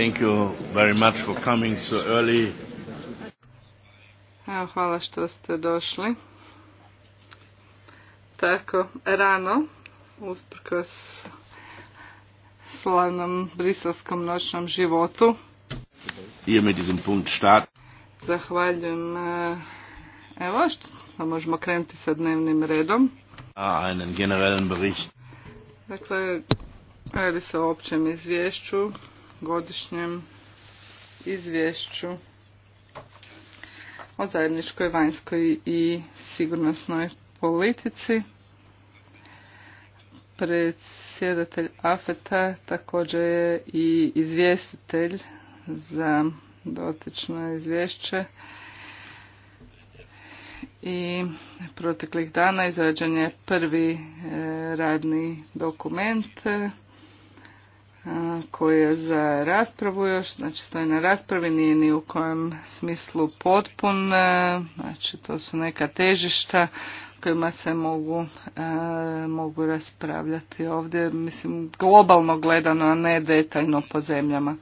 Thank you Evo, hvala što ste došli. Tako, rano, usprkos slavnom brislavskom noćnom životu. Hier start. Zahvaljujem. Eh, evo, što pa možemo krenuti sa dnevnim redom. A, generellen bericht. Dakle, radi se o općem izvješću godišnjem izvješću o zajedničkoj vanjskoj i sigurnosnoj politici. Predsjedatelj AFETA također je i izvjestitelj za dotično izvješće i proteklih dana izrađen je prvi eh, radni dokument koji je za raspravu još, znači stoji na raspravi, nije ni u kojem smislu potpun, znači to su neka težišta kojima se mogu, mogu raspravljati ovdje, mislim globalno gledano, a ne detaljno po zemljama.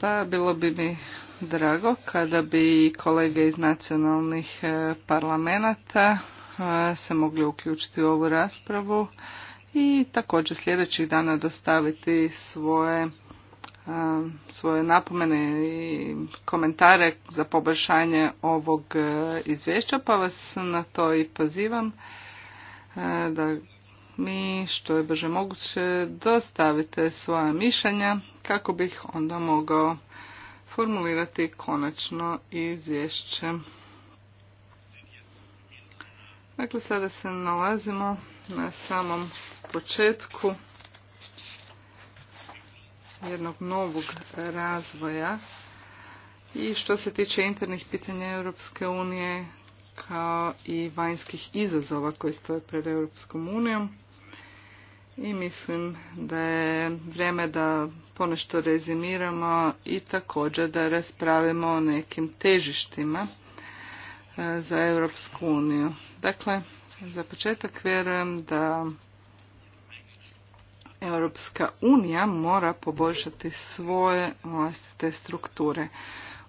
Pa bilo bi mi drago kada bi kolege iz nacionalnih e, parlamenta se mogli uključiti u ovu raspravu i također sljedećih dana dostaviti svoje svoje napomene i komentare za poboljšanje ovog e, izvješća, pa vas na to i pozivam e, da mi što je brže moguće dostavite svoje mišljenja kako bih onda mogao formulirati konačno izvješće. Dakle, sada se nalazimo na samom početku jednog novog razvoja i što se tiče internih pitanja Europske unije kao i vanjskih izazova koji stoje pred Europskom unijom. I mislim da je vrijeme da ponešto rezimiramo i također da raspravimo o nekim težištima E, za Europsku uniju. Dakle, za početak vjerujem da Europska unija mora poboljšati svoje vlastite strukture.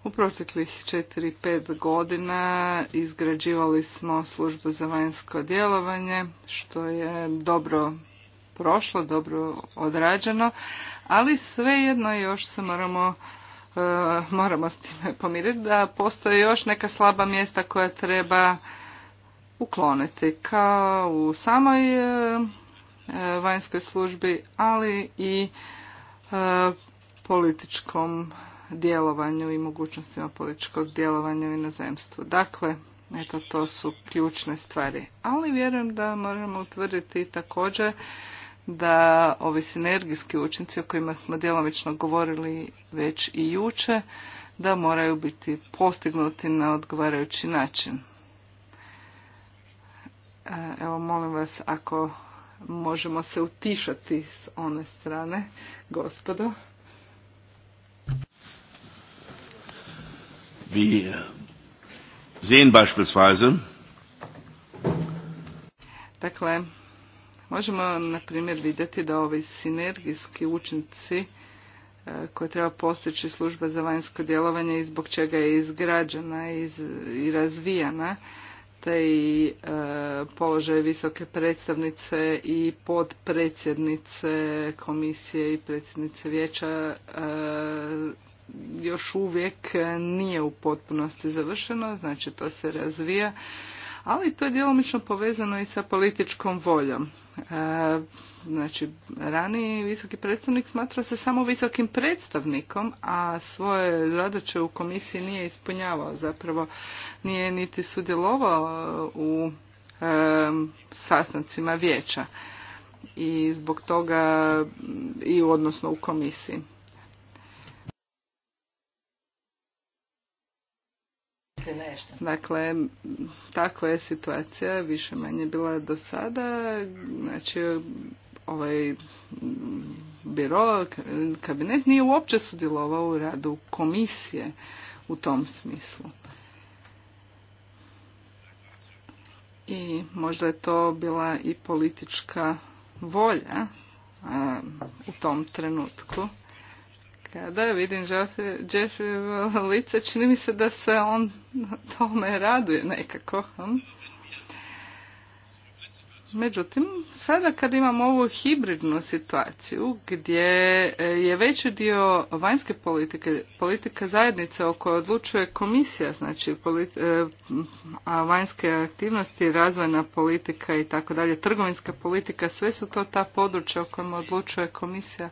U proteklih 4-5 godina izgrađivali smo službu za vanjsko djelovanje, što je dobro prošlo, dobro odrađeno, ali svejedno još se moramo E, moramo s time pomiriti da postoje još neka slaba mjesta koja treba ukloniti kao u samoj e, e, vanjskoj službi, ali i političkom djelovanju i mogućnostima političkog djelovanja u inozemstvu. Dakle, eto to su ključne stvari. Ali vjerujem da moramo utvrditi također da ovi sinergijski učinci o kojima smo djelomično govorili već i juče, da moraju biti postignuti na odgovarajući način. E, evo molim vas ako možemo se utišati s one strane, gospodo. Vi äh, sehen beispielsweise. Dakle, Možemo, na primjer, vidjeti da ovi sinergijski učinci e, koje treba postići služba za vanjsko djelovanje i zbog čega je izgrađena i razvijana, te i e, položaj visoke predstavnice i podpredsjednice komisije i predsjednice vijeća e, još uvijek nije u potpunosti završeno, znači to se razvija ali to je djelomično povezano i sa političkom voljom. E, znači, raniji visoki predstavnik smatra se samo visokim predstavnikom, a svoje zadaće u komisiji nije ispunjavao, zapravo nije niti sudjelovao u e, sastancima vijeća i zbog toga i odnosno u komisiji. Znači, dakle, takva je situacija više manje bila do sada. Znači, ovaj biro, kabinet nije uopće sudjelovao u radu komisije u tom smislu. I možda je to bila i politička volja u tom trenutku kada vidim Jeffrey lice, čini mi se da se on tome raduje nekako. Hm? Međutim, sada kad imamo ovu hibridnu situaciju gdje e, je veći dio vanjske politike, politika zajednice o kojoj odlučuje komisija, znači e, a vanjske aktivnosti, razvojna politika i tako dalje, trgovinska politika, sve su to ta područja o kojima odlučuje komisija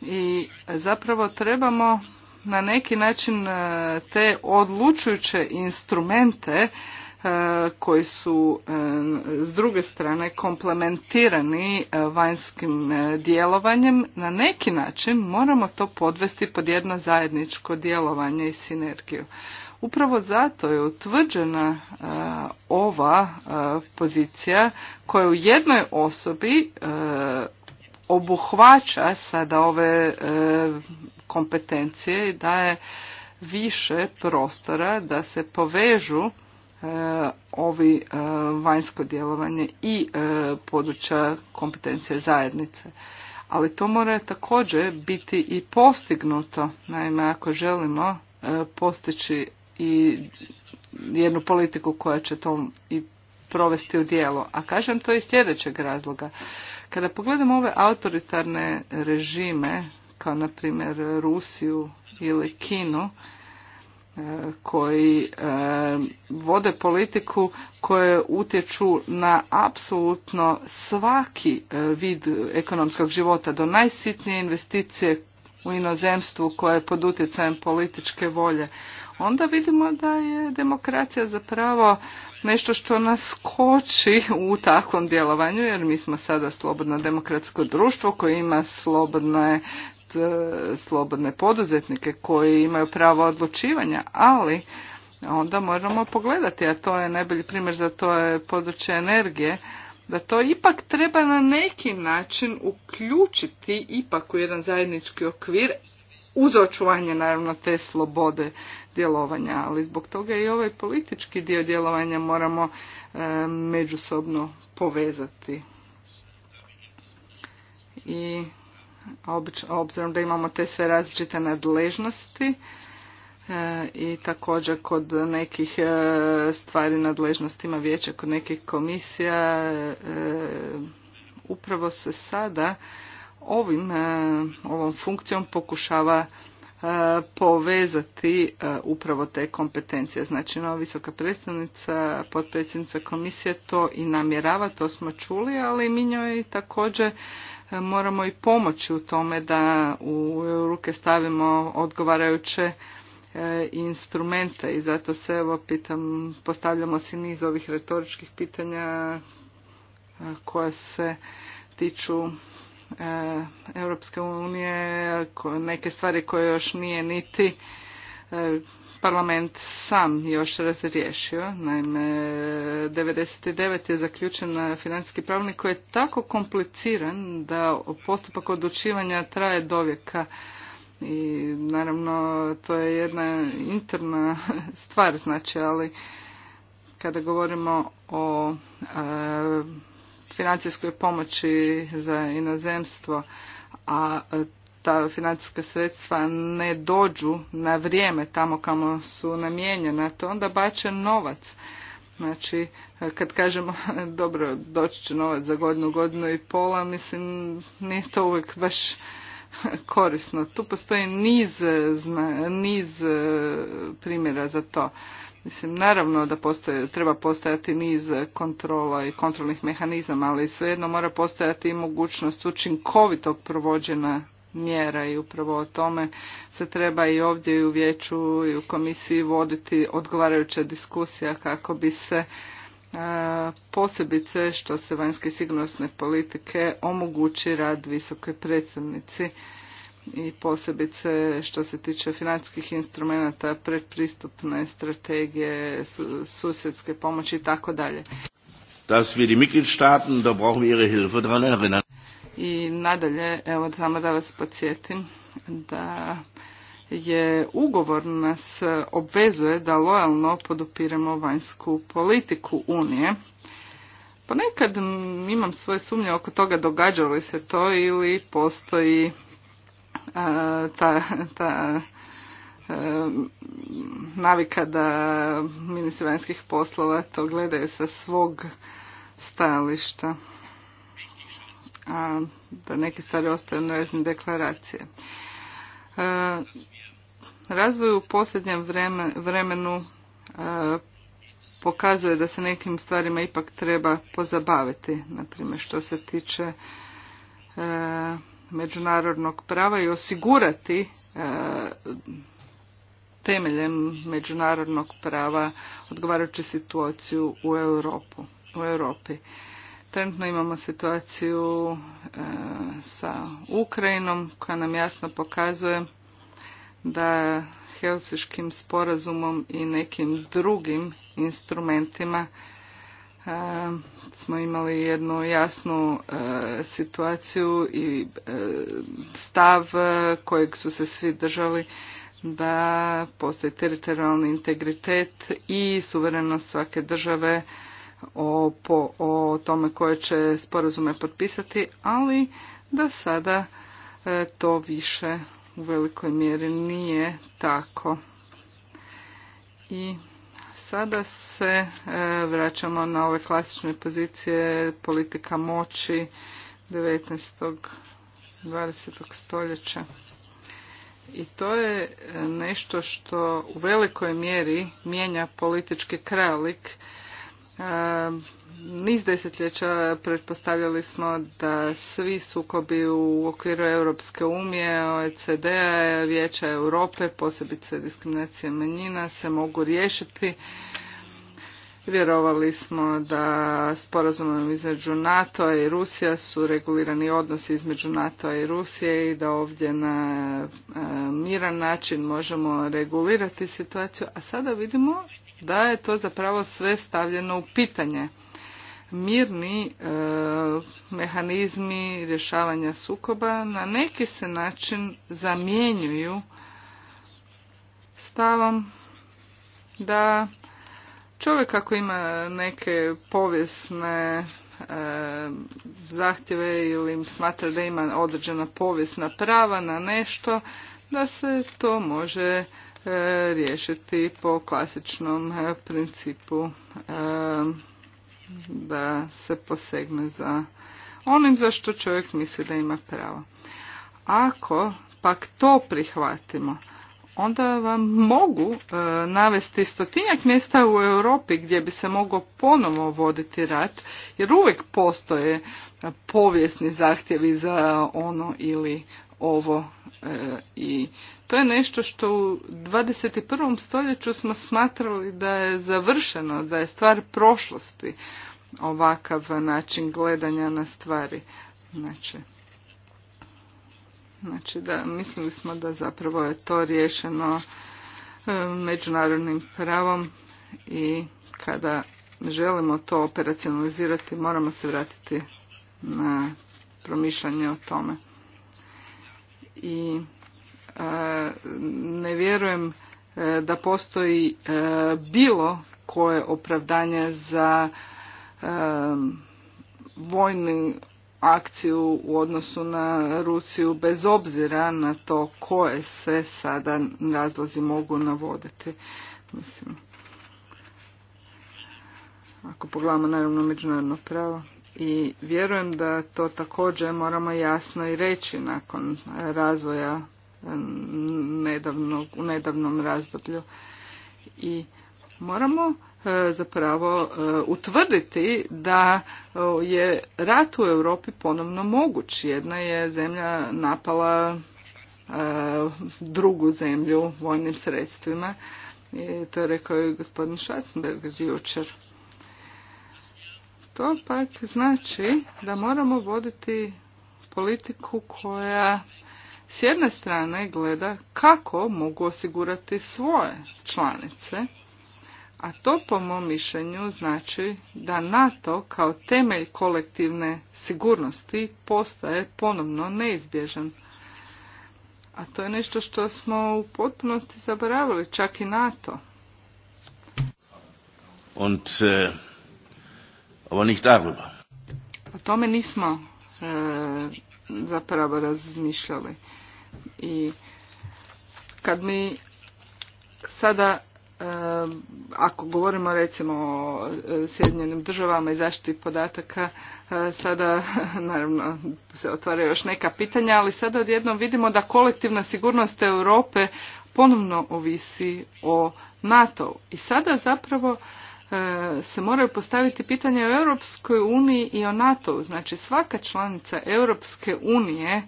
i zapravo trebamo na neki način e, te odlučujuće instrumente e, koji su e, s druge strane komplementirani vanjskim djelovanjem, na neki način moramo to podvesti pod jedno zajedničko djelovanje i sinergiju. Upravo zato je utvrđena ova pozicija koja u jednoj osobi obuhvaća sada ove e, kompetencije i daje više prostora da se povežu e, ovi e, vanjsko djelovanje i područja kompetencije zajednice. Ali to mora također biti i postignuto. Naime, ako želimo postići i jednu politiku koja će to i provesti u dijelo. A kažem to iz sljedećeg razloga. Kada pogledamo ove autoritarne režime, kao na primjer Rusiju ili Kinu, e, koji e, vode politiku koje utječu na apsolutno svaki e, vid ekonomskog života, do najsitnije investicije u inozemstvu koje je pod utjecajem političke volje, onda vidimo da je demokracija zapravo nešto što nas koči u takvom djelovanju, jer mi smo sada slobodno demokratsko društvo koje ima slobodne, slobodne poduzetnike koji imaju pravo odlučivanja, ali onda moramo pogledati, a to je najbolji primjer za to je područje energije, da to ipak treba na neki način uključiti ipak u jedan zajednički okvir uz očuvanje naravno te slobode djelovanja, ali zbog toga i ovaj politički dio djelovanja moramo e, međusobno povezati. I obzirom da imamo te sve različite nadležnosti, e, i također kod nekih e, stvari nadležnostima vijeća, kod nekih komisija upravo se sada ovim, ovom funkcijom pokušava E, povezati e, upravo te kompetencije. Znači, nova visoka predstavnica, potpredsjednica komisije to i namjerava, to smo čuli, ali mi njoj također e, moramo i pomoći u tome da u ruke stavimo odgovarajuće instrumente i zato se evo pitam, postavljamo si niz ovih retoričkih pitanja koja se tiču E, Europske unije, neke stvari koje još nije niti e, parlament sam još razriješio. Naime, 99. je zaključen financijski pravilnik koji je tako kompliciran da postupak odlučivanja traje vijeka. I naravno to je jedna interna stvar, znači, ali kada govorimo o e, financijskoj pomoći za inozemstvo, a e, ta financijska sredstva ne dođu na vrijeme tamo kamo su namijenjena, to onda bače novac. Znači, e, kad kažemo, dobro, doći će novac za godinu, godinu i pola, mislim, nije to uvijek baš korisno. Tu postoji niz, niz e, primjera za to. Mislim, naravno da treba postojati niz kontrola i kontrolnih mehanizama, ali svejedno mora postojati i mogućnost učinkovitog provođena mjera i upravo o tome se treba i ovdje i u vijeću i u komisiji voditi odgovarajuća diskusija kako bi se e, posebice što se vanjske sigurnosne politike omogući rad visokoj predstavnici i posebice što se tiče financijskih instrumenata, predpristupne strategije, susjedske pomoći i tako dalje. wir die Mitgliedstaaten, da brauchen wir ihre Hilfe erinnern. I nadalje, evo samo da vas podsjetim da je ugovor nas obvezuje da lojalno podupiremo vanjsku politiku Unije. Ponekad imam svoje sumnje oko toga događalo li se to ili postoji E, ta, ta e, navika da ministri vanjskih poslova to gledaju sa svog stajališta, a da neke stvari ostaju na razni deklaracije. E, razvoj u posljednjem vremenu pokazuje da se nekim stvarima ipak treba pozabaviti, na primjer što se tiče međunarodnog prava i osigurati e, temeljem međunarodnog prava odgovarajuću situaciju u, Europu, u Europi. Trenutno imamo situaciju e, sa Ukrajinom koja nam jasno pokazuje da Helsiškim sporazumom i nekim drugim instrumentima smo imali jednu jasnu e, situaciju i e, stav e, kojeg su se svi držali da postoji teritorijalni integritet i suverenost svake države o, po, o tome koje će sporazume potpisati, ali da sada to više u velikoj mjeri nije tako. I Sada se e, vraćamo na ove klasične pozicije politika moći 19. 20. stoljeća. I to je e, nešto što u velikoj mjeri mijenja politički krajolik niz desetljeća pretpostavljali smo da svi sukobi u okviru Europske unije, OECD-a, Vijeća Europe, posebice diskriminacije manjina, se mogu riješiti. Vjerovali smo da sporazumom između NATO i Rusija su regulirani odnosi između NATO i Rusije i da ovdje na e, miran način možemo regulirati situaciju, a sada vidimo da je to zapravo sve stavljeno u pitanje. Mirni e, mehanizmi rješavanja sukoba na neki se način zamjenjuju stavom da čovjek ako ima neke povijesne e, zahtjeve ili smatra da ima određena povijesna prava na nešto, da se to može E, riješiti po klasičnom e, principu e, da se posegne za onim za što čovjek misli da ima pravo. Ako pak to prihvatimo, onda vam mogu navesti stotinjak mjesta u Europi gdje bi se mogao ponovo voditi rat, jer uvijek postoje povijesni zahtjevi za ono ili ovo i to je nešto što u 21. stoljeću smo smatrali da je završeno, da je stvar prošlosti ovakav način gledanja na stvari. Znači, znači da mislili smo da zapravo je to riješeno e, međunarodnim pravom i kada želimo to operacionalizirati moramo se vratiti na promišljanje o tome. I ne vjerujem e, da postoji e, bilo koje opravdanje za e, vojnu akciju u odnosu na Rusiju bez obzira na to koje se sada razlozi mogu navoditi. Mislim, ako pogledamo naravno međunarodno pravo i vjerujem da to također moramo jasno i reći nakon razvoja u nedavnom razdoblju. I moramo e, zapravo e, utvrditi da e, je rat u Europi ponovno moguć. Jedna je zemlja napala drugu zemlju vojnim sredstvima. I to je rekao i gospodin Schatzenberg jučer. To pak znači da moramo voditi politiku koja s jedne strane gleda kako mogu osigurati svoje članice, a to po mom mišljenju znači da NATO kao temelj kolektivne sigurnosti postaje ponovno neizbježan. A to je nešto što smo u potpunosti zaboravili, čak i NATO. Und, e, nicht O tome nismo e, zapravo razmišljali. I kad mi sada eh, ako govorimo recimo o eh, Sjedinjenim državama i zaštiti podataka, eh, sada naravno se otvaraju još neka pitanja, ali sada odjednom vidimo da kolektivna sigurnost Europe ponovno ovisi o NATO. I sada zapravo se moraju postaviti pitanje o Europskoj uniji i o NATO. Znači svaka članica Europske unije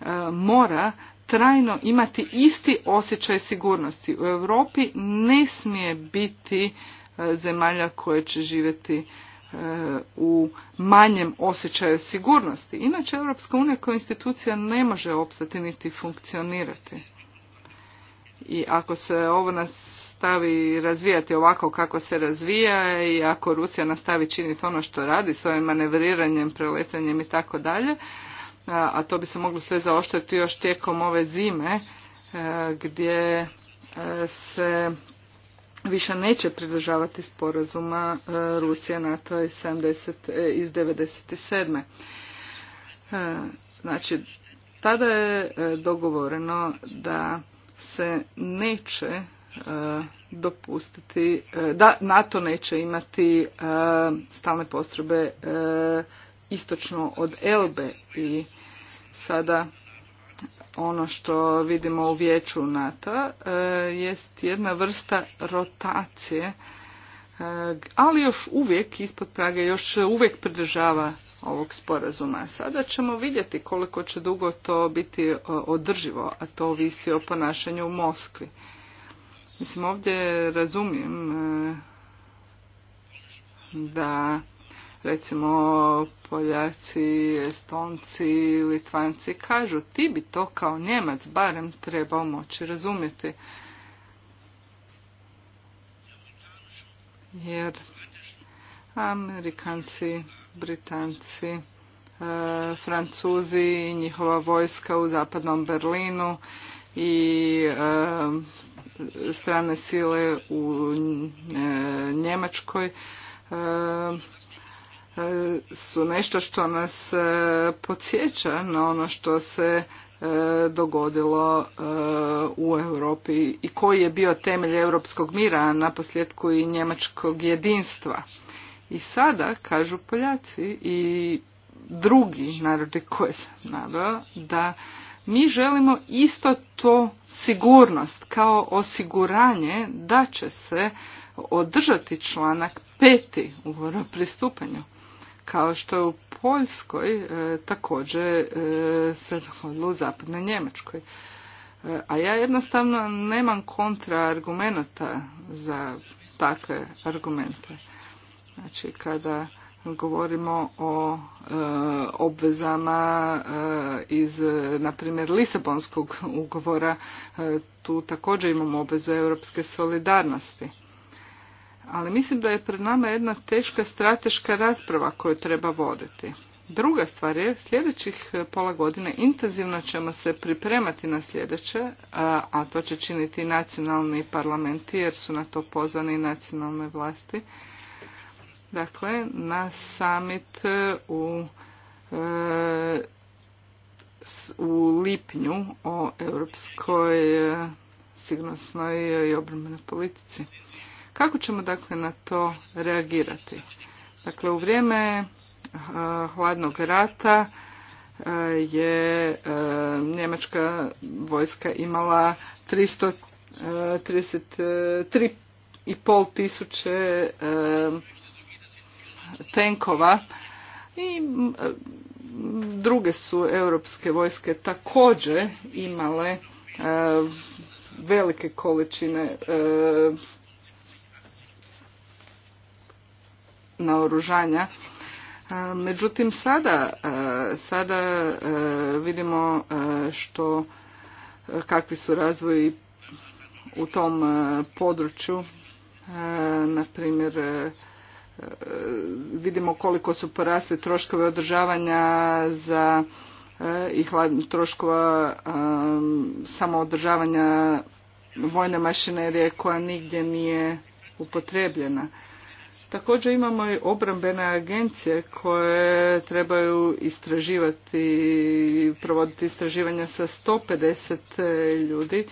E, mora trajno imati isti osjećaj sigurnosti. U Europi ne smije biti e, zemalja koje će živjeti e, u manjem osjećaju sigurnosti. Inače, Europska unija kao institucija ne može opstati niti funkcionirati. I ako se ovo nastavi razvijati ovako kako se razvija i ako Rusija nastavi činiti ono što radi s ovim manevriranjem, preletanjem i tako dalje, a to bi se moglo sve zaoštriti još tijekom ove zime e, gdje e, se više neće pridržavati sporazuma e, Rusije, NATO iz 70, iz 97. Znači, tada je dogovoreno da se neće dopustiti, da NATO neće imati stalne postrobe istočno od Elbe i sada ono što vidimo u vijeću NATO e, jest jedna vrsta rotacije, e, ali još uvijek ispod Praga još uvijek pridržava ovog sporazuma. Sada ćemo vidjeti koliko će dugo to biti e, održivo, a to ovisi o ponašanju u Moskvi. Mislim, ovdje razumijem da recimo Poljaci, Estonci, Litvanci kažu ti bi to kao Njemac barem trebao moći razumjeti. Jer Amerikanci, Britanci, e, Francuzi njihova vojska u zapadnom Berlinu i e, strane sile u e, Njemačkoj E, su nešto što nas e, podsjeća na ono što se e, dogodilo u Europi i koji je bio temelj europskog mira, a naposljetku i njemačkog jedinstva. I sada, kažu Poljaci i drugi narodi koje sam naveo, da mi želimo isto to sigurnost kao osiguranje da će se održati članak peti ugovora pristupanju kao što je u Poljskoj e, također e, se dogodilo u zapadnoj Njemačkoj. E, a ja jednostavno nemam kontra za takve argumente. Znači kada govorimo o obvezama iz na primjer Lisabonskog ugovora tu također imamo obvezu europske solidarnosti ali mislim da je pred nama jedna teška strateška rasprava koju treba voditi. Druga stvar je, sljedećih e, pola godine intenzivno ćemo se pripremati na sljedeće, e, a to će činiti nacionalni parlamenti jer su na to pozvani nacionalne vlasti. Dakle, na summit e, u, u lipnju o europskoj sigurnosnoj i obrambenoj politici. Kako ćemo dakle na to reagirati? Dakle, u vrijeme eh, hladnog rata eh, je eh, njemačka vojska imala 333,5 tisuće tenkova i druge su europske vojske također imale velike količine naoružanja. E, međutim, sada, e, sada e, vidimo što, kakvi su razvoji u tom području. Na primjer, vidimo koliko su porasli troškove održavanja za i troškova samoodržavanja vojne mašinerije koja nigdje nije upotrebljena. Također imamo i obrambene agencije koje trebaju istraživati i provoditi istraživanja sa 150 e, ljudi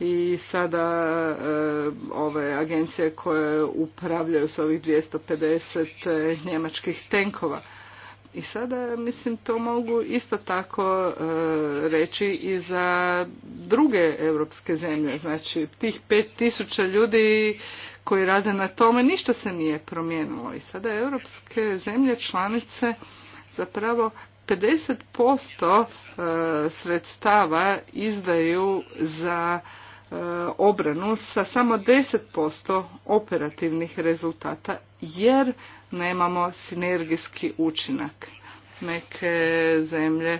i sada e, ove agencije koje upravljaju s ovih 250 e, njemačkih tenkova. I sada, mislim, to mogu isto tako reći i za druge europske zemlje. Znači, tih 5000 ljudi koji rade na tome, ništa se nije promijenilo. I sada europske zemlje članice zapravo 50% e, sredstava izdaju za e, obranu sa samo 10% operativnih rezultata jer nemamo sinergijski učinak. Neke zemlje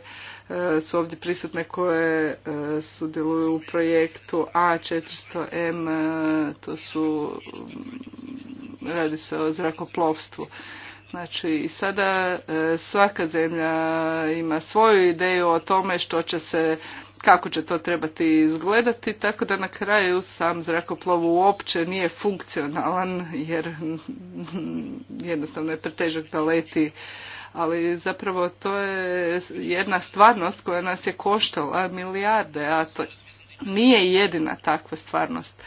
E, su ovdje prisutne koje e, sudjeluju u projektu A400M, e, to su, mm, radi se o zrakoplovstvu. Znači i sada svaka zemlja ima svoju ideju o tome što će se, kako će to trebati izgledati, tako da na kraju sam zrakoplov uopće nije funkcionalan jer jednostavno je pretežak da leti ali zapravo to je jedna stvarnost koja nas je koštala milijarde, a to nije jedina takva stvarnost.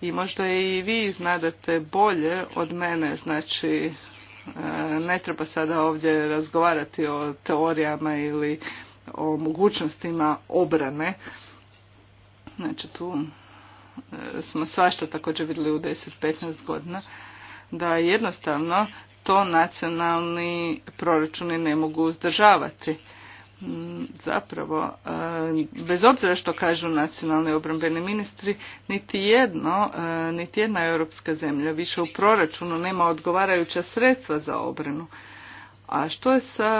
I možda i vi znadete bolje od mene, znači e, ne treba sada ovdje razgovarati o teorijama ili o mogućnostima obrane. Znači tu e, smo svašta također vidjeli u 10-15 godina da jednostavno to nacionalni proračuni ne mogu uzdržavati. Mm, zapravo, e, bez obzira što kažu nacionalni obrambeni ministri, niti, jedno, e, niti jedna europska zemlja više u proračunu nema odgovarajuća sredstva za obranu. A što je sa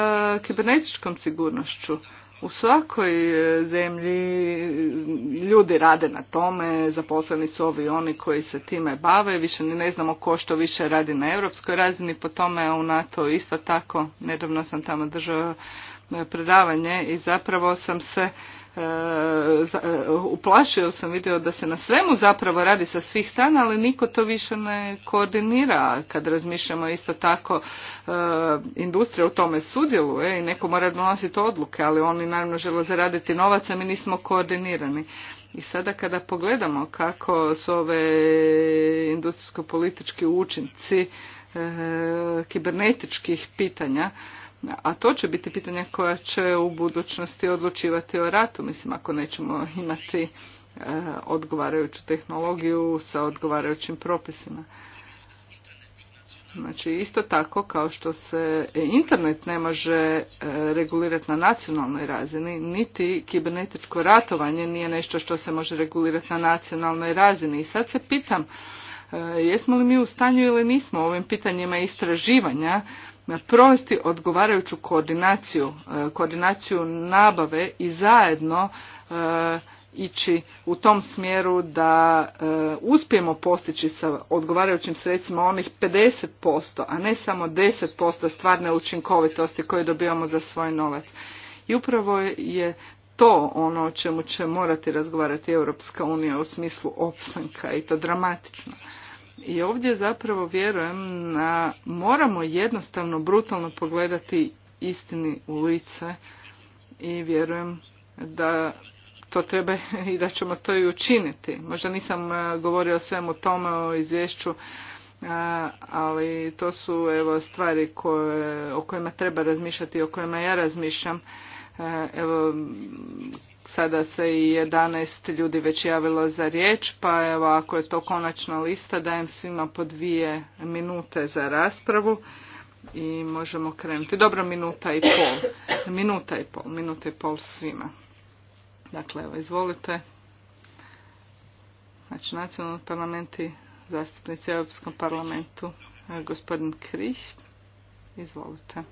kibernetičkom sigurnošću? U svakoj e, zemlji e, ljudi rade na tome, zaposleni su ovi oni koji se time bave, više ni ne znamo ko što više radi na europskoj razini, po tome u NATO isto tako, nedavno sam tamo držao e, predavanje i zapravo sam se uplašio sam vidio da se na svemu zapravo radi sa svih strana, ali niko to više ne koordinira. Kad razmišljamo isto tako, eh, industrija u tome sudjeluje i neko mora donositi odluke, ali oni naravno žele zaraditi novac, a mi nismo koordinirani. I sada kada pogledamo kako su ove industrijsko-politički učinci eh, kibernetičkih pitanja, a to će biti pitanja koja će u budućnosti odlučivati o ratu. Mislim, ako nećemo imati e, odgovarajuću tehnologiju sa odgovarajućim propisima. Znači, isto tako kao što se internet ne može e, regulirati na nacionalnoj razini, niti kibernetičko ratovanje nije nešto što se može regulirati na nacionalnoj razini. I sad se pitam, e, jesmo li mi u stanju ili nismo ovim pitanjima istraživanja, provesti odgovarajuću koordinaciju, e, koordinaciju nabave i zajedno e, ići u tom smjeru da e, uspijemo postići sa odgovarajućim sredstvima onih 50%, a ne samo 10% stvarne učinkovitosti koje dobivamo za svoj novac. I upravo je to ono o čemu će morati razgovarati Europska unija u smislu opstanka i to dramatično. I ovdje zapravo vjerujem na moramo jednostavno brutalno pogledati istini u lice i vjerujem da to treba i da ćemo to i učiniti. Možda nisam e, govorio o svemu tome o izvješću, e, ali to su evo stvari koje, o kojima treba razmišljati, i o kojima ja razmišljam. E, evo Sada se i 11 ljudi već javilo za riječ, pa evo ako je to konačna lista dajem svima po dvije minute za raspravu i možemo krenuti. Dobro, minuta i pol. Minuta i pol, minuta i pol svima. Dakle, evo, izvolite. Znači, nacionalni parlamenti, zastupnici u Europskom parlamentu, e, gospodin Krih, izvolite.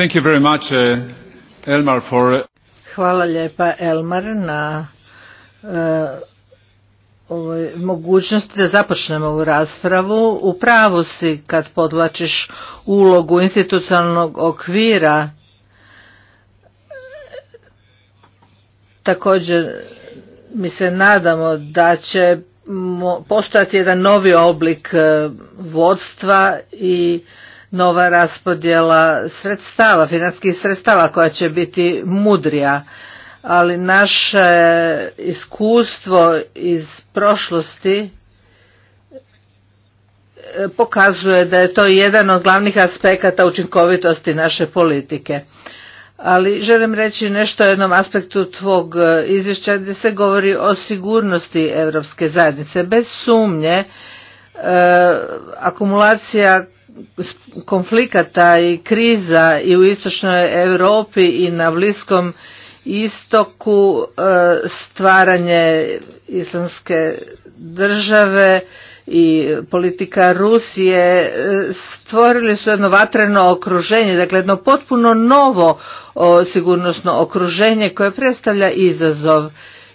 Uh, uh, Hvala lijepa Elmar na uh, ovoj mogućnosti da započnemo ovu raspravu. U pravu si kad podlačiš ulogu institucionalnog okvira također mi se nadamo da će postojati jedan novi oblik vodstva i nova raspodjela sredstava, financijskih sredstava koja će biti mudrija. Ali naše iskustvo iz prošlosti e, pokazuje da je to jedan od glavnih aspekata učinkovitosti naše politike. Ali želim reći nešto o jednom aspektu tvog e, izvješća gdje se govori o sigurnosti Europske zajednice. Bez sumnje, e, akumulacija konflikata i kriza i u istočnoj Europi i na Bliskom istoku e, stvaranje islamske države i politika Rusije e, stvorili su jedno vatreno okruženje, dakle jedno potpuno novo sigurnosno okruženje koje predstavlja izazov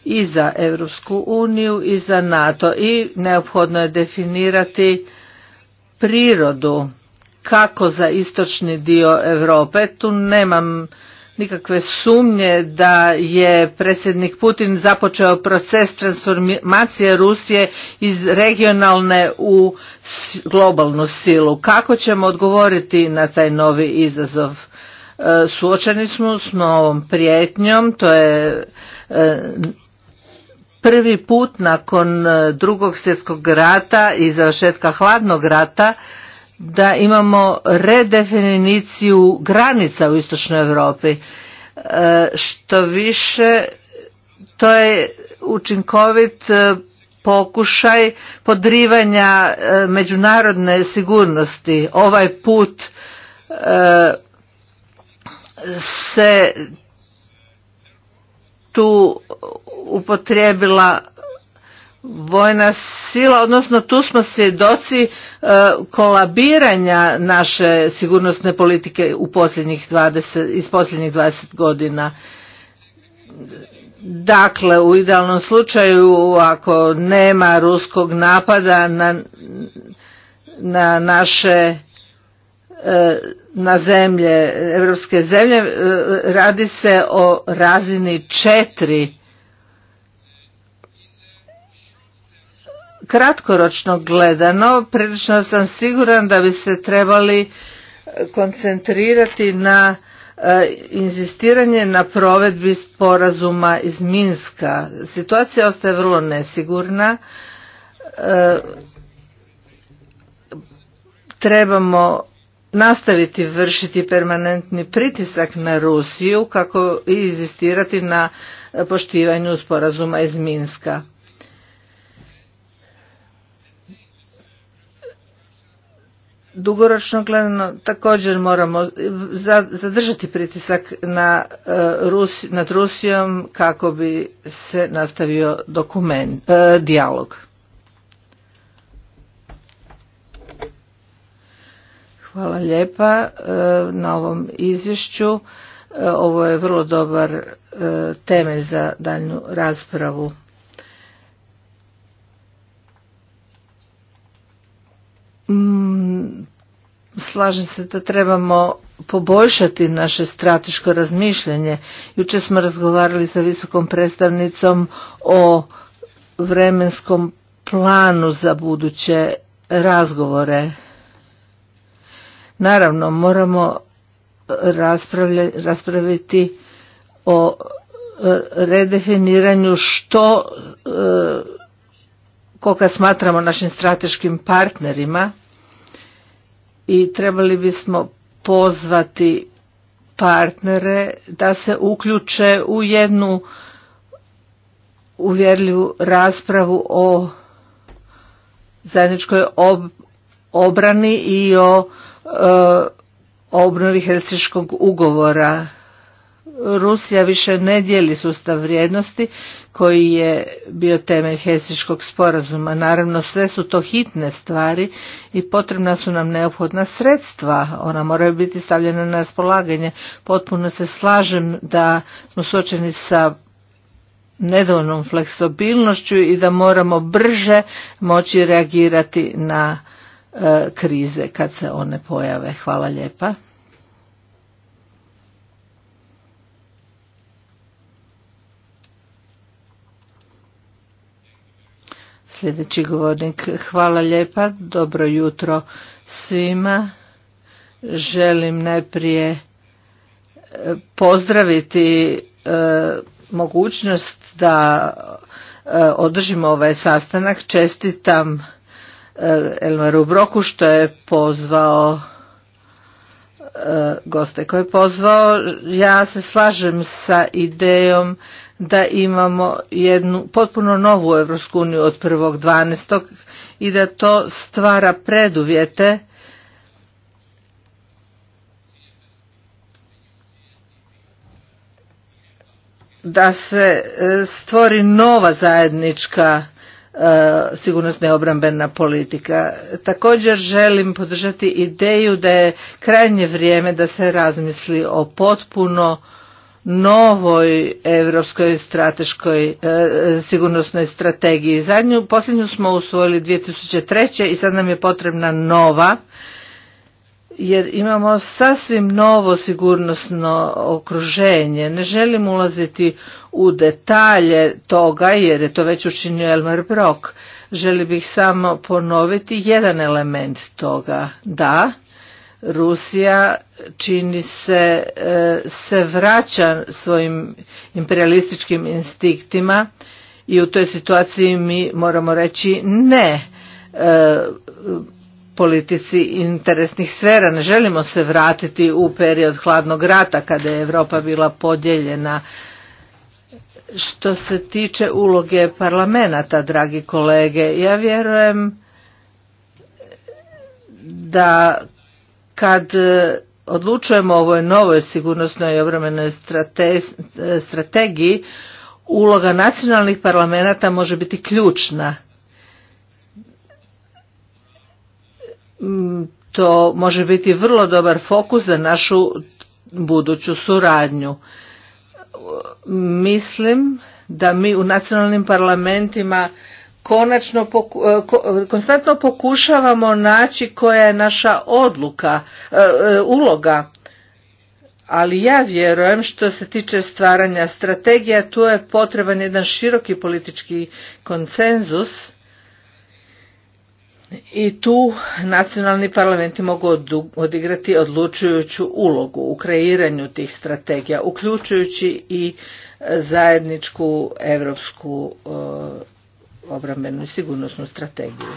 i za Europsku uniju i za NATO i neophodno je definirati prirodu kako za istočni dio Europe. Tu nemam nikakve sumnje da je predsjednik Putin započeo proces transformacije Rusije iz regionalne u globalnu silu. Kako ćemo odgovoriti na taj novi izazov? E, suočeni smo s novom prijetnjom, to je e, prvi put nakon e, drugog svjetskog rata i završetka hladnog rata da imamo redefiniciju granica u istočnoj Europi. E, što više, to je učinkovit e, pokušaj podrivanja međunarodne sigurnosti. Ovaj put se tu upotrijebila vojna sila, odnosno tu smo svjedoci e, kolabiranja naše sigurnosne politike u posljednjih 20, iz posljednjih 20 godina. Dakle, u idealnom slučaju, ako nema ruskog napada na, na naše na zemlje, evropske zemlje, e, radi se o razini četiri kratkoročno gledano, prilično sam siguran da bi se trebali koncentrirati na e, inzistiranje na provedbi sporazuma iz Minska. Situacija ostaje vrlo nesigurna. E, trebamo nastaviti vršiti permanentni pritisak na Rusiju kako i izistirati na poštivanju sporazuma iz Minska. Dugoročno gledano također moramo zadržati pritisak na e, nad Rusijom kako bi se nastavio dokument, e, dijalog. Hvala lijepa e, na ovom izvješću. E, ovo je vrlo dobar e, temelj za daljnju raspravu. Mm, slažem se da trebamo poboljšati naše strateško razmišljanje. Jučer smo razgovarali sa visokom predstavnicom o vremenskom planu za buduće razgovore Naravno, moramo eh, raspraviti o eh, redefiniranju što eh, koga smatramo našim strateškim partnerima i trebali bismo pozvati partnere da se uključe u jednu uvjerljivu raspravu o zajedničkoj obrani i o o obnovi Helsiškog ugovora. Rusija više ne dijeli sustav vrijednosti koji je bio temelj Helsiškog sporazuma. Naravno sve su to hitne stvari i potrebna su nam neophodna sredstva. Ona moraju biti stavljena na raspolaganje. Potpuno se slažem da smo suočeni sa nedovoljnom fleksibilnošću i da moramo brže moći reagirati na E, krize kad se one pojave. Hvala lijepa. Sljedeći govornik, hvala lijepa, dobro jutro svima. Želim najprije e, pozdraviti e, mogućnost da održimo ovaj sastanak. Čestitam Eh, Elmaru Broku što je pozvao eh, goste koje je pozvao. Ja se slažem sa idejom da imamo jednu potpuno novu Evropsku uniju od 1.12. i da to stvara preduvjete da se eh, stvori nova zajednička E, sigurnosna i obrambena politika. Također želim podržati ideju da je krajnje vrijeme da se razmisli o potpuno novoj europskoj strateškoj e, sigurnosnoj strategiji. Zadnju, posljednju smo usvojili 2003. i sad nam je potrebna nova jer imamo sasvim novo sigurnosno okruženje. Ne želim ulaziti u detalje toga jer je to već učinio Elmer Brock. Želi bih samo ponoviti jedan element toga. Da, Rusija čini se e, se vraća svojim imperialističkim instiktima i u toj situaciji mi moramo reći ne e, politici interesnih sfera. Ne želimo se vratiti u period hladnog rata kada je Europa bila podijeljena. Što se tiče uloge parlamenta, dragi kolege, ja vjerujem da kad e, odlučujemo o ovoj novoj sigurnosnoj i obrambenoj e, strategiji, uloga nacionalnih parlamenta može biti ključna. Mm, to može biti vrlo dobar fokus za našu buduću suradnju. Mislim da mi u nacionalnim parlamentima konačno e, konstantno pokušavamo naći koja je naša odluka e, e, uloga ali ja vjerujem što se tiče stvaranja strategija tu je potreban jedan široki politički konsenzus i tu nacionalni parlamenti mogu odigrati odlučujuću ulogu u kreiranju tih strategija, uključujući i e, zajedničku evropsku e, obrambenu i sigurnosnu strategiju.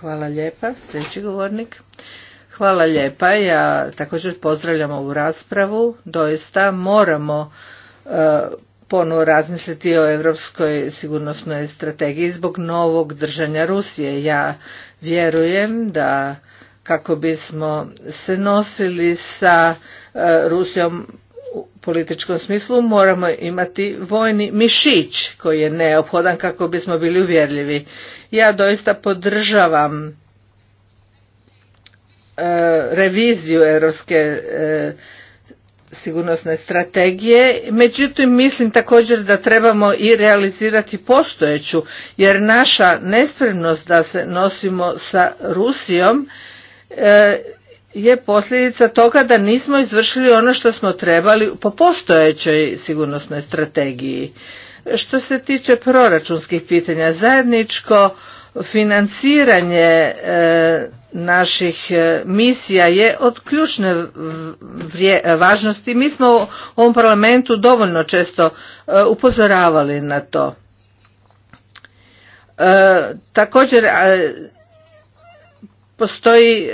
Hvala lijepa. Sljedeći govornik. Hvala lijepa. Ja također pozdravljam ovu raspravu. Doista moramo e, ponovo razmisliti o europskoj sigurnosnoj strategiji zbog novog držanja Rusije. Ja Vjerujem da kako bismo se nosili sa e, Rusijom u političkom smislu moramo imati vojni mišić koji je neophodan kako bismo bili uvjerljivi. Ja doista podržavam e, reviziju europske e, sigurnosne strategije. Međutim, mislim također da trebamo i realizirati postojeću, jer naša nespremnost da se nosimo sa Rusijom e, je posljedica toga da nismo izvršili ono što smo trebali po postojećoj sigurnosnoj strategiji. Što se tiče proračunskih pitanja, zajedničko financiranje e, naših e, misija je od ključne važnosti. Mi smo u ovom parlamentu dovoljno često e, upozoravali na to. Također postoji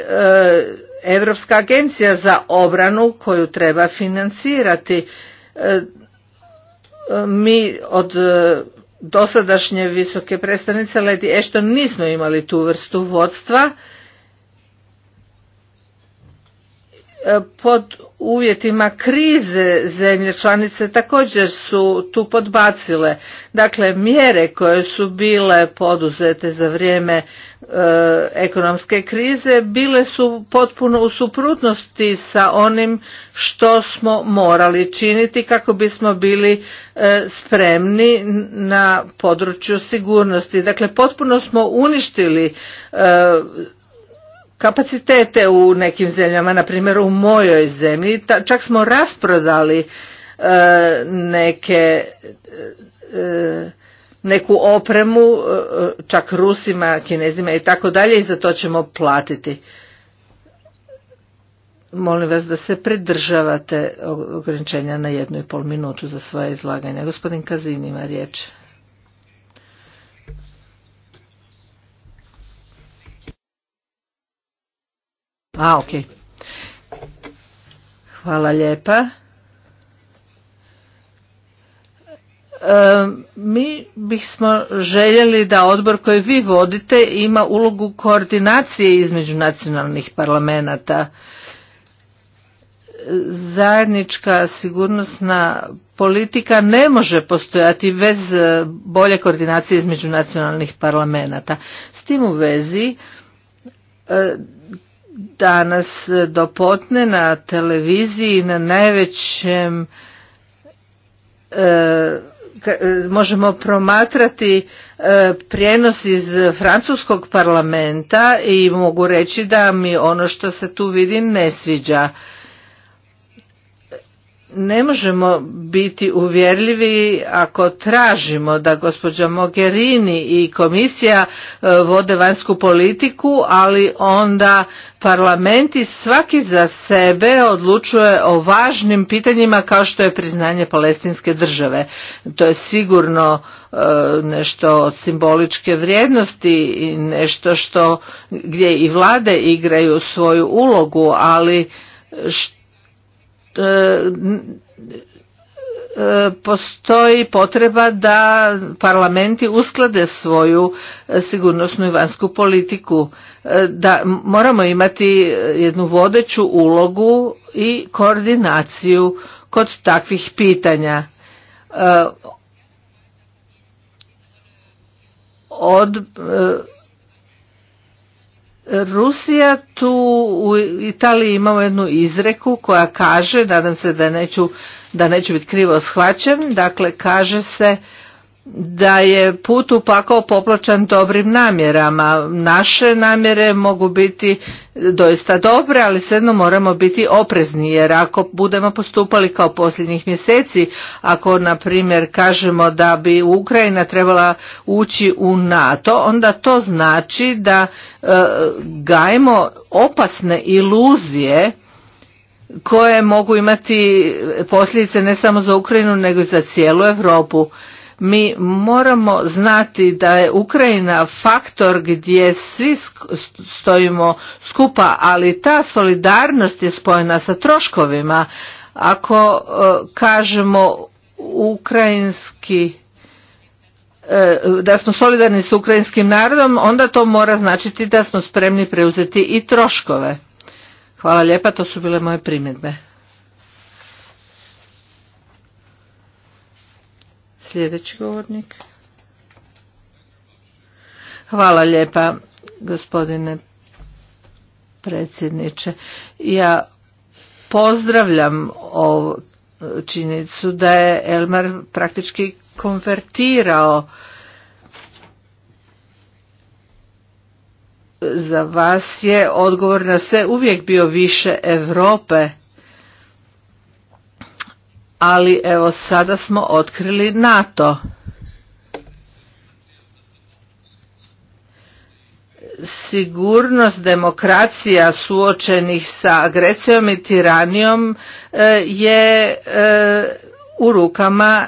Europska agencija za obranu koju treba financirati. Mi od dosadašnje visoke predstavnice Lady Ashton nismo imali tu vrstu vodstva e, pod uvjetima krize zemlje članice također su tu podbacile. Dakle, mjere koje su bile poduzete za vrijeme e, ekonomske krize bile su potpuno u suprotnosti sa onim što smo morali činiti kako bismo bili e, spremni na području sigurnosti. Dakle, potpuno smo uništili e, kapacitete u nekim zemljama, na primjer u mojoj zemlji, čak smo rasprodali e, neke e, neku opremu, e, čak Rusima, Kinezima i tako dalje i za to ćemo platiti. Molim vas da se pridržavate ograničenja na jednu i pol minutu za svoje izlaganje. Gospodin Kazin ima riječ. A, ok. Hvala lijepa. E, mi bismo željeli da odbor koji vi vodite ima ulogu koordinacije između nacionalnih parlamenta. Zajednička sigurnosna politika ne može postojati bez e, bolje koordinacije između nacionalnih parlamenta. S tim u vezi e, danas eh, dopotne na televiziji na najvećem eh, eh, možemo promatrati prijenos iz francuskog parlamenta i mogu reći da mi ono što se tu vidi ne sviđa ne možemo biti uvjerljivi ako tražimo da gospođa Mogherini i komisija e, vode vanjsku politiku, ali onda parlamenti svaki za sebe odlučuje o važnim pitanjima kao što je priznanje palestinske države. To je sigurno e, nešto od simboličke vrijednosti i nešto što gdje i vlade igraju svoju ulogu, ali što E, e, postoji potreba da parlamenti usklade svoju sigurnosnu i vanjsku politiku e, da moramo imati jednu vodeću ulogu i koordinaciju kod takvih pitanja od Rusija tu u Italiji imamo jednu izreku koja kaže, nadam se da neću da neću biti krivo shvaćen, dakle kaže se da je put upako popločan dobrim namjerama. Naše namjere mogu biti doista dobre, ali svejedno moramo biti oprezni jer ako budemo postupali kao posljednjih mjeseci, ako na primjer kažemo da bi Ukrajina trebala ući u NATO, onda to znači da e, gajemo opasne iluzije koje mogu imati posljedice ne samo za Ukrajinu nego i za cijelu Europu mi moramo znati da je Ukrajina faktor gdje svi stojimo skupa, ali ta solidarnost je spojena sa troškovima. Ako e, kažemo ukrajinski e, da smo solidarni s ukrajinskim narodom, onda to mora značiti da smo spremni preuzeti i troškove. Hvala lijepa, to su bile moje primjedbe. Sljedeći govornik. Hvala lijepa gospodine predsjedniče. Ja pozdravljam ovu činjenicu da je Elmar praktički konvertirao za vas je odgovor na sve uvijek bio više Europe ali evo sada smo otkrili NATO. Sigurnost demokracija suočenih sa agresijom i tiranijom e, je e, u rukama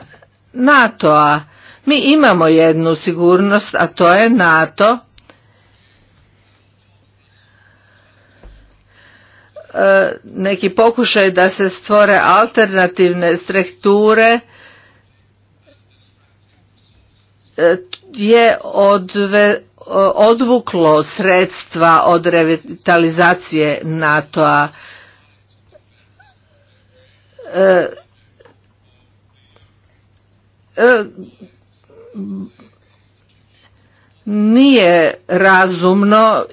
NATO-a. Mi imamo jednu sigurnost, a to je NATO E, neki pokušaj da se stvore alternativne strukture e, je odvuklo sredstva od revitalizacije NATO-a e, nije razumno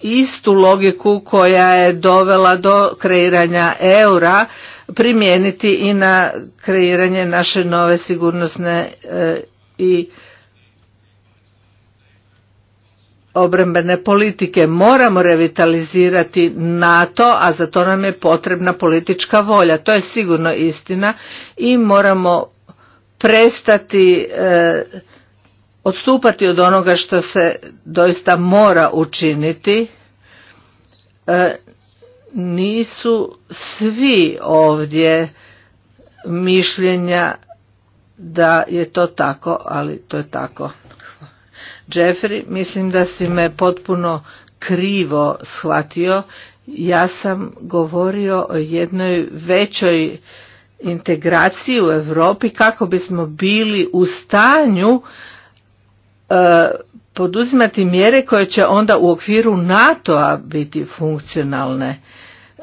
istu logiku koja je dovela do kreiranja eura primijeniti i na kreiranje naše nove sigurnosne e, i obrambene politike. Moramo revitalizirati NATO, a za to nam je potrebna politička volja. To je sigurno istina i moramo prestati e, odstupati od onoga što se doista mora učiniti e, nisu svi ovdje mišljenja da je to tako, ali to je tako. Jeffrey, mislim da si me potpuno krivo shvatio. Ja sam govorio o jednoj većoj integraciji u Europi kako bismo bili u stanju E, poduzimati mjere koje će onda u okviru NATO-a biti funkcionalne.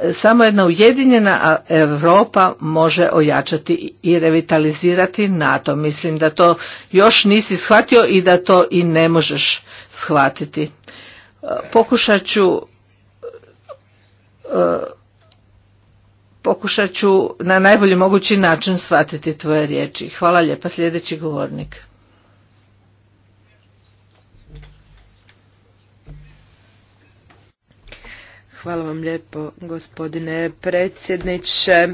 E, samo jedna ujedinjena Europa može ojačati i revitalizirati NATO. Mislim da to još nisi shvatio i da to i ne možeš shvatiti. E, pokušat ću pokušat ću na najbolji mogući način shvatiti tvoje riječi. Hvala lijepa sljedeći govornik. Hvala vam lijepo gospodine predsjedniče.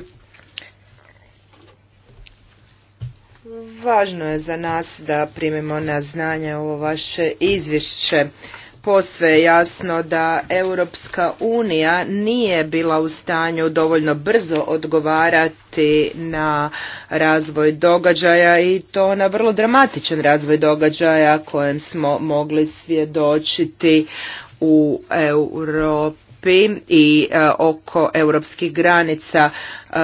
Važno je za nas da primimo na znanje ovo vaše izvješće. Posve je jasno da Europska unija nije bila u stanju dovoljno brzo odgovarati na razvoj događaja i to na vrlo dramatičan razvoj događaja kojem smo mogli svjedočiti u Europi Europi i e, oko europskih granica e,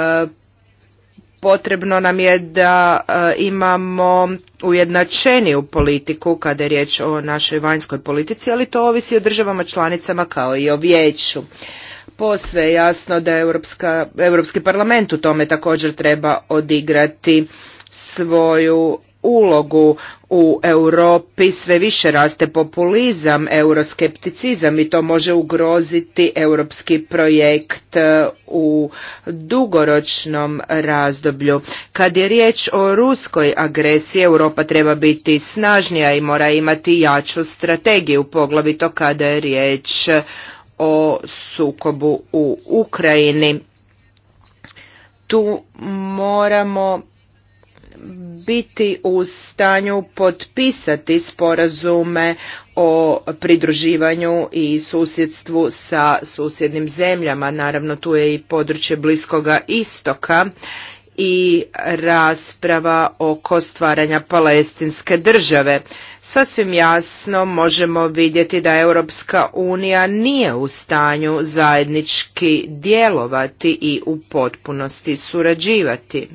potrebno nam je da e, imamo ujednačeniju politiku kada je riječ o našoj vanjskoj politici, ali to ovisi o državama članicama kao i o vijeću. Posve je jasno da Europska, Europski parlament u tome također treba odigrati svoju ulogu u Europi sve više raste populizam, euroskepticizam i to može ugroziti europski projekt e, u dugoročnom razdoblju. Kad je riječ o ruskoj agresiji, Europa treba biti snažnija i mora imati jaču strategiju, poglavito kada je riječ o sukobu u Ukrajini. Tu moramo biti u stanju potpisati sporazume o pridruživanju i susjedstvu sa susjednim zemljama. Naravno tu je i područje Bliskoga istoka i rasprava oko stvaranja palestinske države. Sasvim jasno možemo vidjeti da Europska unija nije u stanju zajednički djelovati i u potpunosti surađivati.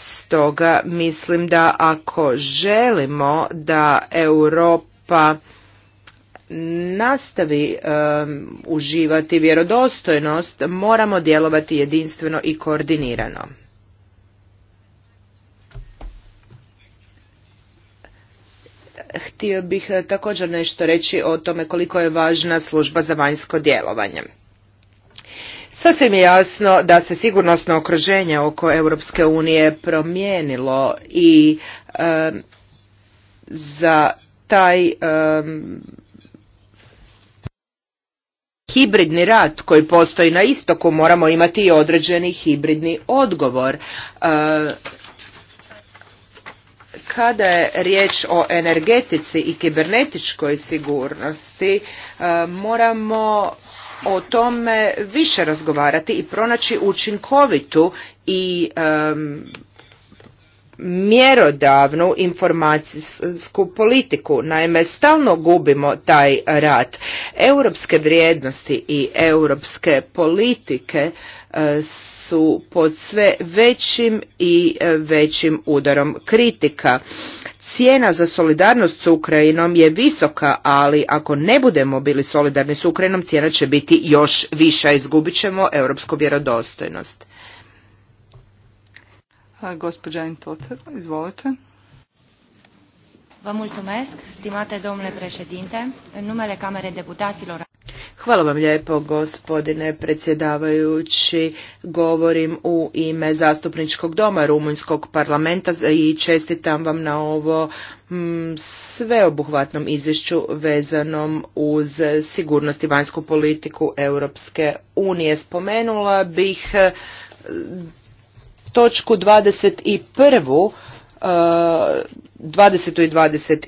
Stoga mislim da ako želimo da Europa nastavi uživati vjerodostojnost, moramo djelovati jedinstveno i koordinirano. Htio bih eh, također nešto reći o tome koliko je važna služba za vanjsko djelovanje. Sasvim je jasno da se sigurnosno okruženje oko Europske unije promijenilo i za taj hibridni rat koji postoji na istoku moramo imati i određeni hibridni odgovor. E, kada je riječ o energetici i kibernetičkoj sigurnosti, e, moramo o tome više razgovarati i pronaći učinkovitu i mjerodavnu informacijsku politiku. Naime, stalno gubimo taj rat. Europske vrijednosti i europske politike e, su pod sve većim i e, većim udarom kritika. Cijena za solidarnost s Ukrajinom je visoka, ali ako ne budemo bili solidarni s Ukrajinom, cijena će biti još viša. Izgubit ćemo europsku vjerodostojnost. Gospođa Intoter, izvolite. Vă mulțumesc, stimate domnule președinte, în numele Camerei Deputaților Hvala vam lijepo gospodine predsjedavajući. Govorim u ime zastupničkog doma Rumunjskog parlamenta i čestitam vam na ovo mm, sveobuhvatnom izvješću vezanom uz sigurnost i vanjsku politiku Europske unije. Spomenula bih e, točku 21 20.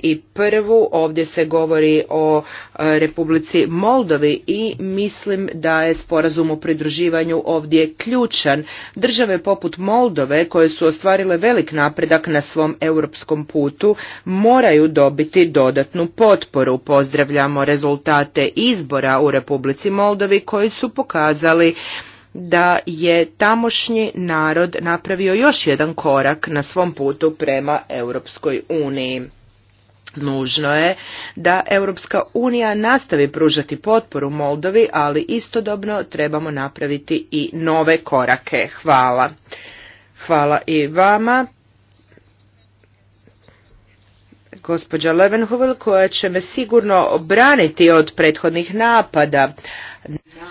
i 21. ovdje se govori o e, Republici Moldovi i mislim da je sporazum o pridruživanju ovdje ključan. Države poput Moldove koje su ostvarile velik napredak na svom europskom putu moraju dobiti dodatnu potporu. Pozdravljamo rezultate izbora u Republici Moldovi koji su pokazali da je tamošnji narod napravio još jedan korak na svom putu prema Europskoj uniji. Nužno je da Europska unija nastavi pružati potporu Moldovi, ali istodobno trebamo napraviti i nove korake. Hvala. Hvala i vama. Gospođa Levenhovel koja će me sigurno obraniti od prethodnih napada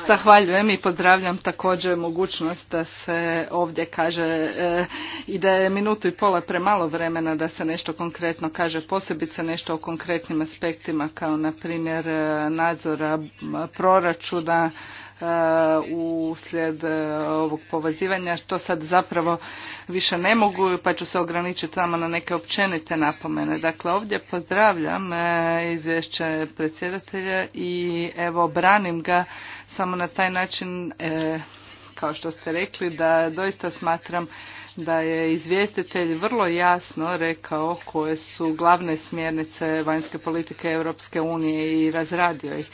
Zahvaljujem i pozdravljam također mogućnost da se ovdje kaže e, i da je minutu i pola premalo vremena da se nešto konkretno kaže, posebice nešto o konkretnim aspektima kao na primjer e, nadzora proračuna E, uslijed e, ovog povazivanja što sad zapravo više ne mogu pa ću se ograničiti samo na neke općenite napomene. Dakle ovdje pozdravljam e, izvješće predsjedatelja i evo branim ga samo na taj način kao što ste rekli da doista smatram da je izvjestitelj vrlo jasno rekao koje su glavne smjernice vanjske politike Europske unije i razradio ih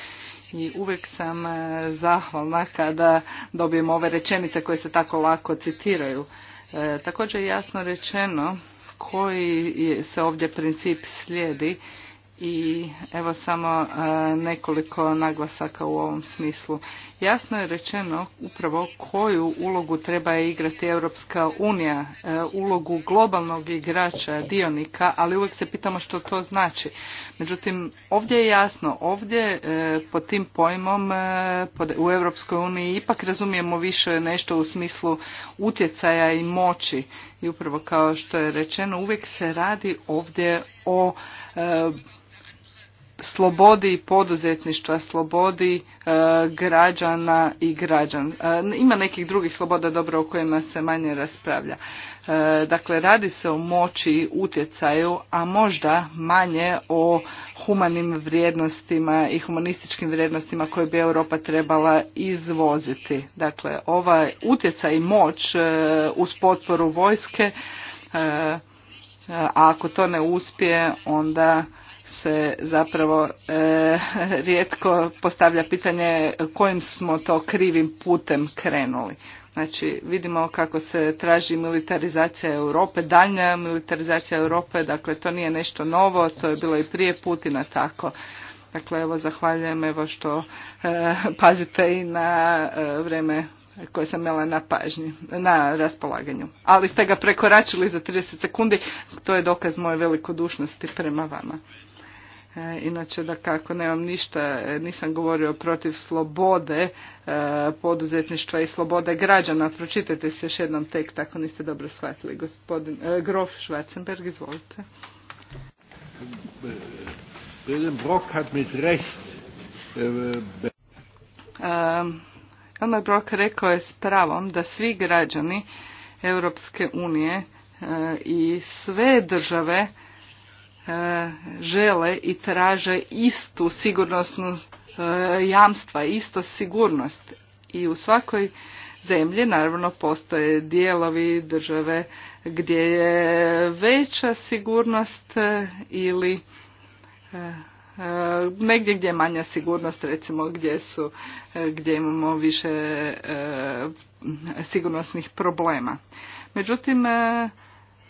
i uvijek sam e, zahvalna kada dobijem ove rečenice koje se tako lako citiraju. E, također je jasno rečeno koji se ovdje princip slijedi i evo samo e, nekoliko naglasaka u ovom smislu. Jasno je rečeno upravo koju ulogu treba igrati Europska unija, e, ulogu globalnog igrača, dionika, ali uvijek se pitamo što to znači. Međutim, ovdje je jasno, ovdje e, pod tim pojmom u Europskoj uniji ipak razumijemo više nešto u smislu utjecaja i moći i upravo kao što je rečeno uvijek se radi ovdje o slobodi poduzetništva, slobodi e, građana i građan. E, ima nekih drugih sloboda dobro o kojima se manje raspravlja. E, dakle, radi se o moći i utjecaju, a možda manje o humanim vrijednostima i humanističkim vrijednostima koje bi Europa trebala izvoziti. Dakle, ovaj utjecaj i moć uz potporu vojske, a ako to ne uspije, onda se zapravo e, rijetko postavlja pitanje kojim smo to krivim putem krenuli. Znači vidimo kako se traži militarizacija Europe, daljnja militarizacija Europe, dakle to nije nešto novo, to je bilo i prije Putina tako. Dakle evo zahvaljujem evo što e, pazite i na e, vrijeme koje sam imala na pažnji, na raspolaganju. Ali ste ga prekoračili za 30 sekundi, to je dokaz moje velikodušnosti prema vama. E, inače da kako nemam ništa, nisam govorio protiv slobode e, poduzetništva i slobode građana. Pročitajte se još jednom tekst ako niste dobro shvatili. Gospodin, e, grof Schwarzenberg, izvolite. Brock hat mit recht. Äh, Brock rekao je s pravom da svi građani Europske unije i sve države E, žele i traže istu sigurnosnu e, jamstva, ista sigurnost. I u svakoj zemlji naravno postoje dijelovi države gdje je veća sigurnost e, ili negdje gdje je manja sigurnost, recimo gdje su, gdje imamo više sigurnosnih problema. Međutim,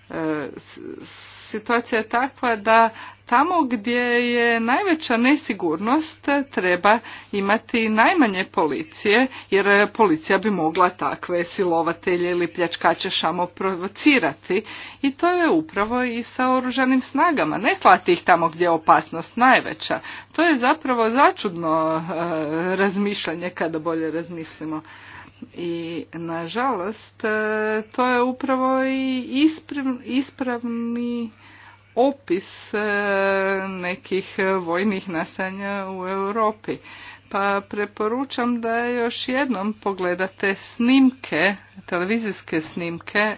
E, situacija je takva da tamo gdje je najveća nesigurnost treba imati najmanje policije jer policija bi mogla takve silovatelje ili pljačkače samo provocirati i to je upravo i sa oružanim snagama ne slati ih tamo gdje je opasnost najveća to je zapravo začudno e, razmišljanje kada bolje razmislimo i nažalost, e, to je upravo i ispravni opis e, nekih vojnih nastanja u Europi. Pa preporučam da još jednom pogledate snimke, televizijske snimke e,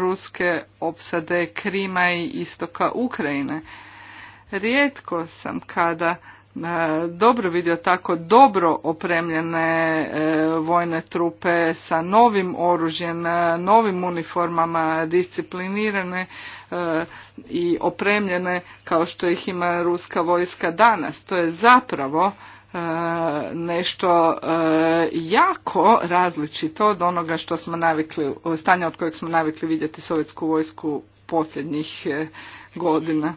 ruske opsade Krima i istoka Ukrajine. Rijetko sam kada E, dobro vidio tako dobro opremljene e, vojne trupe sa novim oružjem, e, novim uniformama, disciplinirane i opremljene kao što ih ima ruska vojska danas. To je zapravo nešto jako različito od onoga što smo navikli, stanja od kojeg smo navikli vidjeti sovjetsku vojsku posljednjih godina.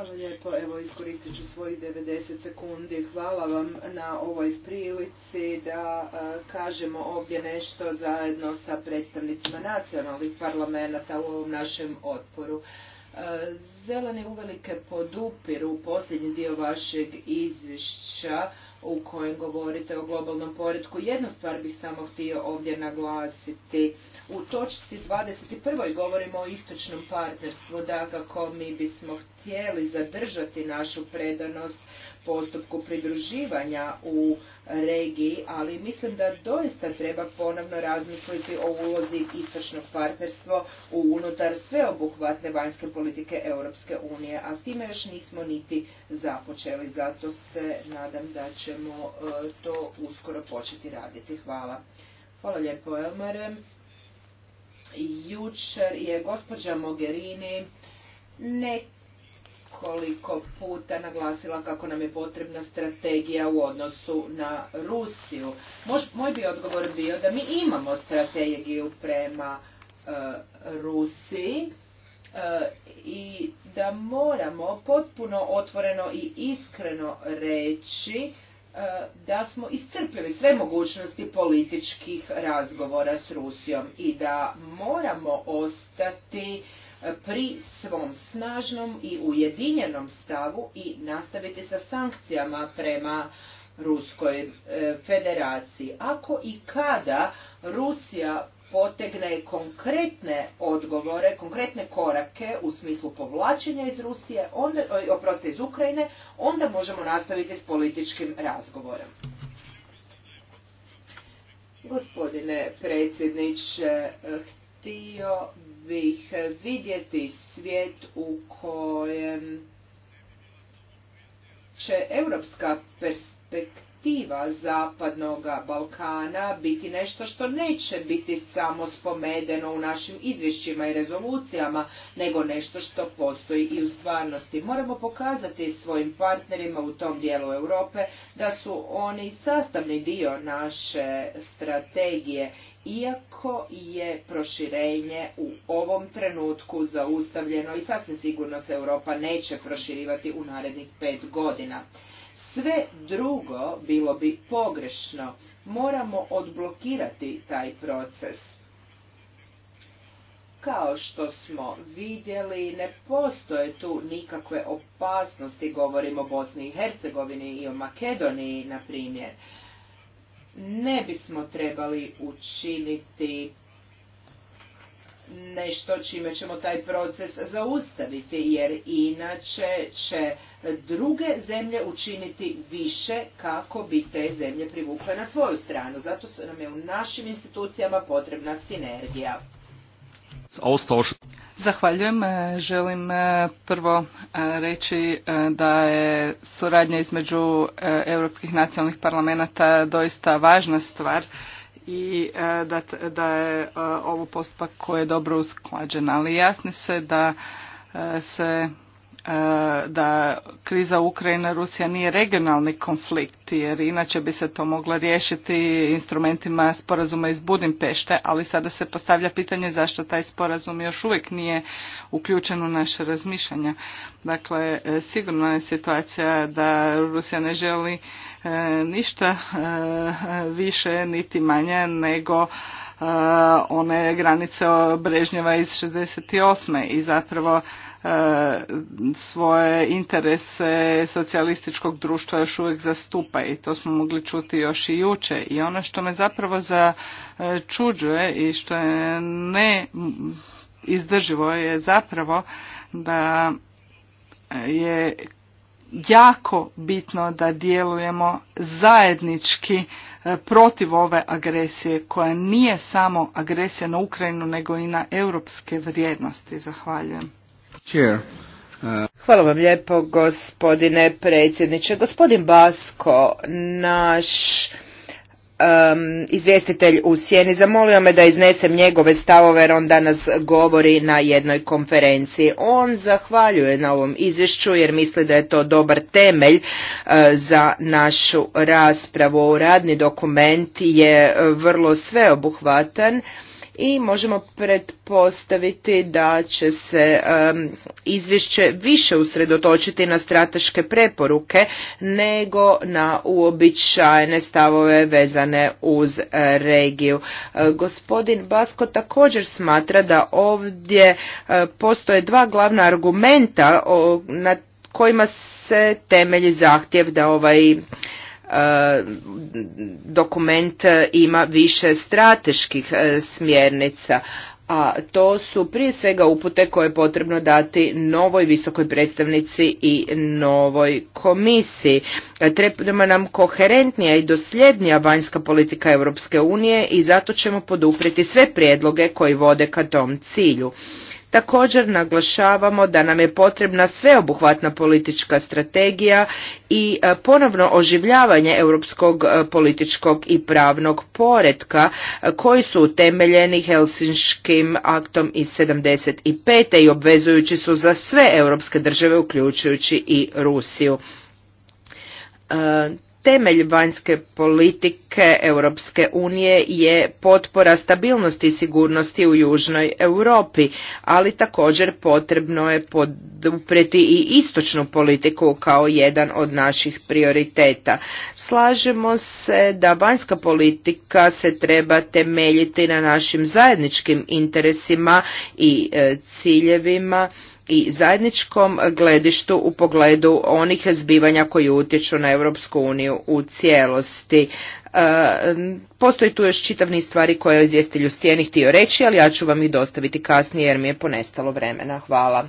Hvala lijepo, evo iskoristit ću svojih 90 sekundi. Hvala vam na ovoj prilici da e, kažemo ovdje nešto zajedno sa predstavnicima nacionalnih parlamenta u ovom našem otporu. E, zeleni uvelike podupiru posljednji dio vašeg izvješća u kojem govorite o globalnom poredku. Jednu stvar bih samo htio ovdje naglasiti. U točci 21. govorimo o istočnom partnerstvu, dakako mi bismo htjeli zadržati našu predanost postupku pridruživanja u regiji, ali mislim da doista treba ponovno razmisliti o ulozi istočnog partnerstva u unutar sveobuhvatne vanjske politike Europske unije, a s time još nismo niti započeli, zato se nadam da ćemo e, to uskoro početi raditi. Hvala. Hvala lijepo, Jučer je gospođa Mogherini nekoliko puta naglasila kako nam je potrebna strategija u odnosu na Rusiju. moj bi odgovor bio da mi imamo strategiju prema e, Rusiji e, i da moramo potpuno otvoreno i iskreno reći E, da smo iscrpili sve mogućnosti političkih razgovora s Rusijom i da moramo ostati pri svom snažnom i ujedinjenom stavu i nastaviti sa sankcijama prema Ruskoj e, federaciji. Ako i kada Rusija potegne konkretne odgovore, konkretne korake u smislu povlačenja iz Rusije, onda, oproste iz Ukrajine, onda možemo nastaviti s političkim razgovorom. Gospodine predsjedniče, htio bih vidjeti svijet u kojem će europska perspektiva perspektiva Zapadnog Balkana biti nešto što neće biti samo spomedeno u našim izvješćima i rezolucijama, nego nešto što postoji i u stvarnosti. Moramo pokazati svojim partnerima u tom dijelu Europe da su oni sastavni dio naše strategije, iako je proširenje u ovom trenutku zaustavljeno i sasvim sigurno se Europa neće proširivati u narednih pet godina. Sve drugo bilo bi pogrešno. Moramo odblokirati taj proces. Kao što smo vidjeli, ne postoje tu nikakve opasnosti, govorimo o Bosni i Hercegovini i o Makedoniji, na primjer. Ne bismo trebali učiniti nešto čime ćemo taj proces zaustaviti jer inače će druge zemlje učiniti više kako bi te zemlje privukle na svoju stranu. Zato nam je u našim institucijama potrebna sinergija. Zahvaljujem. E, želim e, prvo e, reći da je suradnja između europskih nacionalnih parlamenta doista važna stvar i e, da, da je e, ovo postupak koji je dobro usklađen, ali jasni se da e, se da kriza Ukrajina Rusija nije regionalni konflikt jer inače bi se to moglo riješiti instrumentima sporazuma iz Budimpešte, ali sada se postavlja pitanje zašto taj sporazum još uvijek nije uključen u naše razmišljanja. Dakle, sigurno je situacija da Rusija ne želi E, ništa e, više niti manje nego e, one granice Brežnjeva iz 68. i zapravo svoje interese socijalističkog društva još uvijek zastupa i to smo mogli čuti još i juče i ono što me zapravo začuđuje i što je ne izdrživo je zapravo da je jako bitno da djelujemo zajednički e, protiv ove agresije koja nije samo agresija na Ukrajinu nego i na europske vrijednosti. Zahvaljujem. Uh, Hvala vam lijepo gospodine predsjedniče. Gospodin Basko, naš Um, izvjestitelj u Sjeni zamolio me da iznesem njegove stavove jer on danas govori na jednoj konferenciji. On zahvaljuje na ovom izvješću jer misli da je to dobar temelj uh, za našu raspravu. Radni dokument je vrlo sveobuhvatan i možemo pretpostaviti da će se izvješće više usredotočiti na strateške preporuke nego na uobičajene stavove vezane uz e, regiju. E, gospodin Basko također smatra da ovdje e, postoje dva glavna argumenta na kojima se temelji zahtjev da ovaj E, dokument ima više strateških e, smjernica a to su prije svega upute koje je potrebno dati novoj visokoj predstavnici i novoj komisiji. E, Treba nam koherentnija i dosljednija vanjska politika Europske unije i zato ćemo poduprijeti sve prijedloge koji vode ka tom cilju. Također naglašavamo da nam je potrebna sveobuhvatna politička strategija i e, ponovno oživljavanje europskog e, političkog i pravnog poretka e, koji su utemeljeni Helsinškim aktom iz 75. i obvezujući su za sve europske države uključujući i Rusiju. Temelj vanjske politike Europske unije je potpora stabilnosti i sigurnosti u Južnoj Europi, ali također potrebno je podupreti i istočnu politiku kao jedan od naših prioriteta. Slažemo se da vanjska politika se treba temeljiti na našim zajedničkim interesima i e, ciljevima i zajedničkom gledištu u pogledu onih zbivanja koji utječu na Europsku uniju u cijelosti. E, postoji tu još čitav niz stvari koje je izvjestilju Stijeni htio reći, ali ja ću vam ih dostaviti kasnije jer mi je ponestalo vremena. Hvala.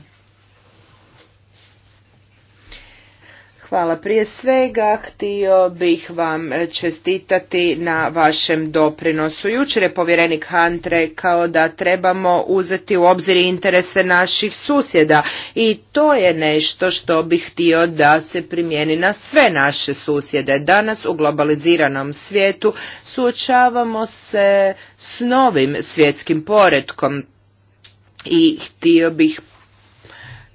Hvala. Prije svega htio bih vam čestitati na vašem doprinosu. Jučer je povjerenik Hunt rekao da trebamo uzeti u obzir interese naših susjeda i to je nešto što bih htio da se primijeni na sve naše susjede. Danas u globaliziranom svijetu suočavamo se s novim svjetskim poredkom i htio bih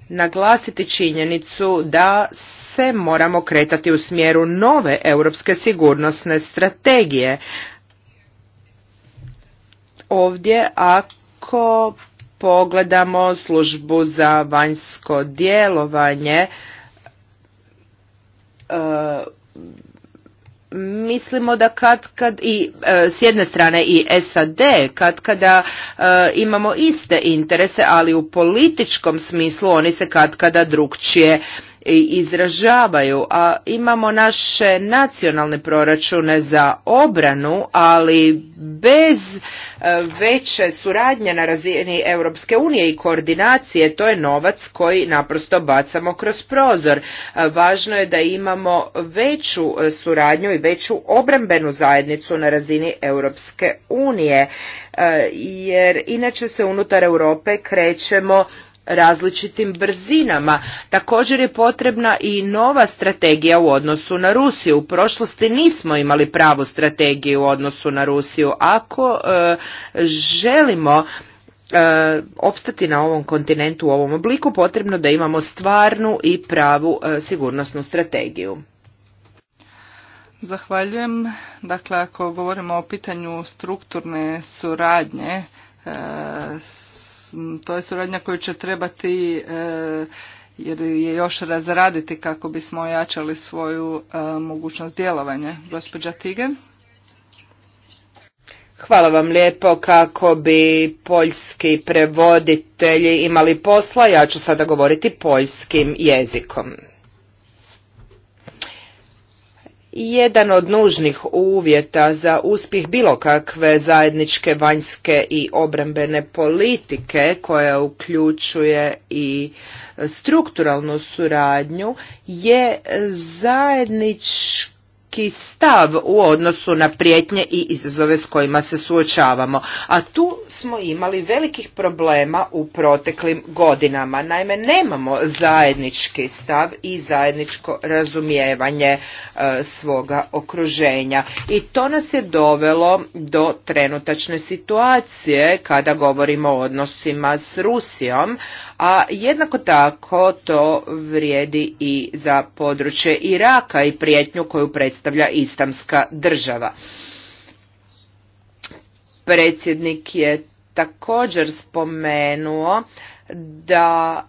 naglasiti činjenicu da se moramo kretati u smjeru nove europske sigurnosne strategije. Ovdje ako pogledamo službu za vanjsko djelovanje, e, mislimo da kad kad i e, s jedne strane i SAD kad kada e, imamo iste interese ali u političkom smislu oni se kad kada drugčije izražavaju, a imamo naše nacionalne proračune za obranu, ali bez e, veće suradnje na razini Europske unije i koordinacije, to je novac koji naprosto bacamo kroz prozor. E, važno je da imamo veću e, suradnju i veću obrambenu zajednicu na razini Europske unije, jer inače se unutar Europe krećemo različitim brzinama. Također je potrebna i nova strategija u odnosu na Rusiju. U prošlosti nismo imali pravu strategiju u odnosu na Rusiju. Ako e, želimo e, opstati na ovom kontinentu u ovom obliku, potrebno da imamo stvarnu i pravu e, sigurnosnu strategiju. Zahvaljujem. Dakle, ako govorimo o pitanju strukturne suradnje s to je suradnja koju će trebati e, jer je još razraditi kako bismo ojačali svoju e, mogućnost djelovanja. Gospođa Tigen. Hvala vam lijepo kako bi poljski prevoditelji imali posla. Ja ću sada govoriti poljskim jezikom jedan od nužnih uvjeta za uspjeh bilo kakve zajedničke vanjske i obrambene politike koja uključuje i strukturalnu suradnju je zajednička stav u odnosu na prijetnje i izazove s kojima se suočavamo. A tu smo imali velikih problema u proteklim godinama. Naime, nemamo zajednički stav i zajedničko razumijevanje e, svoga okruženja. I to nas je dovelo do trenutačne situacije kada govorimo o odnosima s Rusijom, a jednako tako to vrijedi i za područje Iraka i prijetnju koju predstavlja istamska država. Predsjednik je također spomenuo da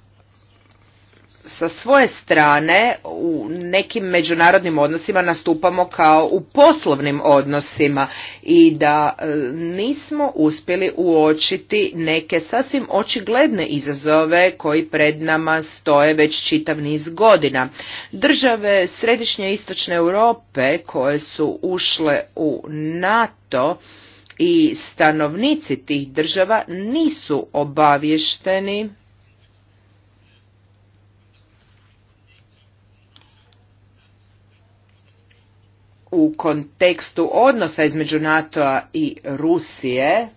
sa svoje strane u nekim međunarodnim odnosima nastupamo kao u poslovnim odnosima i da e, nismo uspjeli uočiti neke sasvim očigledne izazove koji pred nama stoje već čitav niz godina. Države središnje i istočne Europe koje su ušle u NATO i stanovnici tih država nisu obavješteni u kontekstu odnosa između NATO-a i Rusije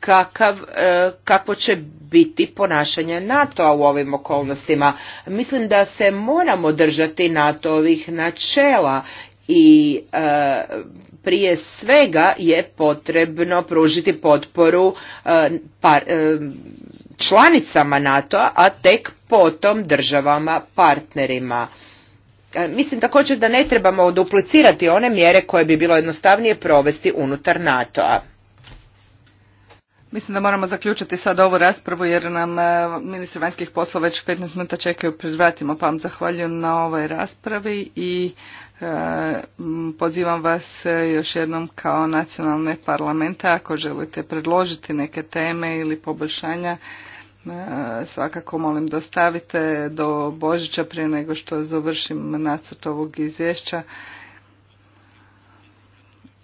kakav, e, kakvo će biti ponašanje NATO-a u ovim okolnostima. Mislim da se moramo držati NATO-ovih načela i e, prije svega je potrebno pružiti potporu e, članicama NATO-a, a tek potom državama partnerima. Mislim također da ne trebamo duplicirati one mjere koje bi bilo jednostavnije provesti unutar NATO-a. Mislim da moramo zaključiti sad ovu raspravu jer nam e, ministri vanjskih poslova već 15 minuta čekaju pred pa vam zahvaljujem na ovoj raspravi i e, pozivam vas e, još jednom kao nacionalne parlamenta ako želite predložiti neke teme ili poboljšanja E, svakako molim dostavite do Božića prije nego što završim nacrt ovog izvješća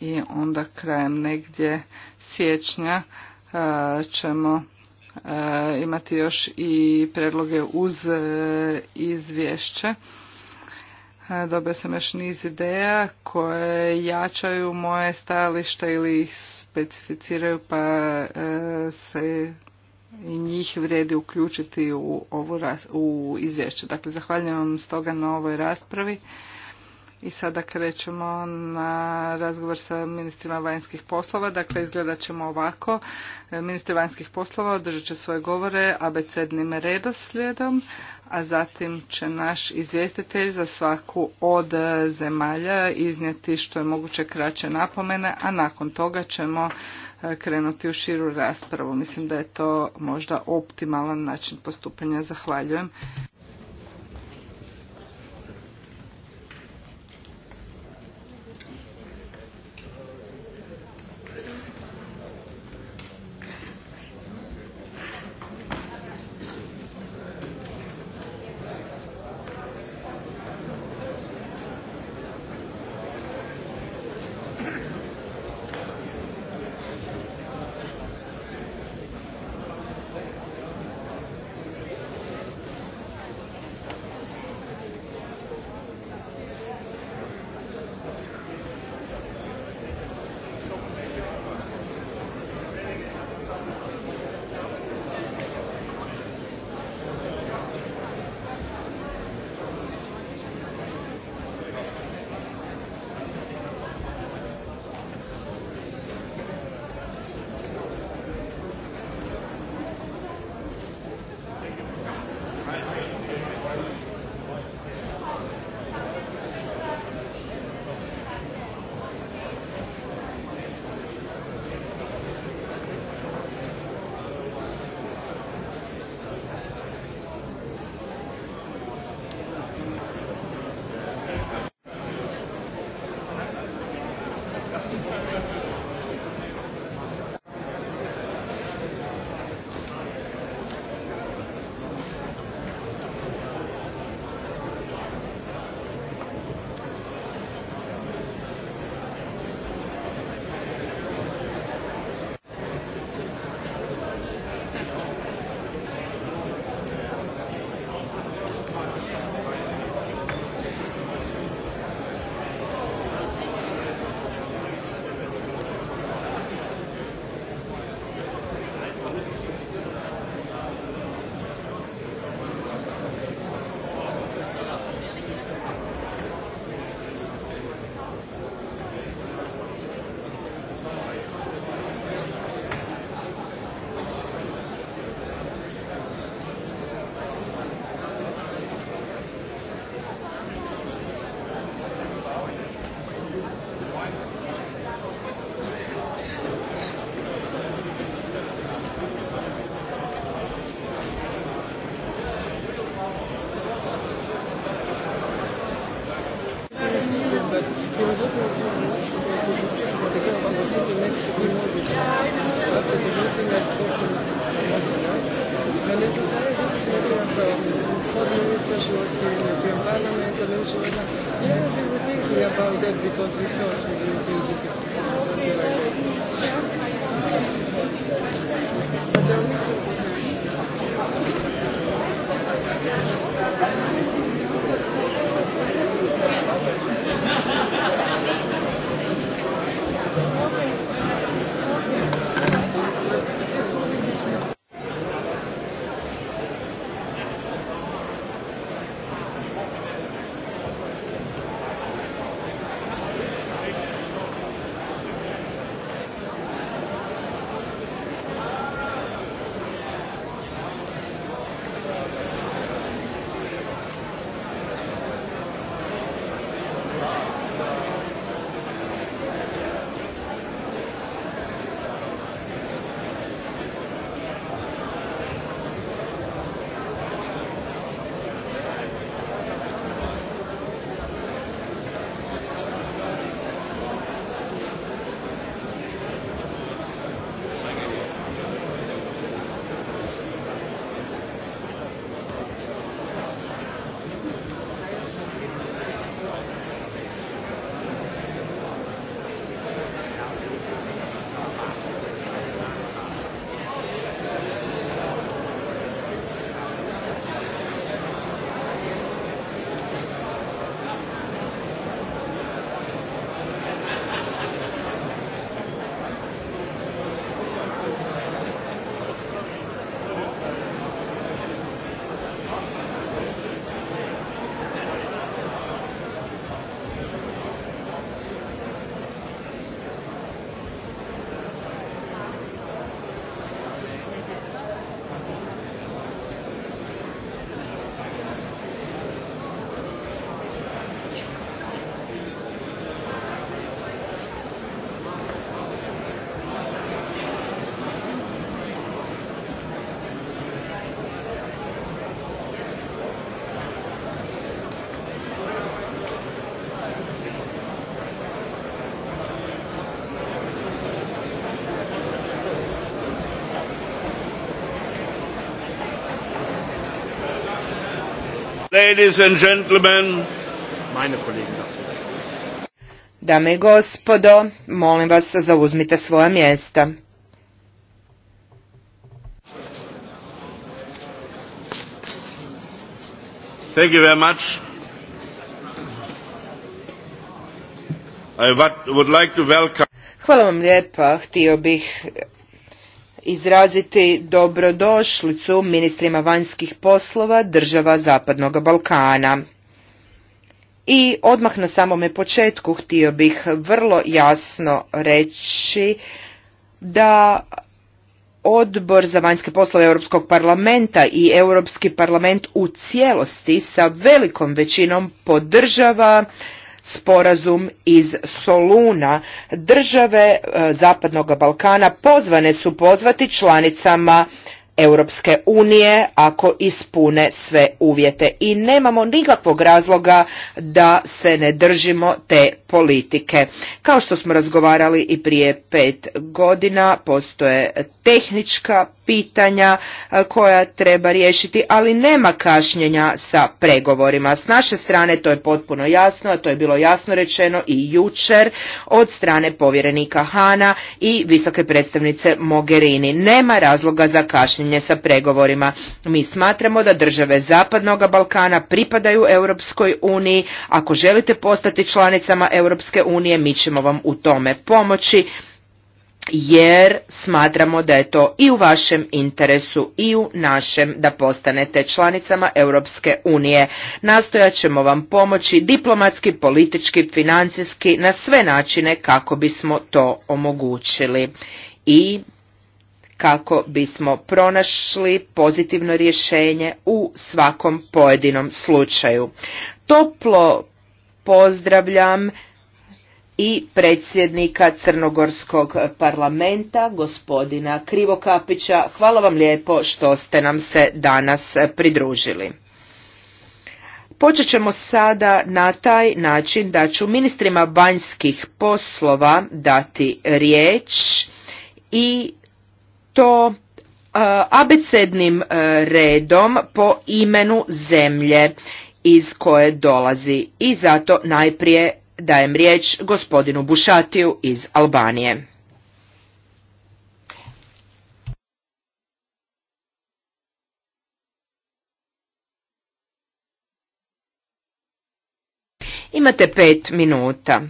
i onda krajem negdje siječnja e, ćemo e, imati još i predloge uz izvješće. Dobio sam još niz ideja koje jačaju moje stajališta ili ih specificiraju pa se njih vredi uključiti u, ovu, u izvješće. Dakle, zahvaljujem vam stoga na ovoj raspravi. I sada krećemo na razgovor sa ministrima vanjskih poslova. Dakle, izgledat ćemo ovako. Ministri vanjskih poslova održat će svoje govore abecednim redoslijedom, a zatim će naš izvjestitelj za svaku od zemalja iznijeti što je moguće kraće napomene, a nakon toga ćemo E, krenuti u širu raspravu. Mislim da je to možda optimalan način postupanja. Zahvaljujem. Ladies and gentlemen. Meine Kollegen. Dame i gospodo, molim vas zauzmite svoja mjesta. Thank you very much. I would like to welcome... Hvala vam lijepa, htio bih izraziti dobrodošlicu ministrima vanjskih poslova država Zapadnog Balkana. I odmah na samome početku htio bih vrlo jasno reći da Odbor za vanjske poslove Europskog parlamenta i Europski parlament u cijelosti sa velikom većinom podržava sporazum iz Soluna. Države e, Zapadnog Balkana pozvane su pozvati članicama Europske unije ako ispune sve uvjete i nemamo nikakvog razloga da se ne držimo te politike. Kao što smo razgovarali i prije pet godina, postoje tehnička pitanja e, koja treba riješiti, ali nema kašnjenja sa pregovorima. S naše strane to je potpuno jasno, a to je bilo jasno rečeno i jučer od strane povjerenika Hana i visoke predstavnice Mogherini. Nema razloga za kašnjenje sa pregovorima. Mi smatramo da države Zapadnog Balkana pripadaju Europskoj uniji. Ako želite postati članicama Europskoj Europske unije, mi ćemo vam u tome pomoći jer smatramo da je to i u vašem interesu i u našem da postanete članicama Europske unije. Nastojat ćemo vam pomoći diplomatski, politički, financijski na sve načine kako bismo to omogućili i kako bismo pronašli pozitivno rješenje u svakom pojedinom slučaju. Toplo pozdravljam i predsjednika Crnogorskog parlamenta, gospodina Krivokapića. Hvala vam lijepo što ste nam se danas pridružili. Počet ćemo sada na taj način da ću ministrima vanjskih poslova dati riječ i to e, abecednim e, redom po imenu zemlje iz koje dolazi i zato najprije dajem riječ gospodinu Bušatiju iz Albanije. Imate pet minuta.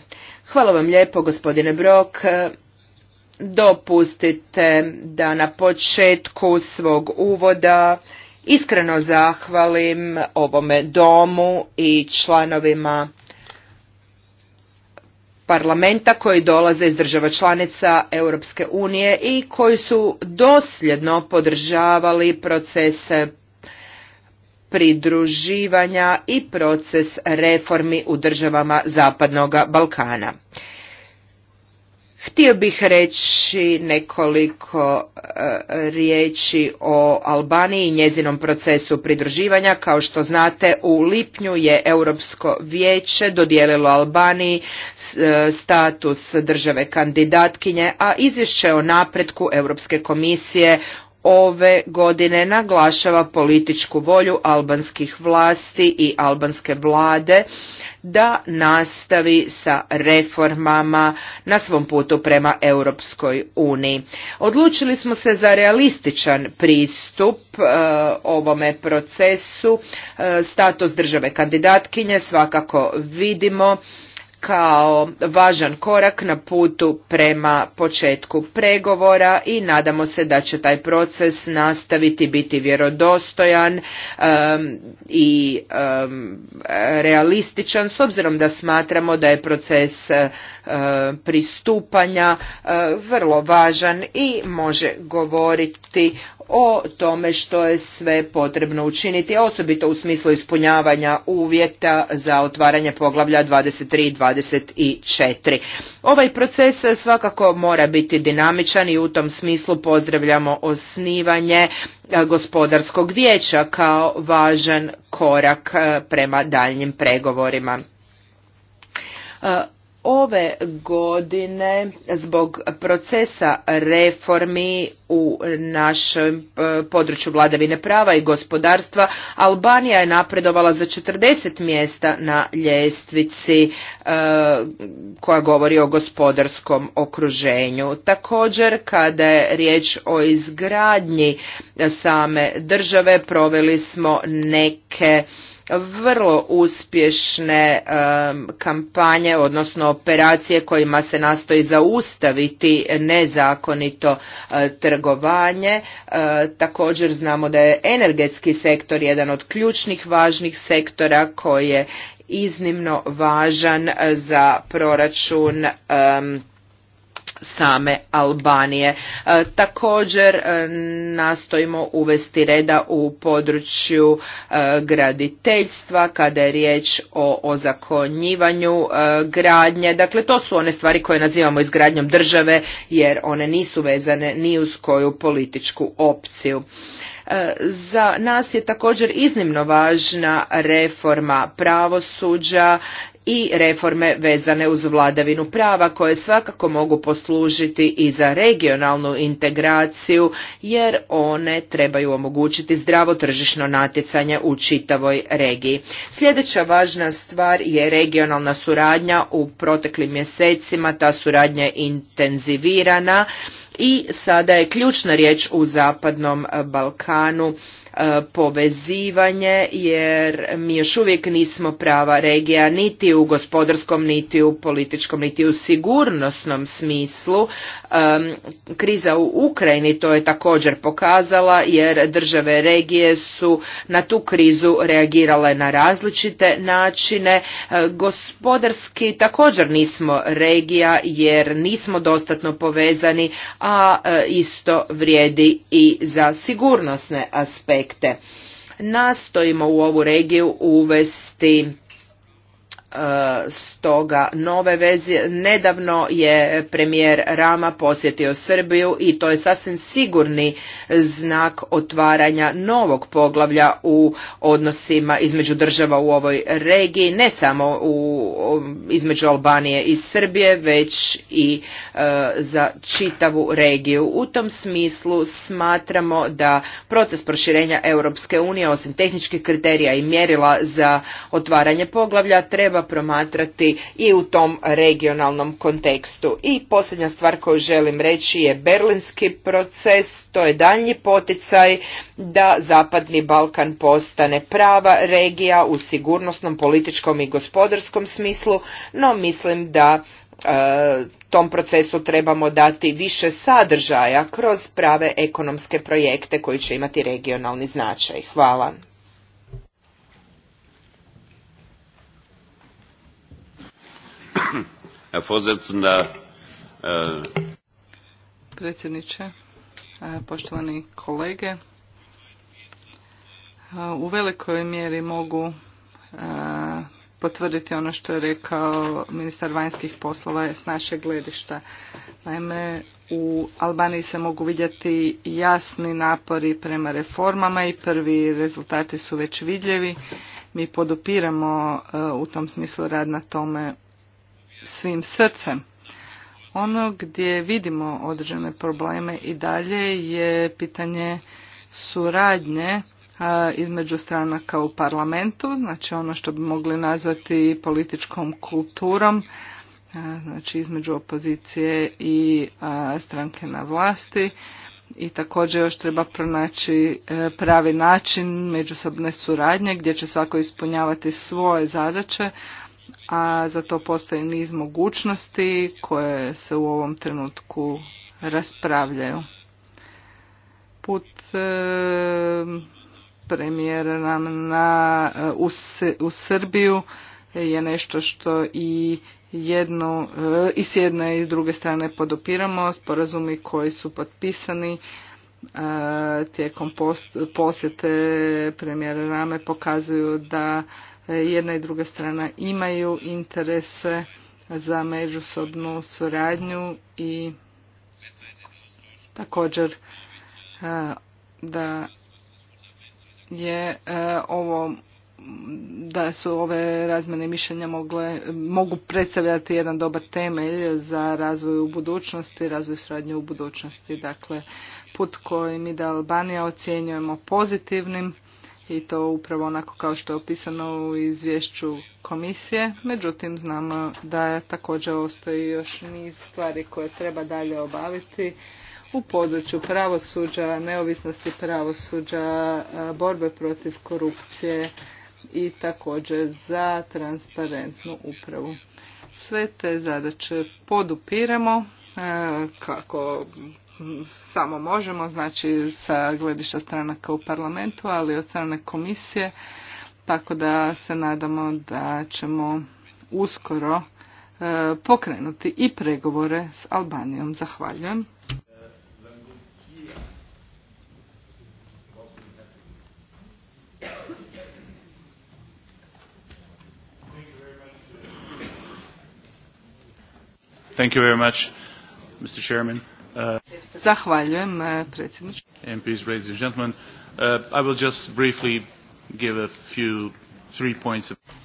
Hvala vam lijepo gospodine Brok. Dopustite da na početku svog uvoda iskreno zahvalim ovome domu i članovima parlamenta koji dolaze iz država članica Europske unije i koji su dosljedno podržavali procese pridruživanja i proces reformi u državama Zapadnog Balkana. Htio bih reći nekoliko e, riječi o Albaniji i njezinom procesu pridruživanja. Kao što znate, u lipnju je Europsko vijeće dodijelilo Albaniji e, status države kandidatkinje, a izvješće o napretku Europske komisije ove godine naglašava političku volju albanskih vlasti i albanske vlade da nastavi sa reformama na svom putu prema Europskoj uniji. Odlučili smo se za realističan pristup e, ovome procesu. E, status države kandidatkinje svakako vidimo kao važan korak na putu prema početku pregovora i nadamo se da će taj proces nastaviti biti vjerodostojan i realističan s obzirom da smatramo da je proces e, pristupanja e, vrlo važan i može govoriti o tome što je sve potrebno učiniti, osobito u smislu ispunjavanja uvjeta za otvaranje poglavlja 23 i 24. Ovaj proces svakako mora biti dinamičan i u tom smislu pozdravljamo osnivanje e, gospodarskog vijeća kao važan korak e, prema daljnjim pregovorima e, ove godine zbog procesa reformi u našem e, području vladavine prava i gospodarstva Albanija je napredovala za 40 mjesta na ljestvici e, koja govori o gospodarskom okruženju. Također kada je riječ o izgradnji same države proveli smo neke vrlo uspješne kampanje, odnosno operacije kojima se nastoji zaustaviti nezakonito e, trgovanje. E, također znamo da je energetski sektor jedan od ključnih važnih sektora koji je iznimno važan e, za proračun same Albanije. E, također e, nastojimo uvesti reda u području e, graditeljstva kada je riječ o ozakonjivanju gradnje. Dakle, to su one stvari koje nazivamo izgradnjom države jer one nisu vezane ni uz koju političku opciju. Za nas je također iznimno važna reforma pravosuđa i reforme vezane uz vladavinu prava koje svakako mogu poslužiti i za regionalnu integraciju jer one trebaju omogućiti zdravo tržišno natjecanje u čitavoj regiji. Sljedeća važna stvar je regionalna suradnja u proteklim mjesecima, ta suradnja je intenzivirana i sada je ključna riječ u Zapadnom Balkanu E, povezivanje jer mi još uvijek nismo prava regija niti u gospodarskom, niti u političkom, niti u sigurnosnom smislu. E, kriza u Ukrajini to je također pokazala jer države regije su na tu krizu reagirale na različite načine. E, gospodarski također nismo regija jer nismo dostatno povezani, a isto vrijedi i za sigurnosne aspekte projekte. Nastojimo u ovu regiju uvesti stoga nove veze. Nedavno je premijer Rama posjetio Srbiju i to je sasvim sigurni znak otvaranja novog poglavlja u odnosima između država u ovoj regiji, ne samo u, između Albanije i Srbije, već i e, za čitavu regiju. U tom smislu smatramo da proces proširenja Europske unije, osim tehničkih kriterija i mjerila za otvaranje poglavlja, treba promatrati i u tom regionalnom kontekstu. I posljednja stvar koju želim reći je berlinski proces, to je daljnji poticaj da Zapadni Balkan postane prava regija u sigurnosnom, političkom i gospodarskom smislu, no mislim da e, tom procesu trebamo dati više sadržaja kroz prave ekonomske projekte koji će imati regionalni značaj. Hvala. Äh, predsjedniče, e, poštovani kolege. E, u velikoj mjeri mogu e, potvrditi ono što je rekao ministar vanjskih poslova s našeg gledišta. Naime, u Albaniji se mogu vidjeti jasni napori prema reformama i prvi rezultati su već vidljivi. Mi podupiramo u tom smislu rad na tome svim srcem. Ono gdje vidimo određene probleme i dalje je pitanje suradnje između stranaka u parlamentu, znači ono što bi mogli nazvati političkom kulturom, znači između opozicije i stranke na vlasti i također još treba pronaći e, pravi način međusobne suradnje gdje će svako ispunjavati svoje zadaće, a za to postoji niz mogućnosti koje se u ovom trenutku raspravljaju. Put e, premijera nam na, u, u Srbiju je nešto što i jednu e, i s jedne i s druge strane podopiramo sporazumi koji su potpisani e, tijekom posjete premijera Rame pokazuju da E, jedna i druga strana imaju interese za međusobnu suradnju i također e, da je e, ovo da su ove razmjene mišljenja mogle, mogu predstavljati jedan dobar temelj za razvoj u budućnosti, razvoj suradnje u budućnosti. Dakle, put koji mi da Albanija ocjenjujemo pozitivnim i to upravo onako kao što je opisano u izvješću komisije. Međutim, znamo da također ostoji još niz stvari koje treba dalje obaviti u području pravosuđa, neovisnosti pravosuđa, borbe protiv korupcije i također za transparentnu upravu. Sve te zadaće podupiramo e, kako samo možemo, znači sa gledišta stranaka u parlamentu, ali od strane komisije, tako da se nadamo da ćemo uskoro e, pokrenuti i pregovore s Albanijom. Zahvaljujem. Thank you very much, Mr. Chairman. Zahvaljujem, eh, predsjedniče. MPs, eh, I will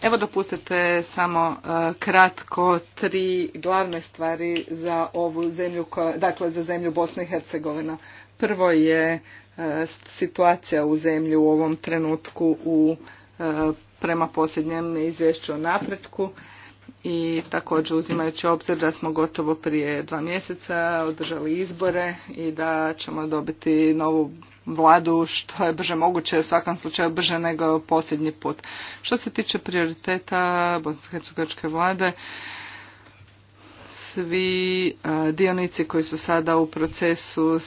Evo dopustite samo eh, kratko tri glavne stvari za ovu zemlju, dakle za zemlju Bosne i Hercegovina. Prvo je situacija u zemlji u ovom trenutku u prema posljednjem izvješću o napretku i također uzimajući obzir da smo gotovo prije dva mjeseca održali izbore i da ćemo dobiti novu vladu što je brže moguće, u svakom slučaju brže nego posljednji put. Što se tiče prioriteta i vlade, svi e, dionici koji su sada u procesu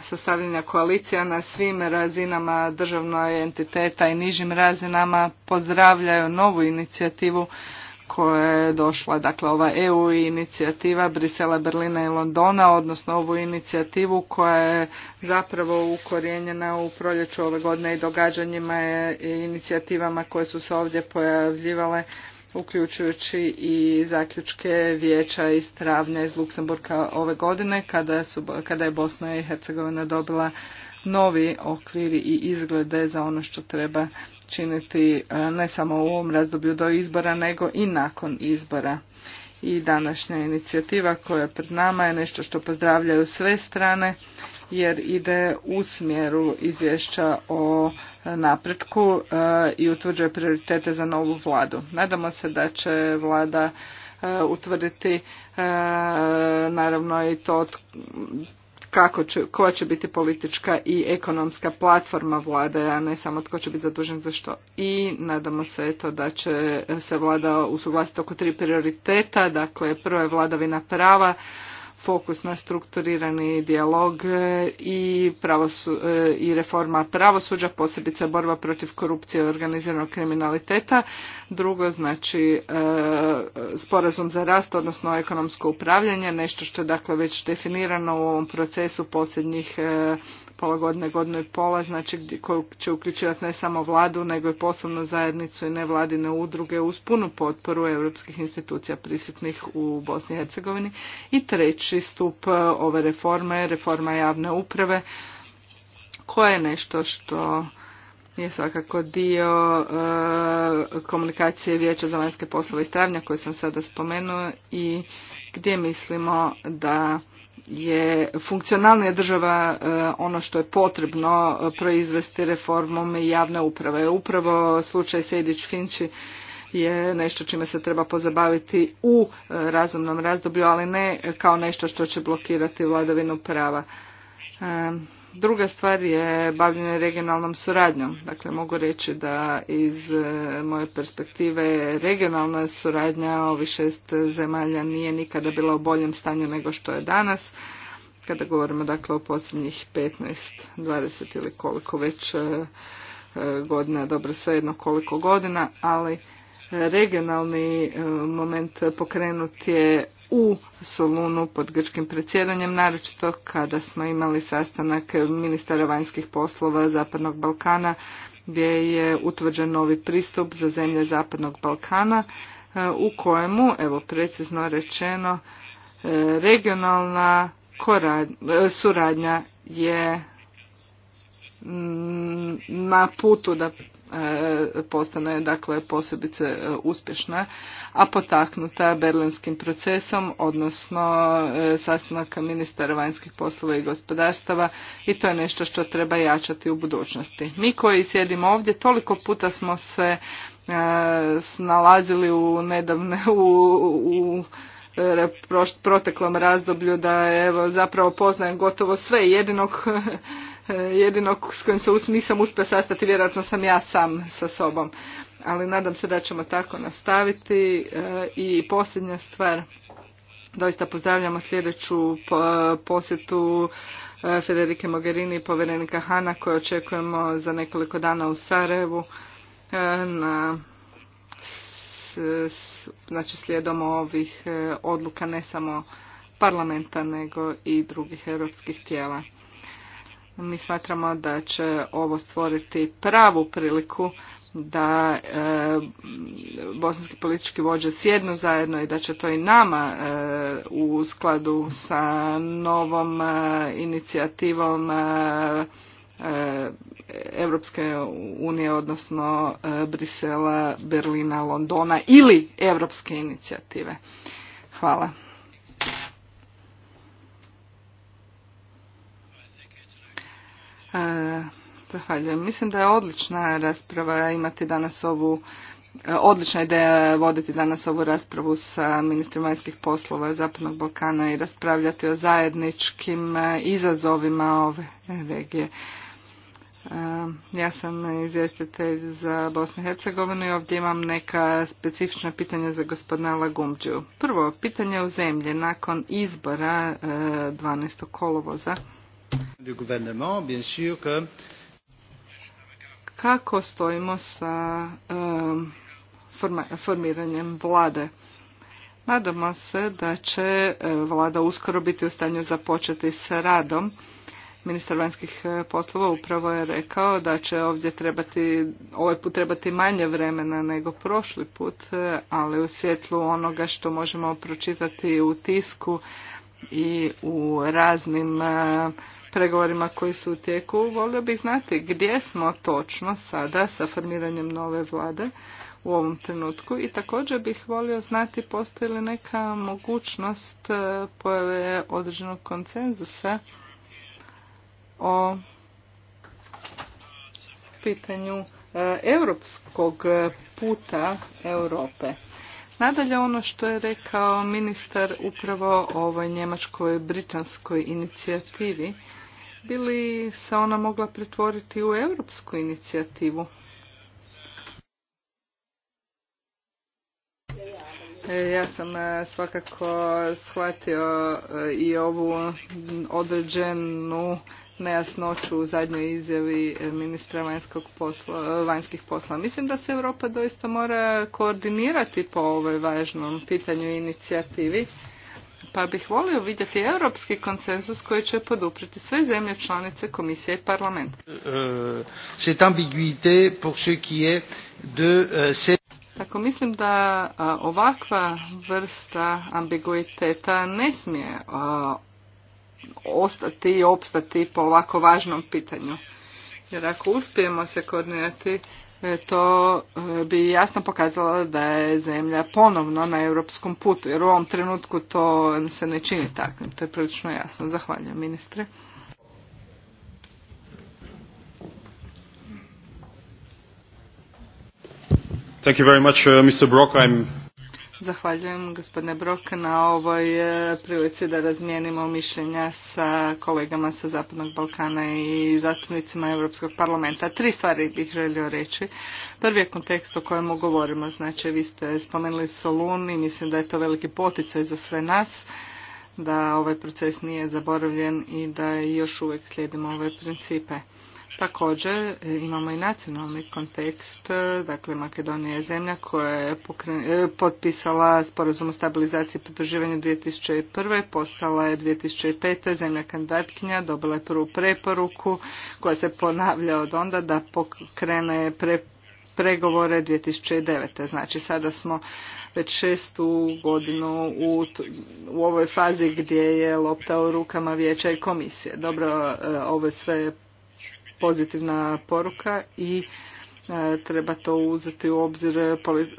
sastavljanja koalicija na svim razinama državnoj entiteta i nižim razinama pozdravljaju novu inicijativu koja je došla, dakle ova EU inicijativa Brisela, Berlina i Londona, odnosno ovu inicijativu koja je zapravo ukorijenjena u proljeću ove godine i događanjima i inicijativama koje su se ovdje pojavljivale uključujući i zaključke vijeća iz travnja iz Luksemburga ove godine kada, kada je Bosna i Hercegovina dobila novi okviri i izglede za ono što treba činiti e, ne samo u ovom razdoblju do izbora, nego i nakon izbora. I današnja inicijativa koja je pred nama je nešto što pozdravljaju sve strane jer ide u smjeru izvješća o e, napretku e, i utvrđuje prioritete za novu vladu. Nadamo se da će vlada utvrditi naravno i to kako će, koja će biti politička i ekonomska platforma vlade, a ne samo tko će biti zadužen za što. I nadamo se eto da će se vlada usuglasiti oko tri prioriteta, dakle prva je vladavina prava, fokus na strukturirani dijalog e, i, e, i reforma pravosuđa, posebice borba protiv korupcije i organiziranog kriminaliteta. Drugo, znači e, sporazum za rast, odnosno ekonomsko upravljanje, nešto što je dakle već definirano u ovom procesu posljednjih pola godine, godinu i pola, znači koju će uključivati ne samo vladu, nego i poslovnu zajednicu i nevladine udruge uz punu potporu europskih institucija prisutnih u Bosni i Hercegovini. I treći stup e, ove reforme, reforma javne uprave, koja je nešto što je svakako dio e, komunikacije Vijeća za vanjske poslove i travnja koje sam sada spomenuo i gdje mislimo da je funkcionalnija država e, ono što je potrebno e, proizvesti reformom javne uprave. Upravo slučaj Sejdić Finči je nešto čime se treba pozabaviti u e, razumnom razdoblju, ali ne kao nešto što će blokirati vladavinu prava. Druga stvar je bavljenje regionalnom suradnjom. Dakle, mogu reći da iz e, moje perspektive regionalna suradnja ovih šest zemalja nije nikada bila u boljem stanju nego što je danas. Kada govorimo dakle o posljednjih 15, 20 ili koliko već e, e, godina, dobro svejedno koliko godina, ali regionalni moment pokrenut je u Solunu pod grčkim predsjedanjem, naročito kada smo imali sastanak ministara vanjskih poslova Zapadnog Balkana gdje je utvrđen novi pristup za zemlje Zapadnog Balkana e, u kojemu, evo precizno rečeno, e, regionalna e, suradnja je na putu da postane dakle posebice e, uspješna, a potaknuta berlinskim procesom, odnosno e, sastanaka ministara vanjskih poslova i gospodarstava i to je nešto što treba jačati u budućnosti. Mi koji sjedimo ovdje toliko puta smo se e, nalazili u nedavne u, proteklom razdoblju da evo zapravo poznajem gotovo sve jedinog E, jedino s kojim se nisam uspio sastati, vjerojatno sam ja sam sa sobom. Ali nadam se da ćemo tako nastaviti. E, I posljednja stvar, doista pozdravljamo sljedeću posjetu e, Federike Mogherini i povjerenika Hana koje očekujemo za nekoliko dana u Sarajevu na znači slijedom ovih odluka ne samo parlamenta nego i drugih europskih tijela. Mi smatramo da će ovo stvoriti pravu priliku da e, bosanski politički vođe sjednu zajedno i da će to i nama e, u skladu sa novom e, inicijativom Europske unije, odnosno Brisela, Berlina, Londona ili europske inicijative. Hvala. E, zahvaljujem. Mislim da je odlična rasprava imati danas ovu e, Odlična ideja voditi danas ovu raspravu sa ministrom vanjskih poslova Zapadnog Balkana i raspravljati o zajedničkim e, izazovima ove regije. Ja sam izvjestitelj za Bosnu i Hercegovinu i ovdje imam neka specifična pitanja za gospodina Lagumđu. Prvo, pitanje u zemlji nakon izbora 12. kolovoza. Kako stojimo sa formiranjem vlade? Nadamo se da će e, vlada uskoro biti u stanju započeti s radom. Ministar vanjskih e, poslova upravo je rekao da će ovdje trebati, ovaj put trebati manje vremena nego prošli put, e, ali u svjetlu onoga što možemo pročitati u tisku, i u raznim e, pregovorima koji su u tijeku, volio bih znati gdje smo točno sada sa formiranjem nove vlade u ovom trenutku i također bih volio znati postoji li neka mogućnost e, pojave određenog konsenzusa o pitanju e, europskog puta Europe. Nadalje ono što je rekao ministar upravo o ovoj njemačkoj britanskoj inicijativi, bi li se ona mogla pretvoriti u europsku inicijativu? E, ja sam e, svakako shvatio e, i ovu određenu nejasnoću u zadnjoj izjavi ministra posla, vanjskih posla. Mislim da se Europa doista mora koordinirati po ovoj važnom pitanju i inicijativi, pa bih volio vidjeti europski konsenzus koji će podupriti sve zemlje članice komisije i parlament. Euh, euh, Tako mislim da ovakva vrsta ambiguiteta ne smije ostati i opstati po ovako važnom pitanju. Jer ako uspijemo se koordinirati, e, to e, bi jasno pokazalo da je zemlja ponovno na europskom putu, jer u ovom trenutku to se ne čini tako. To je prilično jasno. Zahvaljujem, ministre. Thank you very much, uh, Mr. Brock. I'm Zahvaljujem gospodine Brok na ovoj e, prilici da razmijenimo mišljenja sa kolegama sa Zapadnog Balkana i zastupnicima Europskog parlamenta. Tri stvari bih želio reći. Prvi je kontekst o kojemu govorimo. Znači, vi ste spomenuli Solun i mislim da je to veliki poticaj za sve nas da ovaj proces nije zaboravljen i da još uvijek slijedimo ove principe. Također e, imamo i nacionalni kontekst, e, dakle Makedonija je zemlja koja je e, potpisala sporazum o stabilizaciji i pridruživanju 2001. postala je 2005. zemlja kandidatkinja, dobila je prvu preporuku koja se ponavlja od onda da pokrene pre, pregovore 2009. Znači sada smo već šestu godinu u, u ovoj fazi gdje je lopta u rukama vijeća i komisije. Dobro, ovo je sve pozitivna poruka i e, treba to uzeti u obzir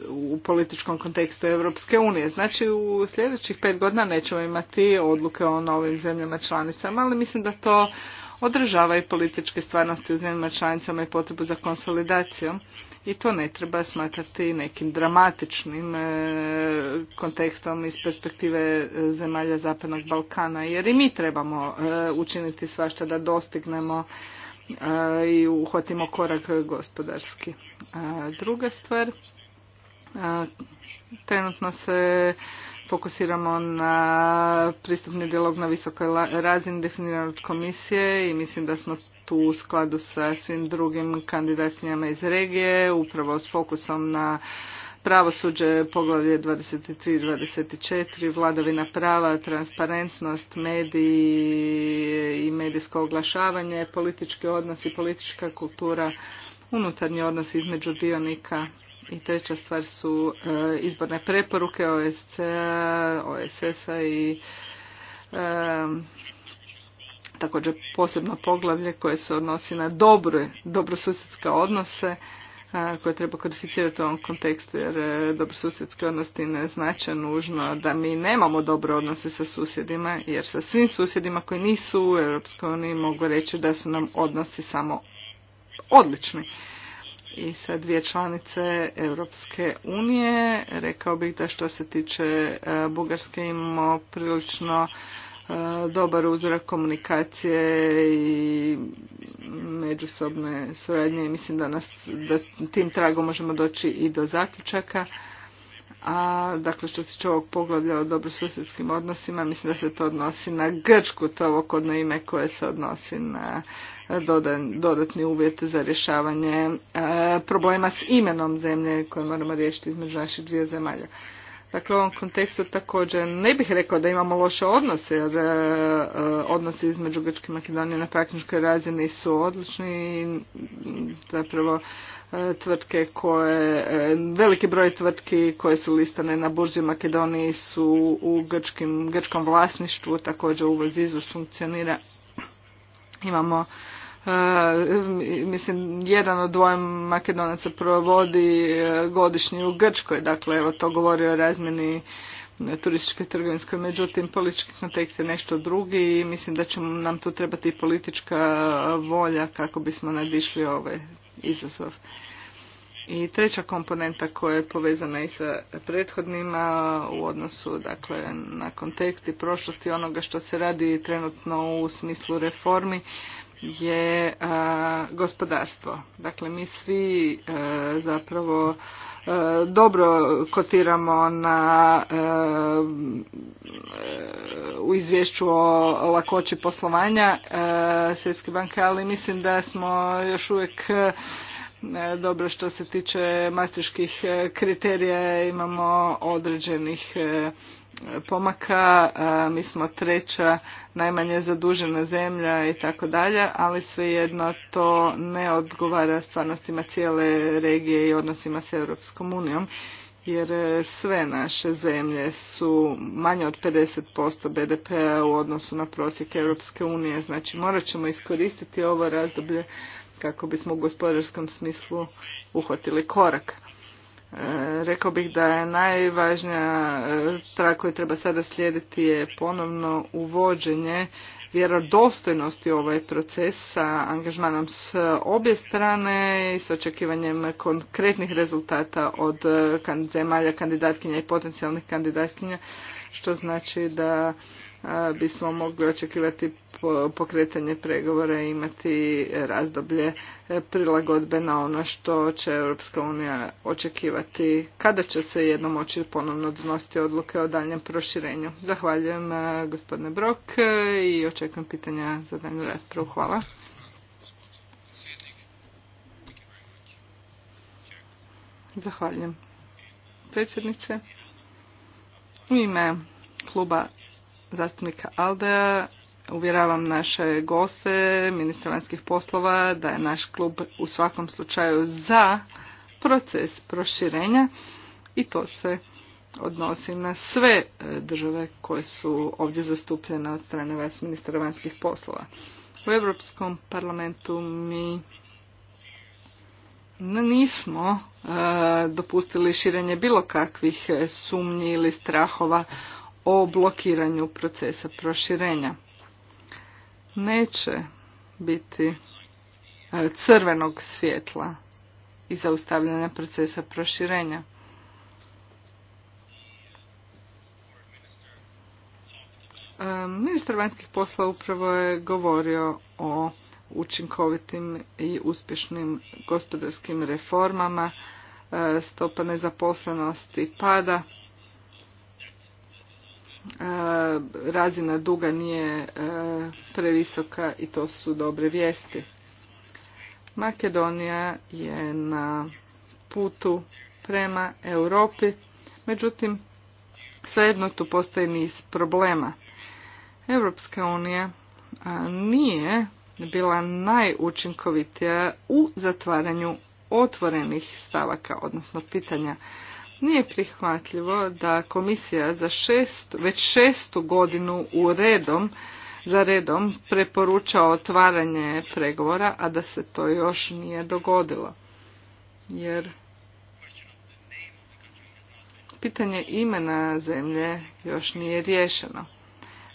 u političkom kontekstu Europske unije. Znači u sljedećih pet godina nećemo imati odluke o novim zemljama članicama, ali mislim da to održava i političke stvarnosti u zemljama članicama i potrebu za konsolidacijom i to ne treba smatrati nekim dramatičnim e, kontekstom iz perspektive e, zemalja Zapadnog Balkana, jer i mi trebamo učiniti svašta da dostignemo i uhvatimo korak gospodarski. Druga stvar, trenutno se fokusiramo na pristupni dijalog na visokoj razini definiran od komisije i mislim da smo tu u skladu sa svim drugim kandidatinjama iz regije, upravo s fokusom na pravosuđe, poglavlje 23 i 24, vladavina prava, transparentnost, mediji i medijsko oglašavanje, politički odnosi i politička kultura, unutarnji odnos između dionika i treća stvar su e, izborne preporuke OSC, a OSS-a i e, također posebno poglavlje koje se odnosi na dobre, dobrosusjedske odnose koje treba kodificirati u ovom kontekstu jer e, susjedske odnosti ne znače nužno da mi nemamo dobre odnose sa susjedima jer sa svim susjedima koji nisu u Europskoj mogu reći da su nam odnosi samo odlični. I sa dvije članice Europske unije rekao bih da što se tiče e, Bugarske imamo prilično dobar uzrak komunikacije i međusobne suradnje i mislim da, nas, da tim tragom možemo doći i do zaključaka. A dakle što se tiče ovog poglavlja o dobrosusjedskim odnosima, mislim da se to odnosi na Grčku, to ovo kodno ime koje se odnosi na dodatni uvjet za rješavanje problema s imenom zemlje koje moramo riješiti između naših dvije zemalja. Dakle, u ovom kontekstu također ne bih rekao da imamo loše odnose, jer e, e, odnosi između Grčke i Makedonije na praktičkoj razini su odlični i zapravo e, tvrtke koje, veliki broj tvrtki koje su listane na burzi u Makedoniji su u grčkim, grčkom vlasništvu, također uvoz izvoz funkcionira. Imamo mislim, jedan od dvoje makedonaca provodi e, godišnji u Grčkoj, dakle, evo to govori o razmjeni turističke i trgovinske, međutim politički kontekst je nešto drugi i mislim da će nam tu trebati i politička volja kako bismo nadišli ovaj izazov. I treća komponenta koja je povezana i sa prethodnima u odnosu dakle, na kontekst i prošlosti onoga što se radi trenutno u smislu reformi je gospodarstvo. Dakle, mi svi zapravo dobro kotiramo na u izvješću o lakoći poslovanja Svjetske banke, ali mislim da smo još uvijek dobro što se tiče masterških kriterija imamo određenih pomaka, mi smo treća najmanje zadužena zemlja i tako dalje, ali svejedno to ne odgovara stvarnostima cijele regije i odnosima s Europskom unijom, jer e, sve naše zemlje su manje od 50% BDP-a u odnosu na prosjek Europske unije, znači morat ćemo iskoristiti ovo razdoblje kako bismo u gospodarskom smislu uhvatili korak. E, rekao bih da je najvažnija e, trag koju treba sada slijediti je ponovno uvođenje vjerodostojnosti u ovaj proces sa angažmanom s obje strane i s očekivanjem konkretnih rezultata od e, zemalja kandidatkinja i potencijalnih kandidatkinja, što znači da bismo mogli očekivati pokretanje pregovora i imati razdoblje e, prilagodbe na ono što će Europska unija očekivati kada će se jednom moći ponovno donositi odluke o daljem proširenju. Zahvaljujem e, gospodine Brok e, i očekujem pitanja za danju raspravu. Hvala. Zahvaljujem. Predsjedniče, u ime kluba zastupnika Aldea uvjeravam naše goste, ministra vanjskih poslova, da je naš klub u svakom slučaju za proces proširenja i to se odnosi na sve e, države koje su ovdje zastupljene od strane vas ministra vanjskih poslova. U Europskom parlamentu mi nismo e, dopustili širenje bilo kakvih e, sumnji ili strahova o blokiranju procesa proširenja. Neće biti e, crvenog svjetla i zaustavljanja procesa proširenja. E, ministar vanjskih posla upravo je govorio o učinkovitim i uspješnim gospodarskim reformama, e, stopa nezaposlenosti pada, razina duga nije e, previsoka i to su dobre vijesti. Makedonija je na putu prema Europi, međutim svejedno tu postoji niz problema. Europska unija nije bila najučinkovitija u zatvaranju otvorenih stavaka, odnosno pitanja nije prihvatljivo da komisija za šest, već šestu godinu u redom za redom preporuča otvaranje pregovora, a da se to još nije dogodilo. Jer pitanje imena zemlje još nije riješeno.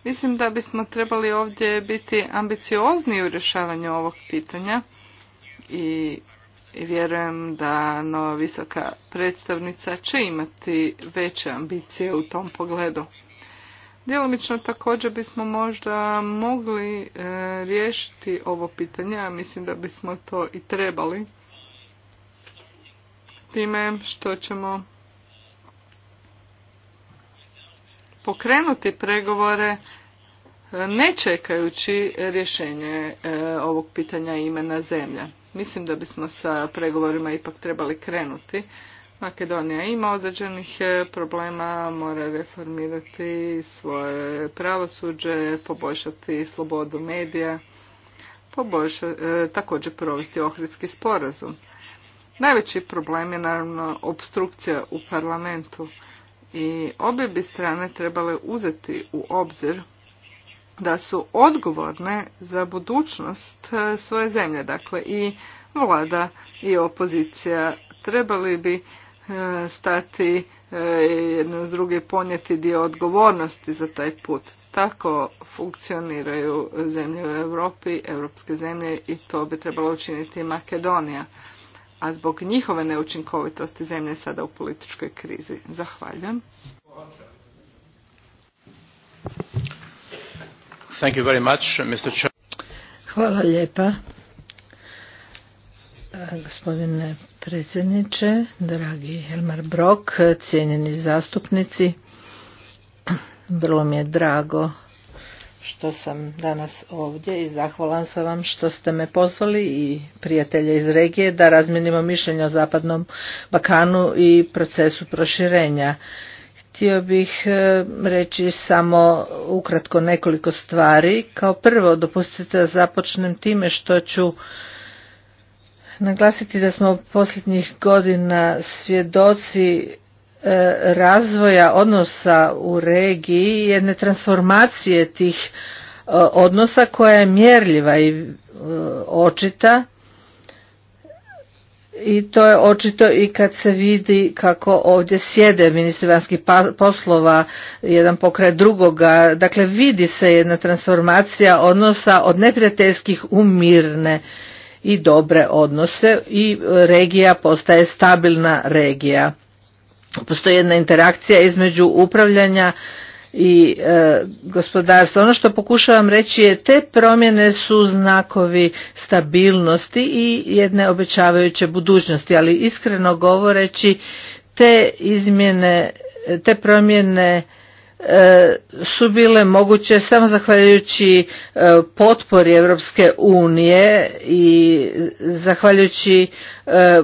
Mislim da bismo trebali ovdje biti ambiciozni u rješavanju ovog pitanja i i vjerujem da nova visoka predstavnica će imati veće ambicije u tom pogledu. Djelomično također bismo možda mogli e, riješiti ovo pitanje, a mislim da bismo to i trebali. Time što ćemo pokrenuti pregovore e, ne čekajući rješenje e, ovog pitanja imena zemlja mislim da bismo sa pregovorima ipak trebali krenuti. Makedonija ima određenih e, problema, mora reformirati svoje pravosuđe, poboljšati slobodu medija, poboljša, e, također provesti ohridski sporazum. Najveći problem je naravno obstrukcija u parlamentu i obje bi strane trebale uzeti u obzir da su odgovorne za budućnost e, svoje zemlje. Dakle, i vlada i opozicija trebali bi e, stati e, jedno s druge ponijeti dio odgovornosti za taj put. Tako funkcioniraju zemlje u Europi, europske zemlje i to bi trebalo učiniti i Makedonija. A zbog njihove neučinkovitosti zemlje sada u političkoj krizi. Zahvaljujem. Hvala lijepa. E, gospodine predsjedniče, dragi Helmar Brok, cijenjeni zastupnici, vrlo mi je drago što sam danas ovdje i zahvalan sam vam što ste me pozvali i prijatelje iz regije da razminimo mišljenje o Zapadnom Bakanu i procesu proširenja. Htio bih e, reći samo ukratko nekoliko stvari. Kao prvo, dopustite da započnem time što ću naglasiti da smo posljednjih godina svjedoci e, razvoja odnosa u regiji, jedne transformacije tih e, odnosa koja je mjerljiva i očita i to je očito i kad se vidi kako ovdje sjede ministri vanjskih pa-, poslova jedan pokraj drugoga. Dakle, vidi se jedna transformacija odnosa od neprijateljskih u mirne i dobre odnose i regija postaje stabilna regija. Postoji jedna interakcija između upravljanja i e, gospodarstva. Ono što pokušavam reći je te promjene su znakovi stabilnosti i jedne obećavajuće budućnosti, ali iskreno govoreći te izmjene, te promjene e, su bile moguće samo zahvaljujući e, potpori Europske unije i zahvaljujući e,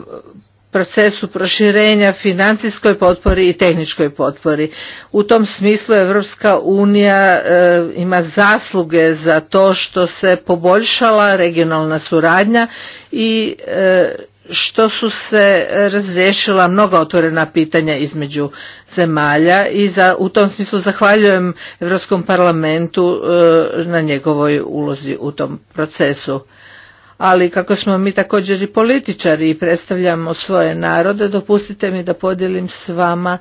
procesu proširenja, financijskoj potpori i tehničkoj potpori. U tom smislu Europska unija e, ima zasluge za to što se poboljšala regionalna suradnja i e, što su se razriješila mnoga otvorena pitanja između zemalja i za, u tom smislu zahvaljujem Europskom parlamentu e, na njegovoj ulozi u tom procesu ali kako smo mi također i političari i predstavljamo svoje narode, dopustite mi da podijelim s vama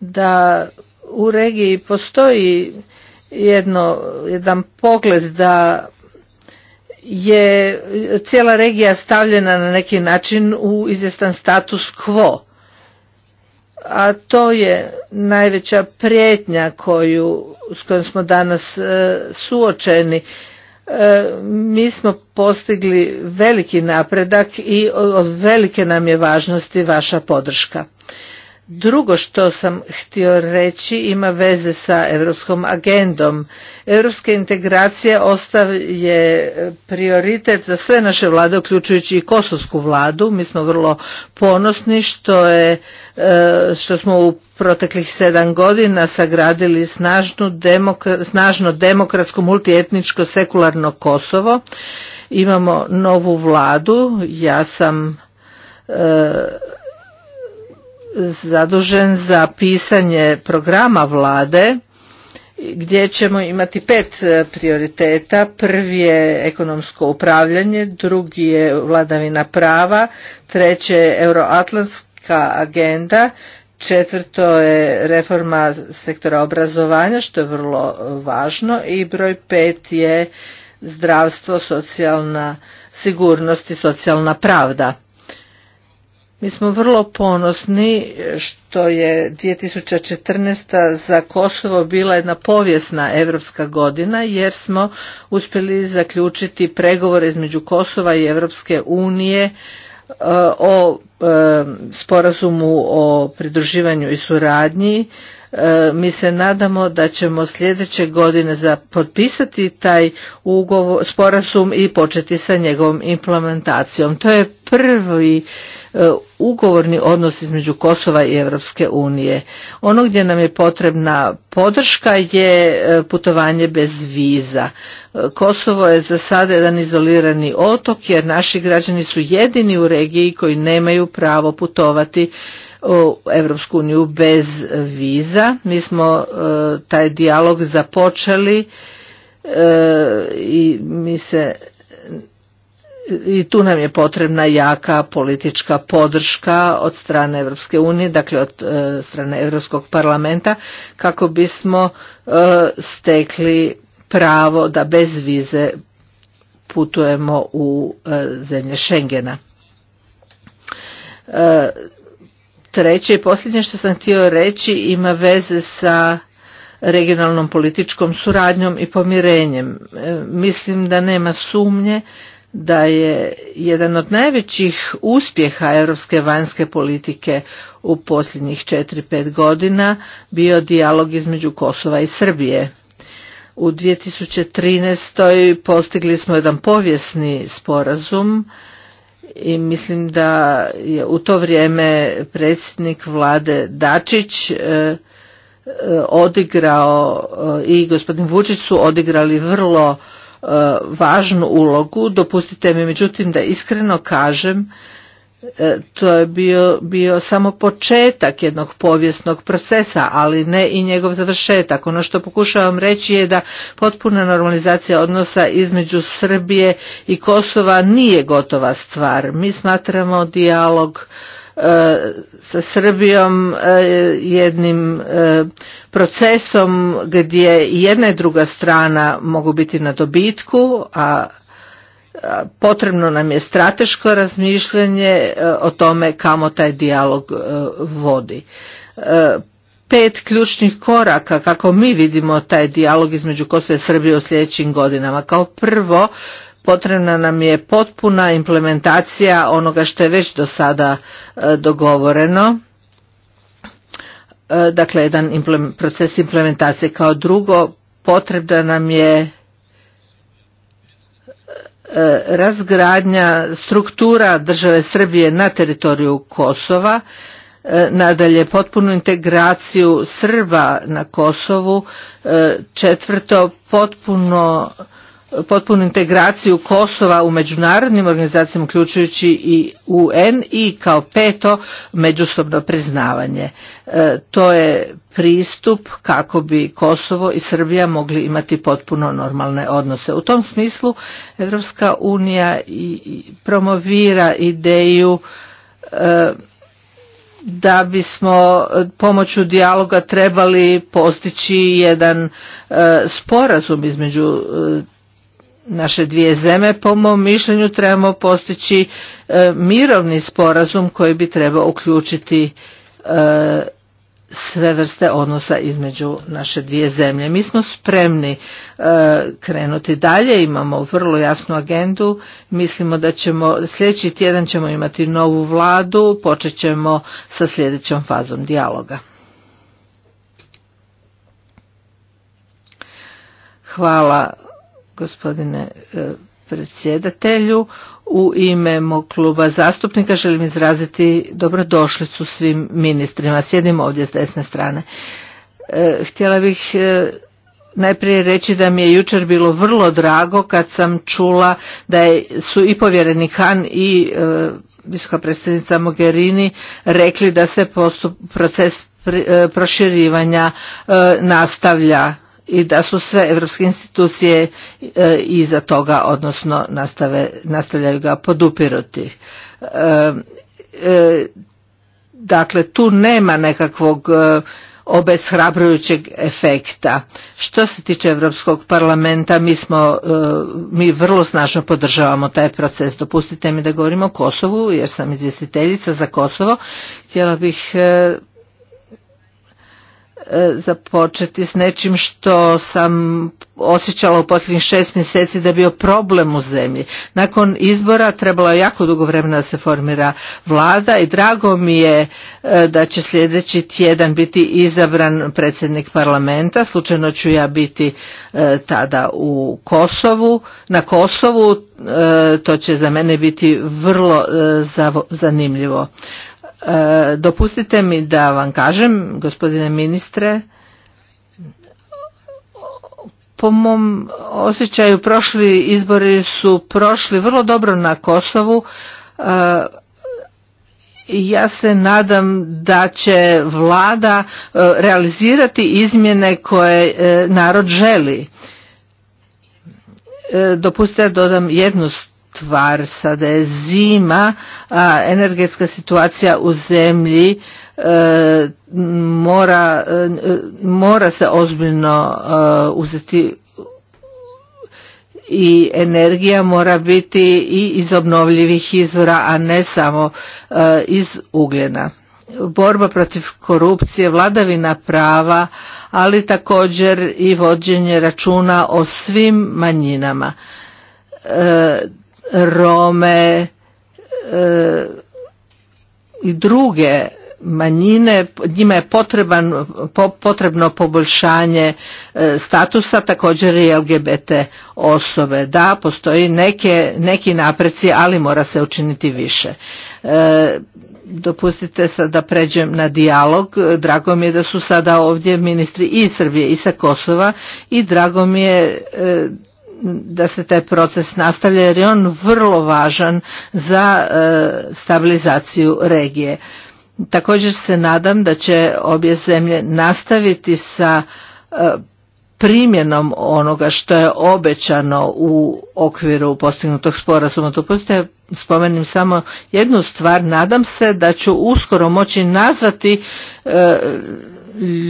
da u regiji postoji jedno, jedan pogled da je cijela regija stavljena na neki način u izvjestan status quo. A to je najveća prijetnja koju, s kojom smo danas e, suočeni E, mi smo postigli veliki napredak i od velike nam je važnosti vaša podrška. Drugo što sam htio reći ima veze sa europskom agendom. Europska integracija ostaje prioritet za sve naše vlade, uključujući i kosovsku vladu. Mi smo vrlo ponosni što, je, e, što smo u proteklih sedam godina sagradili snažnu snažno demokratsko multietničko sekularno Kosovo. Imamo novu vladu, ja sam e, zadužen za pisanje programa vlade gdje ćemo imati pet e, prioriteta. Prvi je ekonomsko upravljanje, drugi je vladavina prava, treći je euroatlantska agenda, četvrto je reforma sektora obrazovanja što je vrlo važno i broj pet je zdravstvo, socijalna sigurnost i socijalna pravda. Mi smo vrlo ponosni što je 2014. za Kosovo bila jedna povijesna evropska godina jer smo uspjeli zaključiti pregovore između Kosova i Evropske unije e, o e, sporazumu o pridruživanju i suradnji. E, mi se nadamo da ćemo sljedeće godine potpisati taj ugovor, sporazum i početi sa njegovom implementacijom. To je prvi E, ugovorni odnos između Kosova i Europske unije. Ono gdje nam je potrebna podrška je e, putovanje bez viza. E, Kosovo je za sada jedan izolirani otok jer naši građani su jedini u regiji koji nemaju pravo putovati u Europsku uniju bez viza. Mi smo taj dijalog započeli i mi se i tu nam je potrebna jaka politička podrška od strane Europske unije, dakle od e, strane Europskog parlamenta kako bismo e, stekli pravo da bez vize putujemo u e, zemlje Schengena. Treće i posljednje što sam htio reći ima veze sa regionalnom političkom suradnjom i pomirenjem. Mislim da nema sumnje da je jedan od najvećih uspjeha europske vanjske politike u posljednjih 4-5 godina bio dijalog između Kosova i Srbije. U 2013. postigli smo jedan povijesni sporazum i mislim da je u to vrijeme predsjednik vlade Dačić e, e, odigrao e, i gospodin Vučić su odigrali vrlo E, važnu ulogu. Dopustite mi međutim da iskreno kažem e, to je bio, bio samo početak jednog povijesnog procesa, ali ne i njegov završetak. Ono što pokušavam reći je da potpuna normalizacija odnosa između Srbije i Kosova nije gotova stvar. Mi smatramo dijalog E, sa Srbijom e, jednim e, procesom gdje jedna i druga strana mogu biti na dobitku, a potrebno nam je strateško razmišljanje o tome kamo taj dijalog vodi. Pet ključnih koraka kako mi vidimo taj dijalog između Kosova i Srbije u sljedećim godinama. Kao prvo, potrebna nam je potpuna implementacija onoga što je već do sada e, dogovoreno e, dakle jedan proces implementacije kao drugo potrebna nam je e, razgradnja struktura države Srbije na teritoriju Kosova nadalje potpunu integraciju Srba na Kosovu četvrto potpuno potpunu integraciju Kosova u međunarodnim organizacijama uključujući i UN i kao peto međusobno priznavanje. E, to je pristup kako bi Kosovo i Srbija mogli imati potpuno normalne odnose. U tom smislu Evropska unija i promovira ideju e, da bismo pomoću dijaloga trebali postići jedan e, sporazum između naše dvije zemlje po mom mišljenju trebamo postići e, mirovni sporazum koji bi trebao uključiti e, sve vrste odnosa između naše dvije zemlje. Mi smo spremni e, krenuti dalje, imamo vrlo jasnu agendu, mislimo da ćemo sljedeći tjedan ćemo imati novu vladu, počet ćemo sa sljedećom fazom dijaloga. Hvala gospodine e, predsjedatelju. U ime mog kluba zastupnika želim izraziti dobrodošlicu svim ministrima. Sjedimo ovdje s desne strane. E, htjela bih e, najprije reći da mi je jučer bilo vrlo drago kad sam čula da su i povjereni Han i visoka predstavnica Mogherini rekli da se proces proširivanja nastavlja i da su sve evropske institucije e, iza toga, odnosno nastavljaju ga podupiruti. E, e, dakle, tu nema nekakvog obeshrabrujućeg efekta. Što se tiče Europskog parlamenta, mi, smo, mi vrlo snažno podržavamo taj proces. Dopustite mi da govorimo o Kosovu, jer sam izvjestiteljica za Kosovo. Htjela bih E, započeti s nečim što sam osjećala u posljednjih šest mjeseci da je bio problem u zemlji. Nakon izbora trebalo je jako dugo vremena da se formira vlada i drago mi je e, da će sljedeći tjedan biti izabran predsjednik parlamenta. Slučajno ću ja biti e, tada u Kosovu. Na Kosovu to će za mene biti vrlo zanimljivo. E, dopustite mi da vam kažem, gospodine ministre, po mom osjećaju prošli izbori su prošli vrlo dobro na Kosovu. i e, ja se nadam da će vlada e, realizirati izmjene koje narod želi. Dopustite da dodam jednu stvar, sada je zima, a energetska situacija u zemlji e, mora, e, mora se ozbiljno e, uzeti i energija mora biti i iz obnovljivih izvora, a ne samo iz ugljena borba protiv korupcije, vladavina prava, ali također i vođenje računa o svim manjinama. Rome e, i druge manjine, njima je potreban, potrebno poboljšanje e, statusa, također i LGBT osobe. Da, postoji neke, neki napreci, ali mora se učiniti više. E, dopustite sad da pređem na dijalog. Drago mi je da su sada ovdje ministri i Srbije i sa Kosova i drago mi je da se taj proces nastavlja jer je on vrlo važan za e, stabilizaciju regije. Također se nadam da će obje zemlje nastaviti sa e, primjenom onoga što je obećano u okviru postignutog sporazuma. To spomenim samo jednu stvar, nadam se da ću uskoro moći nazvati e,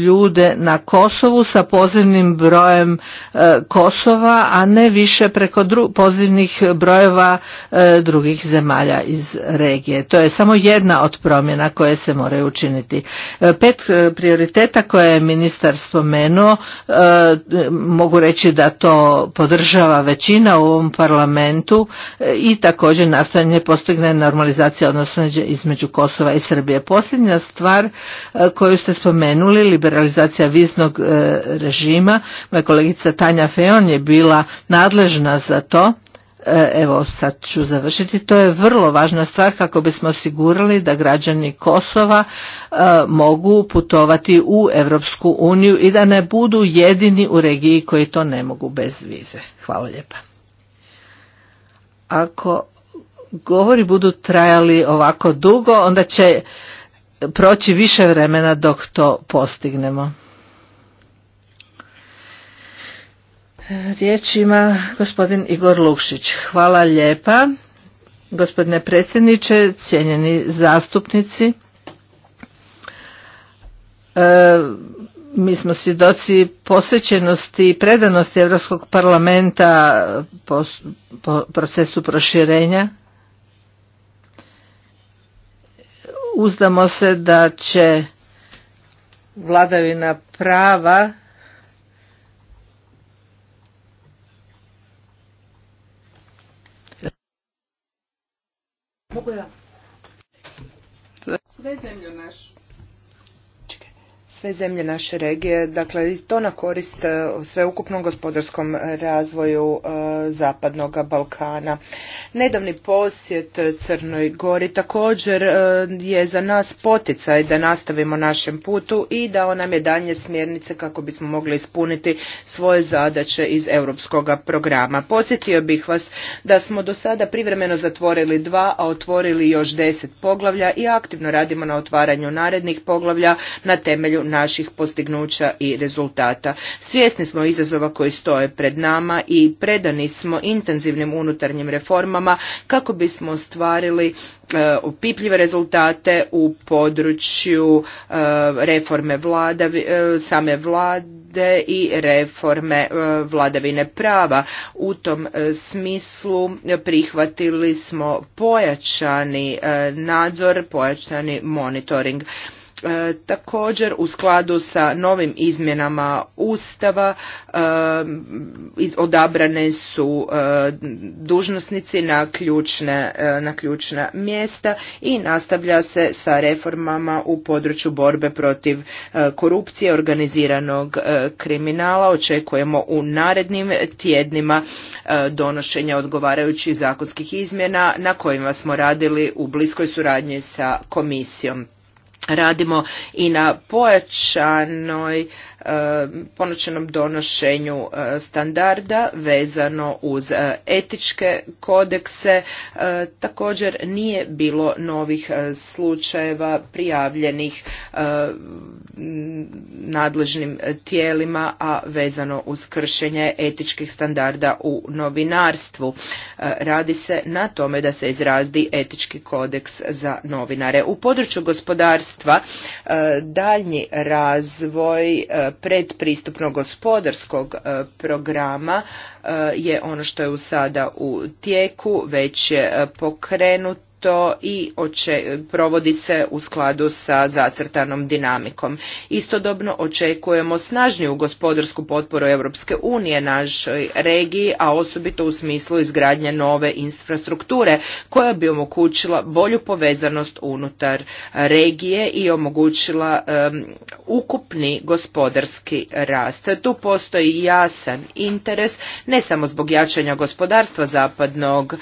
ljude na Kosovu sa pozivnim brojem e, Kosova, a ne više preko pozivnih brojeva e, drugih zemalja iz regije. To je samo jedna od promjena koje se moraju učiniti. E, pet prioriteta koje je ministar spomenuo, mogu reći da to podržava većina u ovom parlamentu i također nastojanje postigne normalizacija odnosno između Kosova i Srbije. Posljednja stvar koju ste spomenuli liberalizacija viznog e, režima. Moja kolegica Tanja Feon je bila nadležna za to. E, evo sad ću završiti. To je vrlo važna stvar kako bismo osigurali da građani Kosova e, mogu putovati u Europsku uniju i da ne budu jedini u regiji koji to ne mogu bez vize. Hvala lijepa. Ako govori budu trajali ovako dugo, onda će proći više vremena dok to postignemo. Riječ ima gospodin Igor Lukšić. Hvala lijepa. Gospodine predsjedniče, cijenjeni zastupnici, e, mi smo svjedoci posvećenosti i predanosti Europskog parlamenta po procesu proširenja uzdamo se da će vladavina prava Mogu ja? Sve sve zemlje naše regije, dakle to na korist e, sveukupnom gospodarskom razvoju e, Zapadnog Balkana. Nedavni posjet Crnoj Gori također e, je za nas poticaj da nastavimo našem putu i da on nam je daljnje smjernice kako bismo mogli ispuniti svoje zadaće iz europskog programa. Podsjetio bih vas da smo do sada privremeno zatvorili dva, a otvorili još deset poglavlja i aktivno radimo na otvaranju narednih poglavlja na temelju naših postignuća i rezultata. Svjesni smo izazova koji stoje pred nama i predani smo intenzivnim unutarnjim reformama kako bismo ostvarili e, opipljive rezultate u području e, reforme vlada, e, same vlade i reforme vladavine prava. U tom smislu prihvatili smo pojačani nadzor, pojačani monitoring. E, također u skladu sa novim izmjenama Ustava e, odabrane su e, dužnosnici na ključne, na ključna mjesta i nastavlja se sa reformama u području borbe protiv korupcije organiziranog kriminala. Očekujemo u narednim tjednima donošenja odgovarajućih zakonskih izmjena na kojima smo radili u bliskoj suradnji sa komisijom radimo i na pojačanoj E, ponoćenom donošenju e, standarda vezano uz e, etičke kodekse. Također nije bilo novih slučajeva prijavljenih nadležnim tijelima, a vezano uz kršenje etičkih standarda u novinarstvu. Radi se na tome da se izrazdi etički kodeks za novinare. U području gospodarstva daljnji razvoj predpristupnog gospodarskog e, programa e, je ono što je sada u tijeku, već je e, to i provodi se u skladu sa zacrtanom dinamikom. Istodobno očekujemo snažniju gospodarsku potporu Europske unije našoj regiji, a osobito u smislu izgradnje nove infrastrukture koja bi omogućila bolju povezanost unutar regije i omogućila ukupni gospodarski rast. Tu postoji jasan interes ne samo zbog jačanja gospodarstva Zapadnog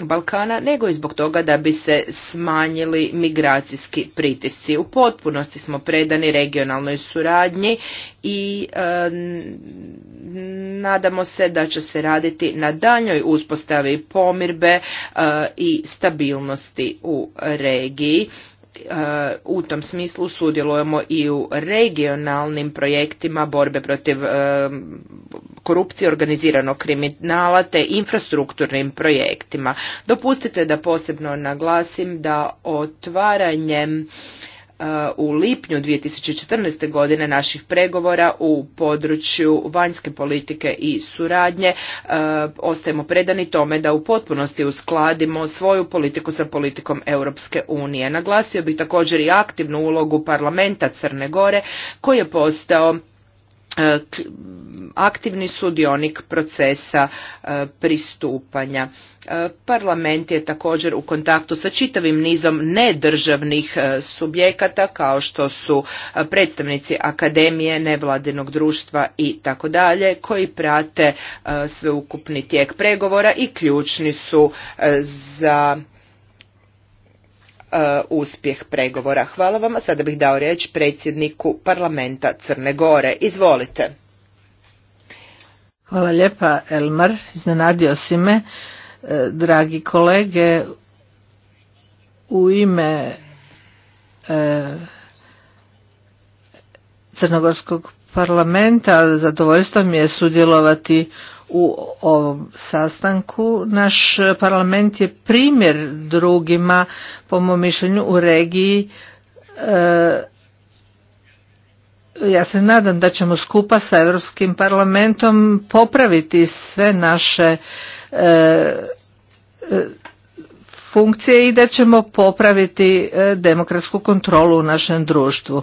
Balkana, nego i zbog toga da bi se smanjili migracijski pritisci. U potpunosti smo predani regionalnoj suradnji i e, nadamo se da će se raditi na daljnjoj uspostavi pomirbe e, i stabilnosti u regiji u tom smislu sudjelujemo i u regionalnim projektima borbe protiv e, korupcije organiziranog kriminala te infrastrukturnim projektima. Dopustite da posebno naglasim da otvaranjem u lipnju 2014. godine naših pregovora u području vanjske politike i suradnje e, ostajemo predani tome da u potpunosti uskladimo svoju politiku sa politikom Europske unije. Naglasio bih također i aktivnu ulogu parlamenta Crne Gore koji je postao E, aktivni sudionik procesa e, pristupanja. E, parlament je također u kontaktu sa čitavim nizom nedržavnih subjekata kao što su predstavnici akademije, nevladinog društva i tako dalje koji prate sveukupni tijek pregovora i ključni su za E, uspjeh pregovora. Hvala vam, a sada bih dao riječ predsjedniku parlamenta Crne Gore. Izvolite. Hvala lijepa Elmar, iznenadio si me. E, dragi kolege, u ime e, Crnogorskog parlamenta zadovoljstvo mi je sudjelovati u ovom sastanku. Naš parlament je primjer drugima, po mom mišljenju, u regiji. E, ja se nadam da ćemo skupa sa Europskim parlamentom popraviti sve naše e, e, funkcije i da ćemo popraviti demokratsku kontrolu u našem društvu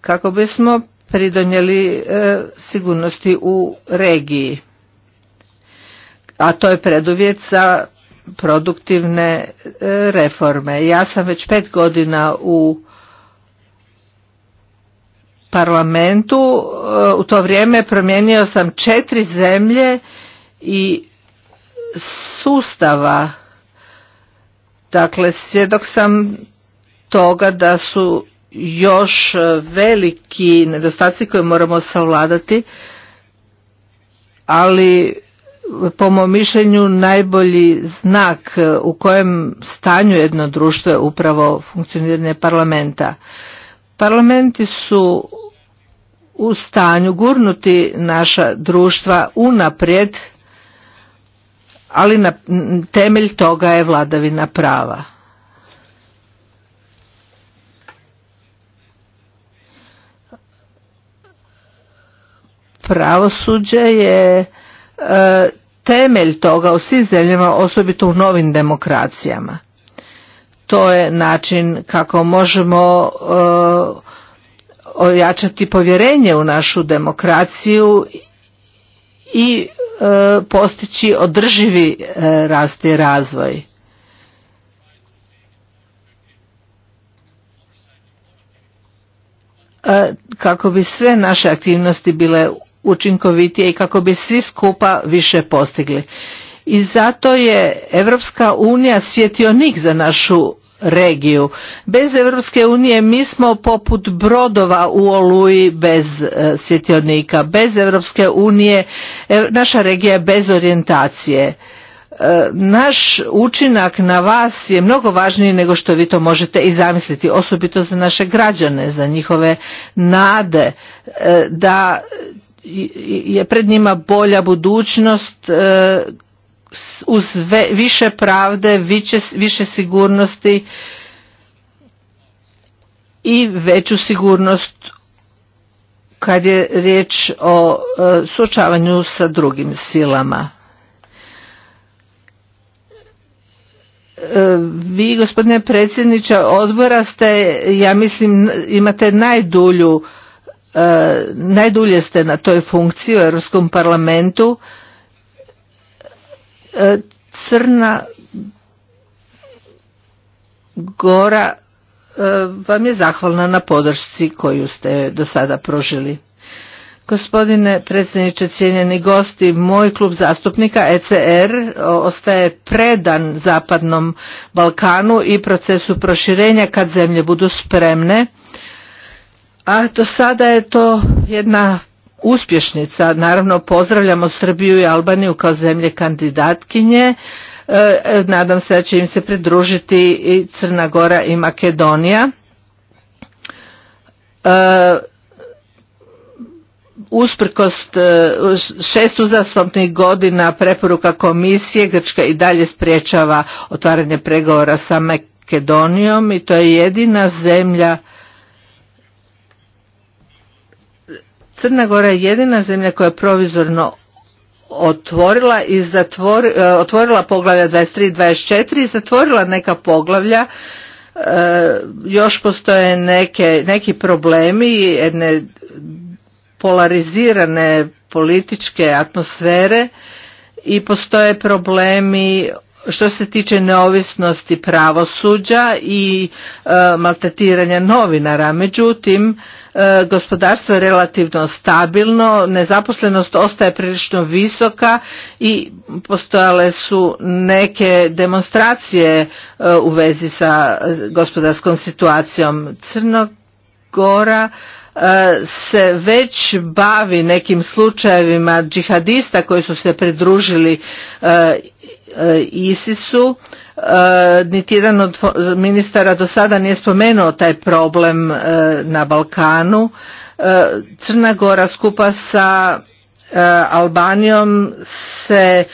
kako bismo pridonijeli e, sigurnosti u regiji. A to je preduvjet za produktivne e, reforme. Ja sam već pet godina u parlamentu, e, u to vrijeme promijenio sam četiri zemlje i sustava. Dakle, svjedok sam toga da su još e, veliki nedostaci koje moramo savladati, ali e, po mom mišljenju najbolji znak e, u kojem stanju jedno društvo je upravo funkcioniranje parlamenta. Parlamenti su u stanju gurnuti naša društva unaprijed, ali na temelj toga je vladavina prava. Pravosuđe je e, temelj toga u svim zemljama, osobito u novim demokracijama. To je način kako možemo e, ojačati povjerenje u našu demokraciju i e, postići održivi rast i razvoj. kako bi sve naše aktivnosti bile učinkovitije i kako bi svi skupa više postigli. I zato je Europska unija svjetionik za našu regiju. Bez Europske unije mi smo poput brodova u oluji bez e, svjetionika. Bez Europske unije e, naša regija je bez orijentacije. E, naš učinak na vas je mnogo važniji nego što vi to možete i zamisliti, osobito za naše građane, za njihove nade, da je pred njima bolja budućnost e, uz više pravde, više, sigurnosti i veću sigurnost kad je riječ o e, suočavanju sa drugim silama. E, vi, gospodine predsjedniče odbora, ste, ja mislim, imate najdulju Eh, najdulje ste na toj funkciji u Europskom parlamentu. Eh, Crna Gora eh, vam je zahvalna na podršci koju ste do sada prožili. Gospodine predsjedniče, cijenjeni gosti, moj klub zastupnika ECR ostaje predan Zapadnom Balkanu i procesu proširenja kad zemlje budu spremne a do sada je to jedna uspješnica. Naravno pozdravljamo Srbiju i Albaniju kao zemlje kandidatkinje. E, e, nadam se da će im se pridružiti i Crna Gora i Makedonija. E, usprkos šest uzastopnih godina preporuka komisije Grčka i dalje spriječava otvaranje pregovora sa Makedonijom i to je jedina zemlja Crna Gora je jedina zemlja koja je provizorno otvorila i zatvor, e, otvorila poglavlja 23 i 24 i zatvorila neka poglavlja e, još postoje neke, neki problemi jedne polarizirane političke atmosfere i postoje problemi što se tiče neovisnosti pravosuđa i e, maltretiranja novinara međutim e, gospodarstvo je relativno stabilno nezaposlenost ostaje prilično visoka i postojale su neke demonstracije e, u vezi sa gospodarskom situacijom crnogora e, se već bavi nekim slučajevima džihadista koji su se pridružili Eh, ISIS-u. Eh, niti jedan od ministara do sada nije spomenuo taj problem eh, na Balkanu. Crna Gora skupa sa Albanijom se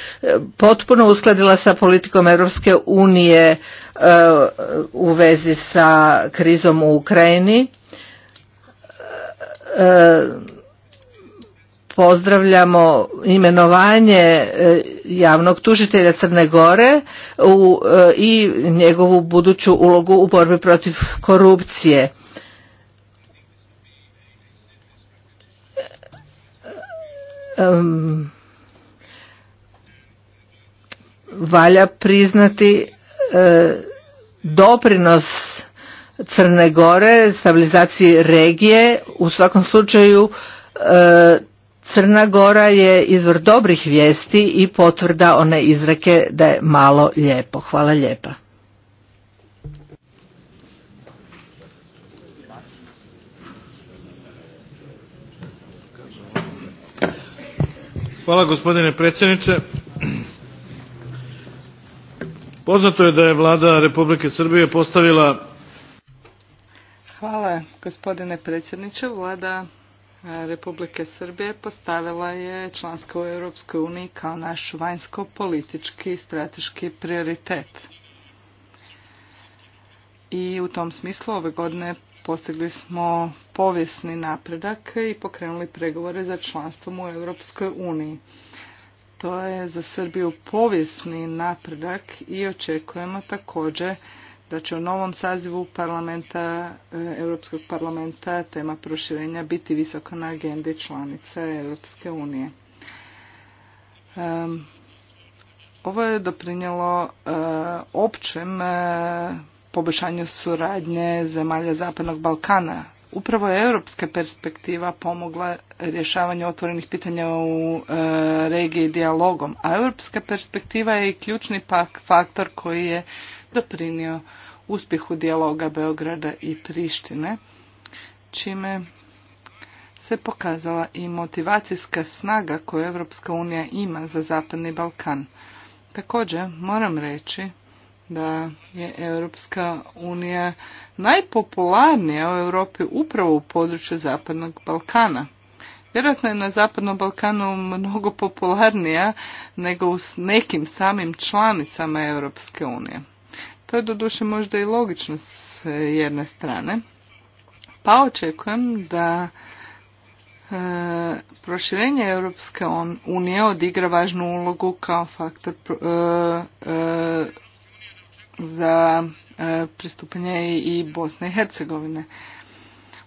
potpuno uskladila sa politikom Europske unije u vezi sa krizom u Ukrajini pozdravljamo imenovanje e, javnog tužitelja Crne Gore e, i njegovu buduću ulogu u borbi protiv korupcije. valja priznati e, doprinos Crne Gore, stabilizaciji regije, u svakom slučaju Crna Gora je izvor dobrih vijesti i potvrda one izreke da je malo lijepo. Hvala lijepa. Hvala gospodine predsjedniče. Poznato je da je vlada Republike Srbije postavila Hvala gospodine predsjedniče. Vlada Republike Srbije postavila je članstvo u Europskoj uniji kao naš vanjsko-politički i strateški prioritet. I u tom smislu ove godine postigli smo povijesni napredak i pokrenuli pregovore za članstvom u Europskoj uniji. To je za Srbiju povijesni napredak i očekujemo također da znači, će u novom sazivu parlamenta, e, Europskog parlamenta tema proširenja biti visoko na agendi članica Europske unije. Um, ovo je doprinjelo e, općem e, poboljšanju suradnje zemalja Zapadnog Balkana. Upravo je europska perspektiva pomogla rješavanju otvorenih pitanja u regiji dijalogom, a europska perspektiva je i ključni pak, faktor koji je doprinio uspjehu dijaloga Beograda i Prištine, čime se pokazala i motivacijska snaga koju Europska unija ima za Zapadni Balkan. Također moram reći da je Europska unija najpopularnija u Europi upravo u području Zapadnog Balkana. Vjerojatno je na Zapadnom Balkanu mnogo popularnija nego u nekim samim članicama Europske unije. To je doduše možda i logično s jedne strane. Pa očekujem da e, proširenje Europske unije odigra važnu ulogu kao faktor e, e, za pristupanje i Bosne i Hercegovine.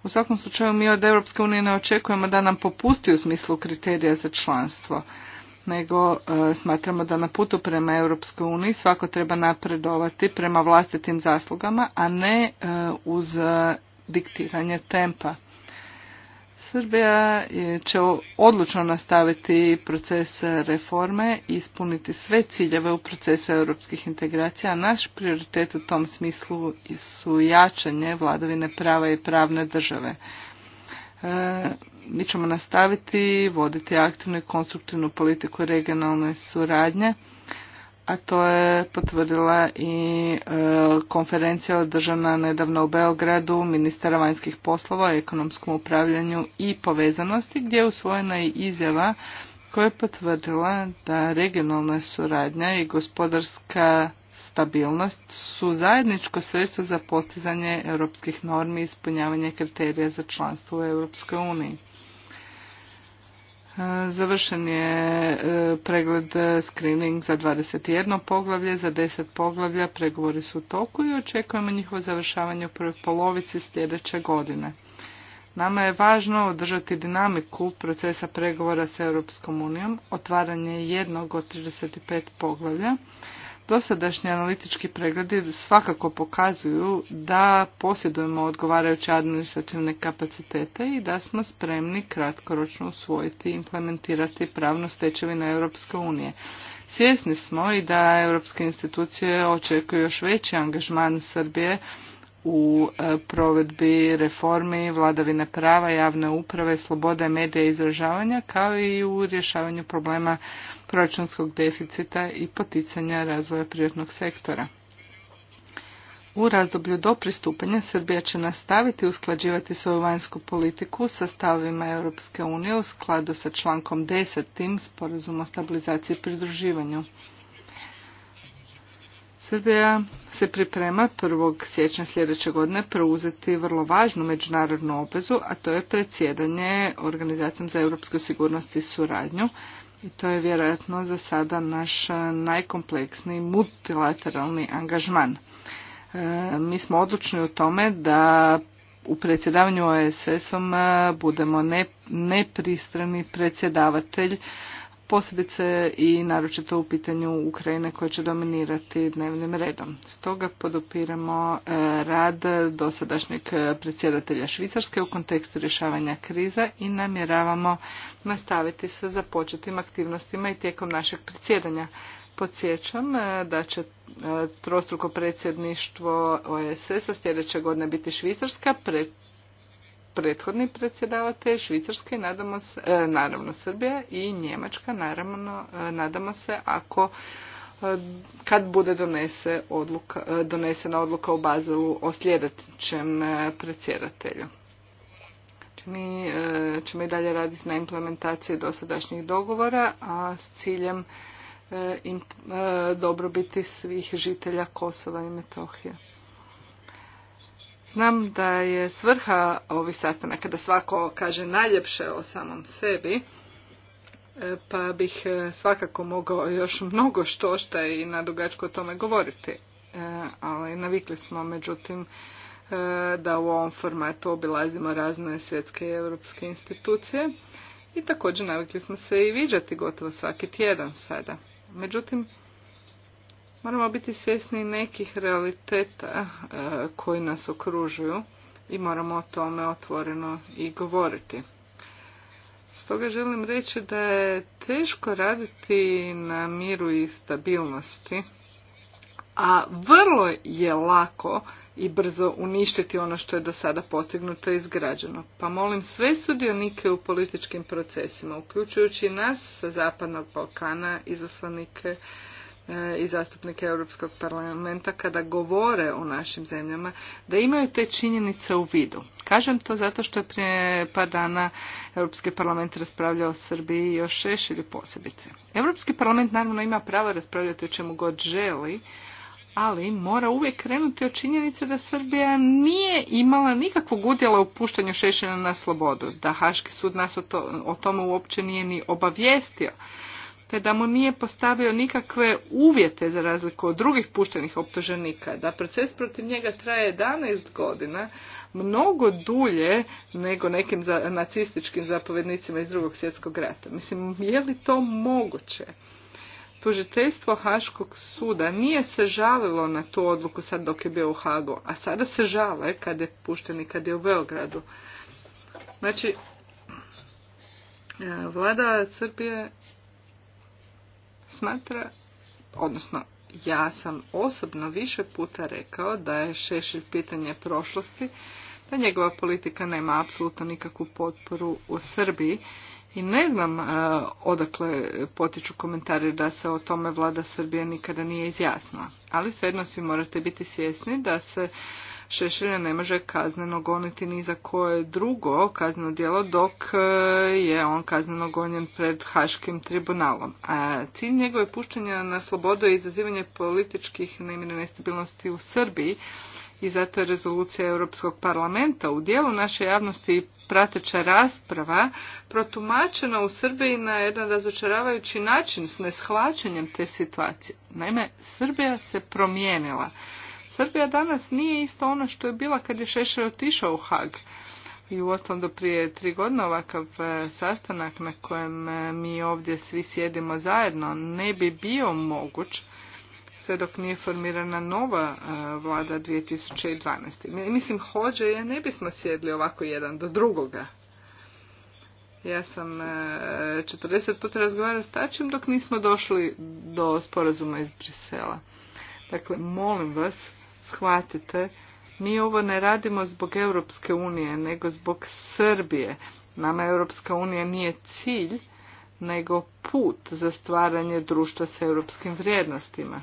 U svakom slučaju mi od Europske unije ne očekujemo da nam popusti u smislu kriterija za članstvo nego e, smatramo da na putu prema Europskoj uniji svako treba napredovati prema vlastitim zaslugama, a ne e, uz diktiranje tempa. Srbija će odlučno nastaviti proces reforme i ispuniti sve ciljeve u procesu europskih integracija. Naš prioritet u tom smislu su jačanje vladavine prava i pravne države. E, mi ćemo nastaviti voditi aktivnu i konstruktivnu politiku regionalne suradnje, a to je potvrdila i e, konferencija održana nedavno u Beogradu ministara vanjskih poslova o ekonomskom upravljanju i povezanosti gdje je usvojena i izjava koja je potvrdila da regionalna suradnja i gospodarska stabilnost su zajedničko sredstvo za postizanje europskih normi i ispunjavanje kriterija za članstvo u Europskoj uniji. E, završen je e, pregled e, screening za 21 poglavlje, za 10 poglavlja pregovori su u toku i očekujemo njihovo završavanje u prvoj polovici sljedeće godine. Nama je važno održati dinamiku procesa pregovora s Europskom unijom, otvaranje jednog od 35 poglavlja, Dosadašnji analitički pregledi svakako pokazuju da posjedujemo odgovarajuće administrativne kapacitete i da smo spremni kratkoročno usvojiti i implementirati pravnu stečevinu Europske unije. Svjesni smo i da europske institucije očekuju još veći angažman Srbije u e, provedbi reformi vladavine prava, javne uprave, slobode medija i izražavanja, kao i u rješavanju problema proračunskog deficita i poticanja razvoja privatnog sektora. U razdoblju do pristupanja Srbija će nastaviti usklađivati svoju vanjsku politiku sa stavovima Europske unije u skladu sa člankom 10. sporazuma o stabilizaciji i pridruživanju. Srbija se priprema 1. siječnja sljedeće godine preuzeti vrlo važnu međunarodnu obvezu, a to je predsjedanje Organizacijom za europsku sigurnost i suradnju. I to je vjerojatno za sada naš najkompleksniji multilateralni angažman. E, mi smo odlučni u tome da u predsjedavanju OSS-om e, budemo nepristrani predsjedavatelj posebice i naročito u pitanju Ukrajine koje će dominirati dnevnim redom. Stoga podupiramo e, rad dosadašnjeg predsjedatelja Švicarske u kontekstu rješavanja kriza i namjeravamo nastaviti sa započetim aktivnostima i tijekom našeg predsjedanja. Podsjećam e, da će e, trostruko predsjedništvo OSS-a sljedeće godine biti Švicarska, pred prethodni predsjedavatelj Švicarske, nadamo se, e, naravno Srbija i Njemačka, naravno e, nadamo se ako e, kad bude donese odluka, donesena odluka u Bazelu o sljedećem predsjedatelju. Mi ćemo i dalje raditi na implementaciji dosadašnjih dogovora, a s ciljem dobrobiti svih žitelja Kosova i Metohije. Znam da je svrha ovih sastanaka da svako kaže najljepše o samom sebi, e, pa bih e, svakako mogao još mnogo što šta i na dugačko o tome govoriti. E, ali navikli smo međutim da u ovom formatu obilazimo razne svjetske i europske institucije i također navikli smo se i viđati gotovo svaki tjedan sada. Međutim, Moramo biti svjesni nekih realiteta e, koji nas okružuju i moramo o tome otvoreno i govoriti. Stoga želim reći da je teško raditi na miru i stabilnosti, a vrlo je lako i brzo uništiti ono što je do sada postignuto i izgrađeno. Pa molim sve sudionike u političkim procesima, uključujući nas sa Zapadnog Balkana, izaslanike E, i zastupnike Europskog parlamenta kada govore o našim zemljama da imaju te činjenice u vidu. Kažem to zato što je prije par dana Europski parlament raspravljao o Srbiji o šešelju posebice. Europski parlament naravno ima pravo raspravljati o čemu god želi, ali mora uvijek krenuti od činjenice da Srbija nije imala nikakvog udjela u puštanju Šešelja na slobodu, da Haški sud nas o, o tome uopće nije ni obavijestio te da mu nije postavio nikakve uvjete za razliku od drugih puštenih optuženika, da proces protiv njega traje 11 godina, mnogo dulje nego nekim za, nacističkim zapovjednicima iz drugog svjetskog rata. Mislim, je li to moguće? Tužiteljstvo Haškog suda nije se žalilo na tu odluku sad dok je bio u Hagu, a sada se žale kad je i kad je u Beogradu. Znači, e, vlada Srbije smatra, odnosno ja sam osobno više puta rekao da je Šešelj pitanje prošlosti, da njegova politika nema apsolutno nikakvu potporu u Srbiji i ne znam e, odakle potiču komentari da se o tome vlada Srbije nikada nije izjasnila. Ali svejedno svi morate biti svjesni da se Šešelja ne može kazneno goniti ni za koje drugo kazneno djelo dok e, je on kazneno gonjen pred Haškim tribunalom. A cilj njegove puštenja na slobodu je izazivanje političkih nemira nestabilnosti u Srbiji i zato je rezolucija Europskog parlamenta u dijelu naše javnosti prateća rasprava protumačena u Srbiji na jedan razočaravajući način s neshvaćanjem te situacije. Naime, Srbija se promijenila. Srbija danas nije isto ono što je bila kad je Šešer otišao u Hag. I uostalom do prije tri godine ovakav e, sastanak na kojem e, mi ovdje svi sjedimo zajedno ne bi bio moguć sve dok nije formirana nova e, vlada 2012. Mislim, hođe ja ne bismo sjedli ovako jedan do drugoga. Ja sam 40 puta razgovarao s Tačim dok nismo došli do sporazuma iz Brisela. Dakle, molim vas, shvatite, mi ovo ne radimo zbog Europske unije, nego zbog Srbije. Nama Europska unija nije cilj, nego put za stvaranje društva sa europskim vrijednostima.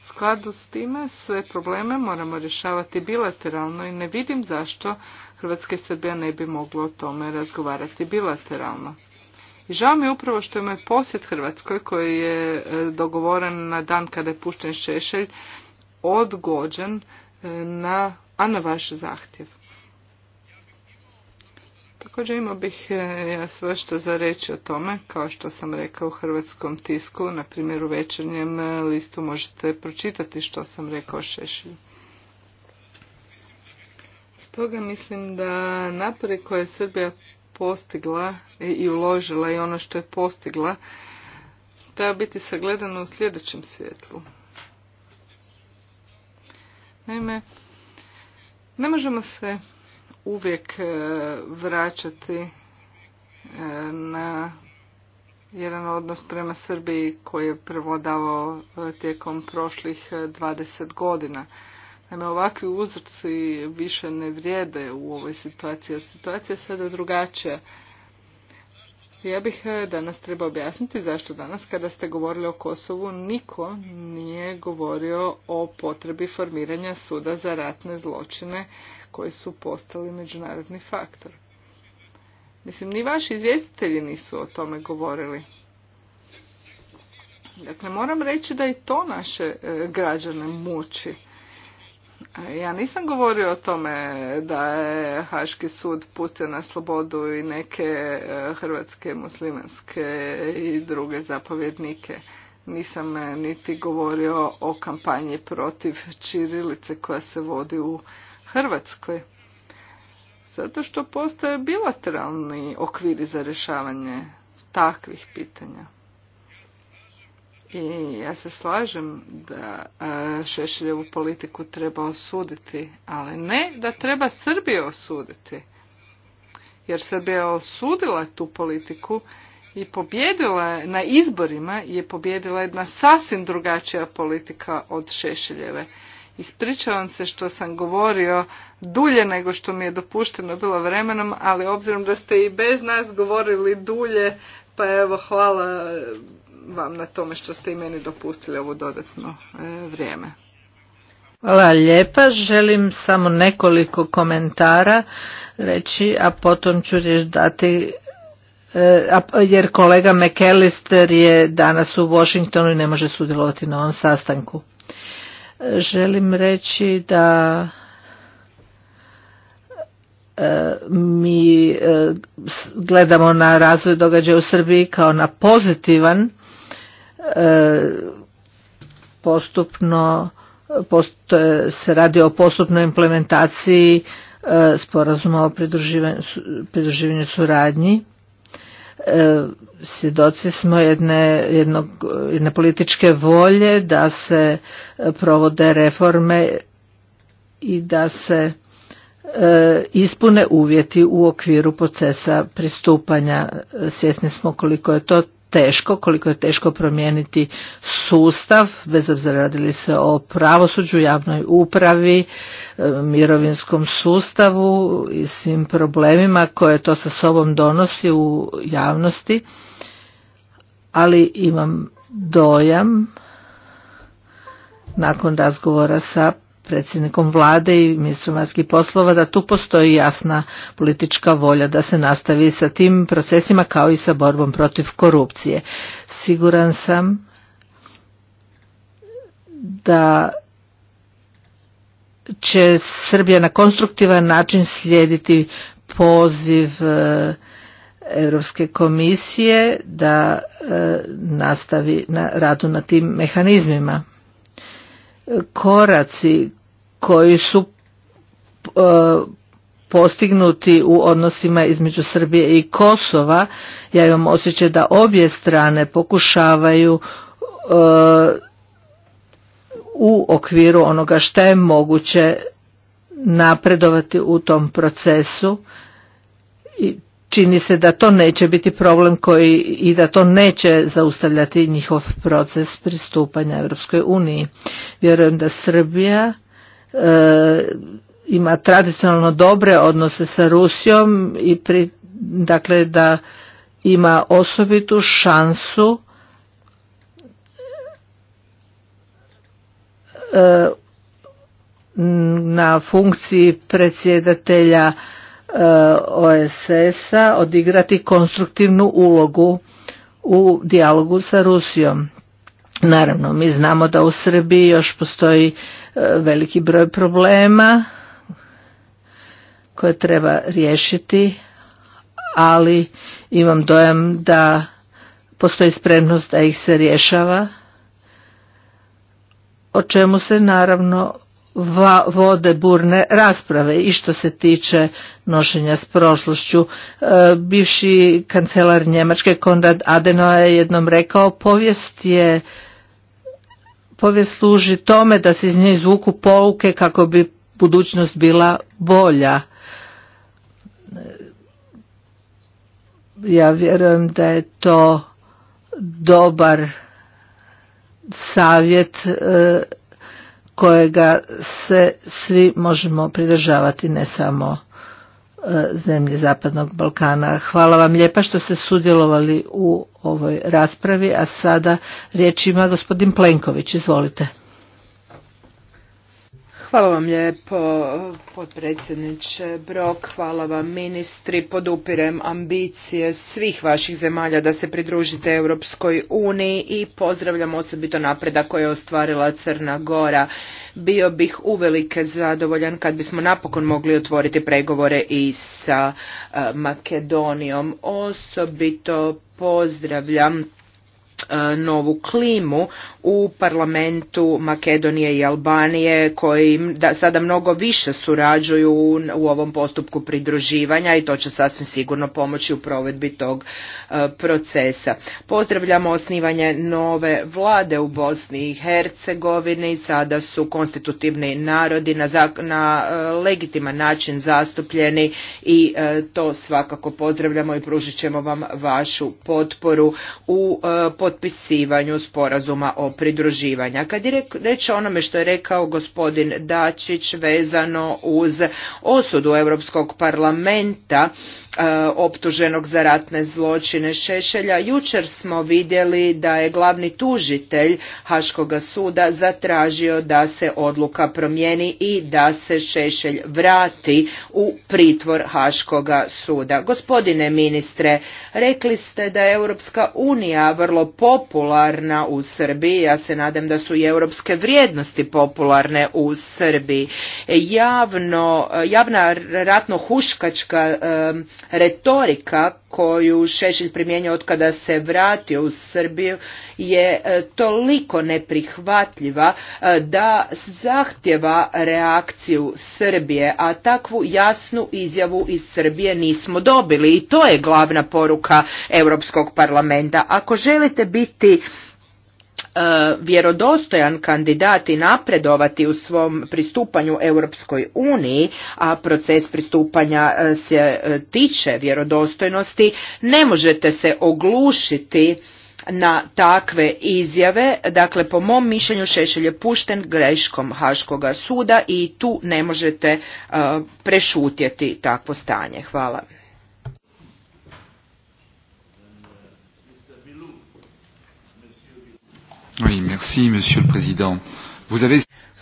U skladu s time sve probleme moramo rješavati bilateralno i ne vidim zašto Hrvatska i Srbija ne bi mogla o tome razgovarati bilateralno. I žao mi je upravo što je moj posjet Hrvatskoj koji je e, dogovoren na dan kada je pušten Šešelj odgođen e, na, a na vaš zahtjev. Također imao bih e, ja sve što za reći o tome, kao što sam rekao u hrvatskom tisku, na primjer u večernjem e, listu možete pročitati što sam rekao Šešilju. Stoga mislim da napore koje je Srbija postigla i uložila i ono što je postigla treba biti sagledano u sljedećem svjetlu. Naime, ne možemo se uvijek e, vraćati e, na jedan odnos prema Srbiji koji je prevodavao e, tijekom prošlih 20 godina. Naime, ovakvi uzrci više ne vrijede u ovoj situaciji, jer situacija je sada drugačija. Ja bih e, danas trebao objasniti zašto danas kada ste govorili o Kosovu niko nije govorio o potrebi formiranja suda za ratne zločine koji su postali međunarodni faktor. Mislim, ni vaši izvjestitelji nisu o tome govorili. Dakle, moram reći da i to naše e, građane muči. Ja nisam govorio o tome da je Haški sud pustio na slobodu i neke e, hrvatske, muslimanske i druge zapovjednike. Nisam e, niti govorio o kampanji protiv Čirilice koja se vodi u Hrvatskoj. Zato što postoje bilateralni okviri za rješavanje takvih pitanja. I ja se slažem da Šešeljevu politiku treba osuditi, ali ne da treba Srbiju osuditi. Jer Srbija je osudila tu politiku i pobjedila na izborima je pobjedila jedna sasvim drugačija politika od Šešeljeve. Ispričavam se što sam govorio dulje nego što mi je dopušteno bilo vremenom, ali obzirom da ste i bez nas govorili dulje, pa evo hvala vam na tome što ste i meni dopustili ovo dodatno e, vrijeme. Hvala lijepa. Želim samo nekoliko komentara reći, a potom ću riječ dati e, jer kolega McAllister je danas u Washingtonu i ne može sudjelovati na ovom sastanku. Želim reći da e, mi gledamo na razvoj događaja u Srbiji kao na pozitivan postupno se radi o postupnoj implementaciji e, sporazuma o pridruživanju suradnji e, svjedoci smo jedne, političke volje da se e, provode reforme i da se ispune uvjeti u okviru procesa pristupanja. Svjesni smo koliko je to teško, koliko je teško promijeniti sustav, bez obzira radili se o pravosuđu, javnoj upravi, e, mirovinskom sustavu i svim problemima koje to sa sobom donosi u javnosti, ali imam dojam nakon razgovora sa predsjednikom vlade i ministrom vanjskih poslova da tu postoji jasna politička volja da se nastavi sa tim procesima kao i sa borbom protiv korupcije. Siguran sam da će Srbija na konstruktivan način slijediti poziv Europske komisije da e, nastavi na radu na tim mehanizmima koraci koji su e, postignuti u odnosima između Srbije i Kosova, ja imam osjećaj da obje strane pokušavaju e, u okviru onoga što je moguće napredovati u tom procesu i čini se da to neće biti problem koji i da to neće zaustavljati njihov proces pristupanja Europskoj uniji. Vjerujem da Srbija e, ima tradicionalno dobre odnose sa Rusijom i pri, dakle da ima osobitu šansu e, na funkciji predsjedatelja OSS-a odigrati konstruktivnu ulogu u dijalogu sa Rusijom. Naravno, mi znamo da u Srbiji još postoji e, veliki broj problema koje treba riješiti, ali imam dojam da postoji spremnost da ih se rješava, o čemu se naravno vode burne rasprave i što se tiče nošenja s prošlošću. E, bivši kancelar Njemačke Konrad Adeno je jednom rekao povijest je povijest služi tome da se iz nje izvuku pouke kako bi budućnost bila bolja. Ja vjerujem da je to dobar savjet e, kojega se svi možemo pridržavati, ne samo e, zemlje Zapadnog Balkana. Hvala vam lijepa što ste sudjelovali u ovoj raspravi, a sada riječ ima gospodin Plenković. Izvolite. Hvala vam lijepo, potpredsjedniče Brok, hvala vam ministri, podupirem ambicije svih vaših zemalja da se pridružite Europskoj uniji i pozdravljam osobito napreda koje je ostvarila Crna Gora. Bio bih uvelike zadovoljan kad bismo napokon mogli otvoriti pregovore i sa eh, Makedonijom. Osobito pozdravljam E, novu klimu u parlamentu Makedonije i Albanije koji da, sada mnogo više surađuju u, ovom postupku pridruživanja i to će sasvim sigurno pomoći u provedbi tog e, procesa. Pozdravljamo osnivanje nove vlade u Bosni i Hercegovini. Sada su konstitutivni narodi na, na e, legitiman način zastupljeni i to svakako pozdravljamo i pružit ćemo vam vašu potporu u potpisivanju sporazuma o pridruživanju. Kad je reč o onome što je rekao gospodin Dačić vezano uz osudu Europskog parlamenta E, optuženog za ratne zločine Šešelja. Jučer smo vidjeli da je glavni tužitelj Haškoga suda zatražio da se odluka promijeni i da se Šešelj vrati u pritvor Haškoga suda. Gospodine ministre, rekli ste da je Europska unija vrlo popularna u Srbiji. Ja se nadam da su i europske vrijednosti popularne u Srbiji. javna ratno-huškačka e, retorika koju Šešelj primjenjuje od kada se vratio u Srbiju je e, toliko neprihvatljiva e, da zahtjeva reakciju Srbije, a takvu jasnu izjavu iz Srbije nismo dobili i to je glavna poruka Europskog parlamenta. Ako želite biti E, vjerodostojan kandidat i napredovati u svom pristupanju Europskoj uniji, a proces pristupanja e, se e, tiče vjerodostojnosti, ne možete se oglušiti na takve izjave. Dakle, po mom mišljenju Šešelj je pušten greškom Haškoga suda i tu ne možete prešutjeti takvo stanje. Hvala.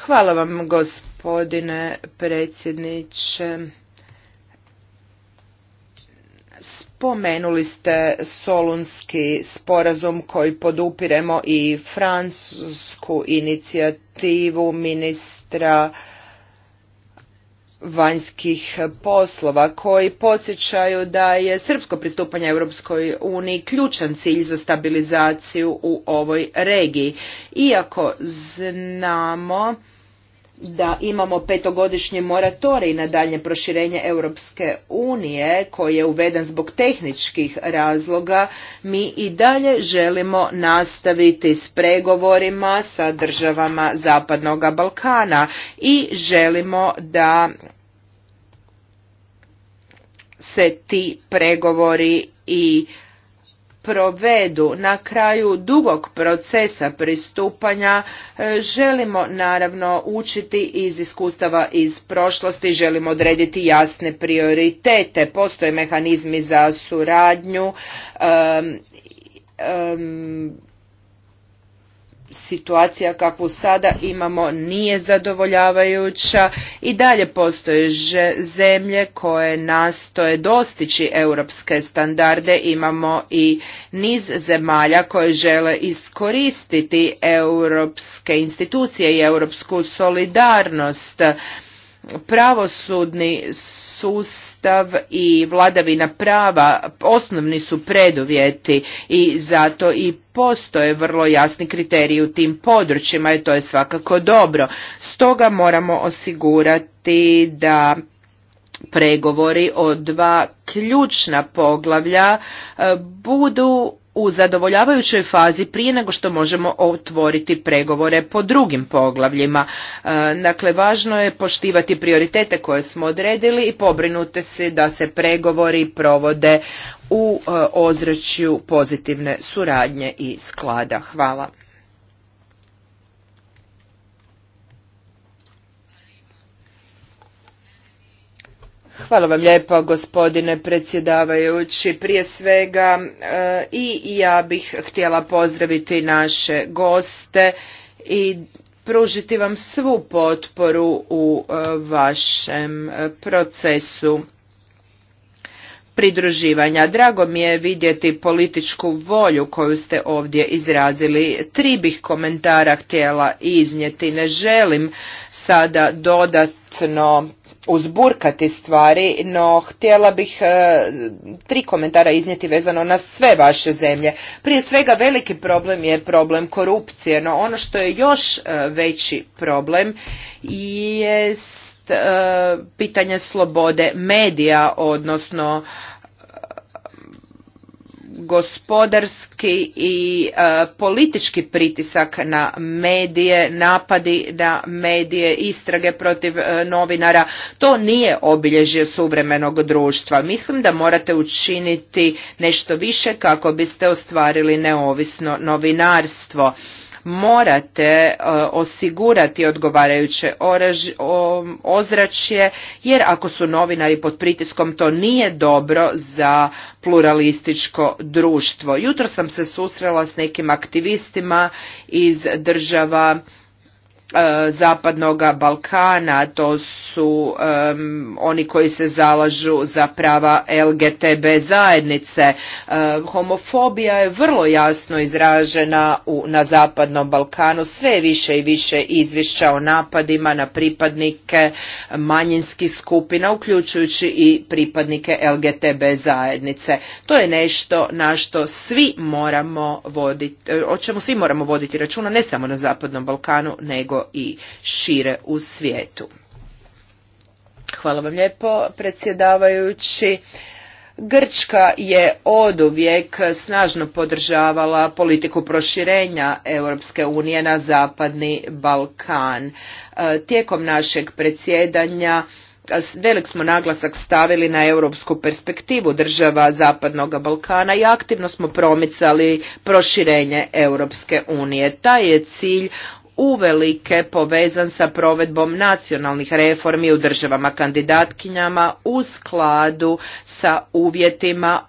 Hvala vam, gospodine predsjedniče. Spomenuli ste Solunski sporazum koji podupiremo i francusku inicijativu ministra vanjskih poslova koji podsjećaju da je srpsko pristupanje Europskoj uniji ključan cilj za stabilizaciju u ovoj regiji. Iako znamo da imamo petogodišnji moratorij na daljnje proširenje Europske unije koji je uveden zbog tehničkih razloga, mi i dalje želimo nastaviti s pregovorima sa državama Zapadnog Balkana i želimo da se ti pregovori i provedu na kraju dugog procesa pristupanja e, želimo naravno učiti iz iskustava iz prošlosti, želimo odrediti jasne prioritete, postoje mehanizmi za suradnju situacija kakvu sada imamo nije zadovoljavajuća i dalje postoje zemlje koje nastoje dostići europske standarde imamo i niz zemalja koje žele iskoristiti europske institucije i europsku solidarnost pravosudni sustav i vladavina prava osnovni su preduvjeti i zato i postoje vrlo jasni kriteriji u tim područjima i to je svakako dobro. Stoga moramo osigurati da pregovori o dva ključna poglavlja e, budu u zadovoljavajućoj fazi prije nego što možemo otvoriti pregovore po drugim poglavljima. E, dakle, važno je poštivati prioritete koje smo odredili i pobrinuti se da se pregovori provode u e, ozračju pozitivne suradnje i sklada. Hvala. Hvala vam lijepo gospodine predsjedavajući. Prije svega e, i ja bih htjela pozdraviti naše goste i pružiti vam svu potporu u e, vašem e, procesu pridruživanja. Drago mi je vidjeti političku volju koju ste ovdje izrazili. Tri bih komentara htjela iznijeti. Ne želim sada dodatno uzburkati stvari, no htjela bih e, tri komentara iznijeti vezano na sve vaše zemlje. Prije svega veliki problem je problem korupcije, no ono što je još e, veći problem jest e, pitanje slobode medija, odnosno gospodarski i e, politički pritisak na medije, napadi na medije, istrage protiv e, novinara, to nije obilježje suvremenog društva. Mislim da morate učiniti nešto više kako biste ostvarili neovisno novinarstvo morate e, osigurati odgovarajuće ozračje jer ako su novinari pod pritiskom to nije dobro za pluralističko društvo. Jutro sam se susrela s nekim aktivistima iz država E, Zapadnog Balkana, to su e, oni koji se zalažu za prava LGTB zajednice. E, homofobija je vrlo jasno izražena u, na Zapadnom Balkanu, sve više i više izvješća o napadima na pripadnike manjinskih skupina, uključujući i pripadnike LGTB zajednice. To je nešto na što svi moramo voditi, o čemu svi moramo voditi računa, ne samo na Zapadnom Balkanu, nego i šire u svijetu. Hvala vam lijepo, predsjedavajući. Grčka je oduvijek snažno podržavala politiku proširenja Europske unije na zapadni Balkan. E, tijekom našeg predsjedanja velik smo naglasak stavili na europsku perspektivu država Zapadnog Balkana i aktivno smo promicali proširenje Europske unije. Taj je cilj uvelike povezan sa provedbom nacionalnih reformi u državama kandidatkinjama u skladu sa uvjetima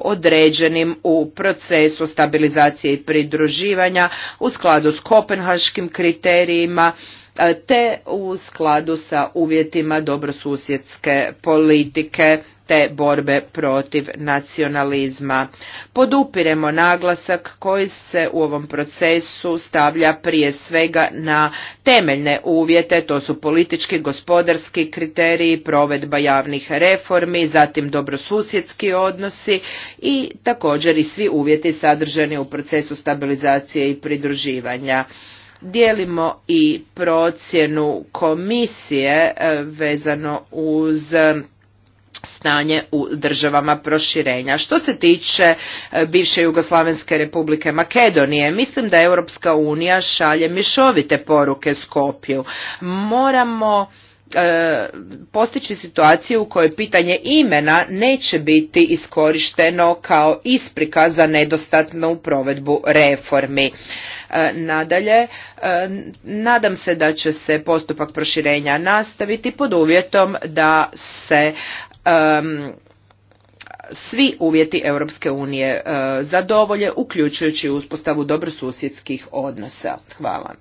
određenim u procesu stabilizacije i pridruživanja u skladu s kopenhaškim kriterijima e, te u skladu sa uvjetima dobrosusjedske politike te borbe protiv nacionalizma. Podupiremo naglasak koji se u ovom procesu stavlja prije svega na temeljne uvjete, to su politički, gospodarski kriteriji, provedba javnih reformi, zatim dobrosusjedski odnosi i također i svi uvjeti sadrženi u procesu stabilizacije i pridruživanja dijelimo i procjenu komisije e, vezano uz stanje u državama proširenja. Što se tiče e, bivše Jugoslavenske republike Makedonije, mislim da Europska unija šalje mišovite poruke Skopju. Moramo e, postići situaciju u kojoj pitanje imena neće biti iskorišteno kao isprika za nedostatnu provedbu reformi. E, nadalje, nadam se da će se postupak proširenja nastaviti pod uvjetom da se svi uvjeti Europske unije eh, zadovolje, uključujući uspostavu dobrosusjedskih odnosa. Hvala.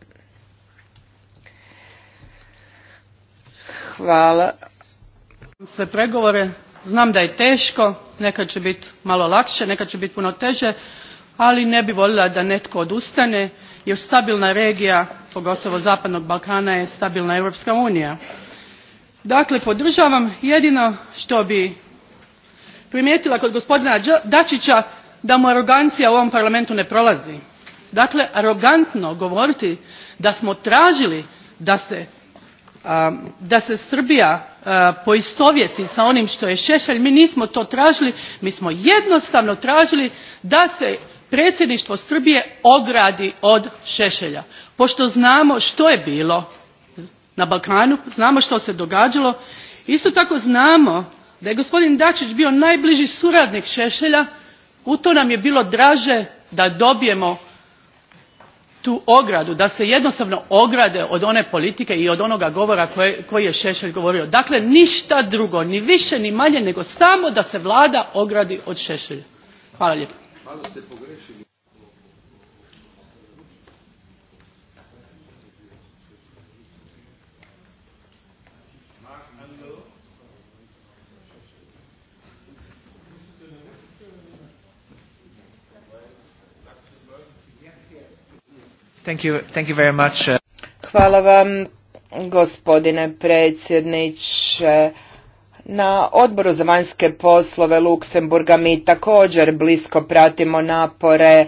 Hvala. Sve pregovore, znam da je teško, nekad će biti malo lakše, nekad će biti puno teže, ali ne bi voljela da netko odustane, jer stabilna regija, pogotovo Zapadnog Balkana, je stabilna Europska unija dakle podržavam jedino što bi primijetila kod gospodina dačića da mu arogancija u ovom parlamentu ne prolazi. dakle arogantno govoriti da smo tražili da se, srbija poistovjeti sa onim što je šešelj mi nismo to tražili mi smo jednostavno tražili da se predsjedništvo srbije ogradi od šešelja pošto znamo što je bilo na balkanu znamo što se događalo isto tako znamo da je gospodin dačić bio najbliži suradnik šešelja U to nam je bilo draže da dobijemo tu ogradu da se jednostavno ograde od one politike i od onoga govora koje, koji je šešelj govorio dakle ništa drugo ni više ni manje nego samo da se vlada ogradi od šešelja hvala lijepo. Uh, Hvala vam gospodine predsjedniče. Na odboru za vanjske poslove Luksemburga mi također blisko pratimo napore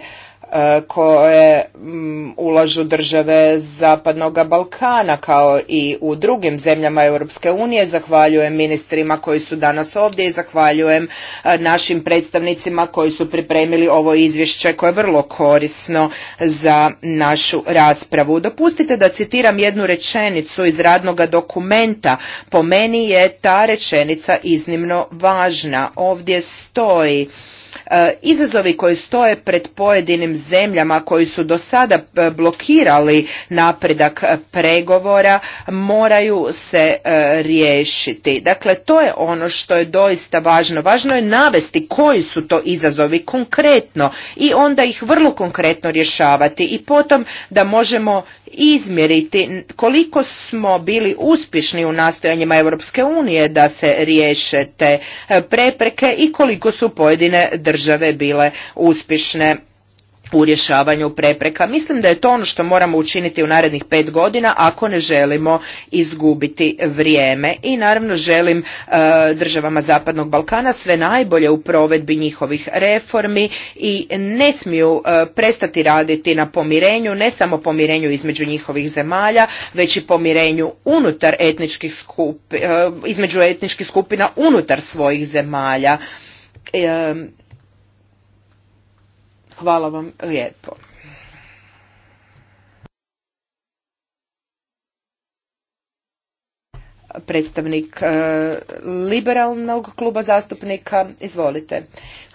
koje mm, ulažu države Zapadnog Balkana kao i u drugim zemljama Europske unije. Zahvaljujem ministrima koji su danas ovdje i zahvaljujem e, našim predstavnicima koji su pripremili ovo izvješće koje je vrlo korisno za našu raspravu. Dopustite da citiram jednu rečenicu iz radnog dokumenta. Po meni je ta rečenica iznimno važna. Ovdje stoji E, izazovi koji stoje pred pojedinim zemljama koji su do sada e, blokirali napredak e, pregovora moraju se riješiti. Dakle, to je ono što je doista važno. Važno je navesti koji su to izazovi konkretno i onda ih vrlo konkretno rješavati i potom da možemo izmjeriti koliko smo bili uspješni u nastojanjima Europske unije da se riješe te prepreke i koliko su pojedine države države bile uspješne u rješavanju prepreka. Mislim da je to ono što moramo učiniti u narednih pet godina ako ne želimo izgubiti vrijeme i naravno želim e, državama Zapadnog Balkana sve najbolje u provedbi njihovih reformi i ne smiju e, prestati raditi na pomirenju, ne samo pomirenju između njihovih zemalja, već i pomirenju unutar etničkih skupi, e, između etničkih skupina unutar svojih zemalja e, Hvala vam lijepo. Predstavnik eh, liberalnog kluba zastupnika, izvolite.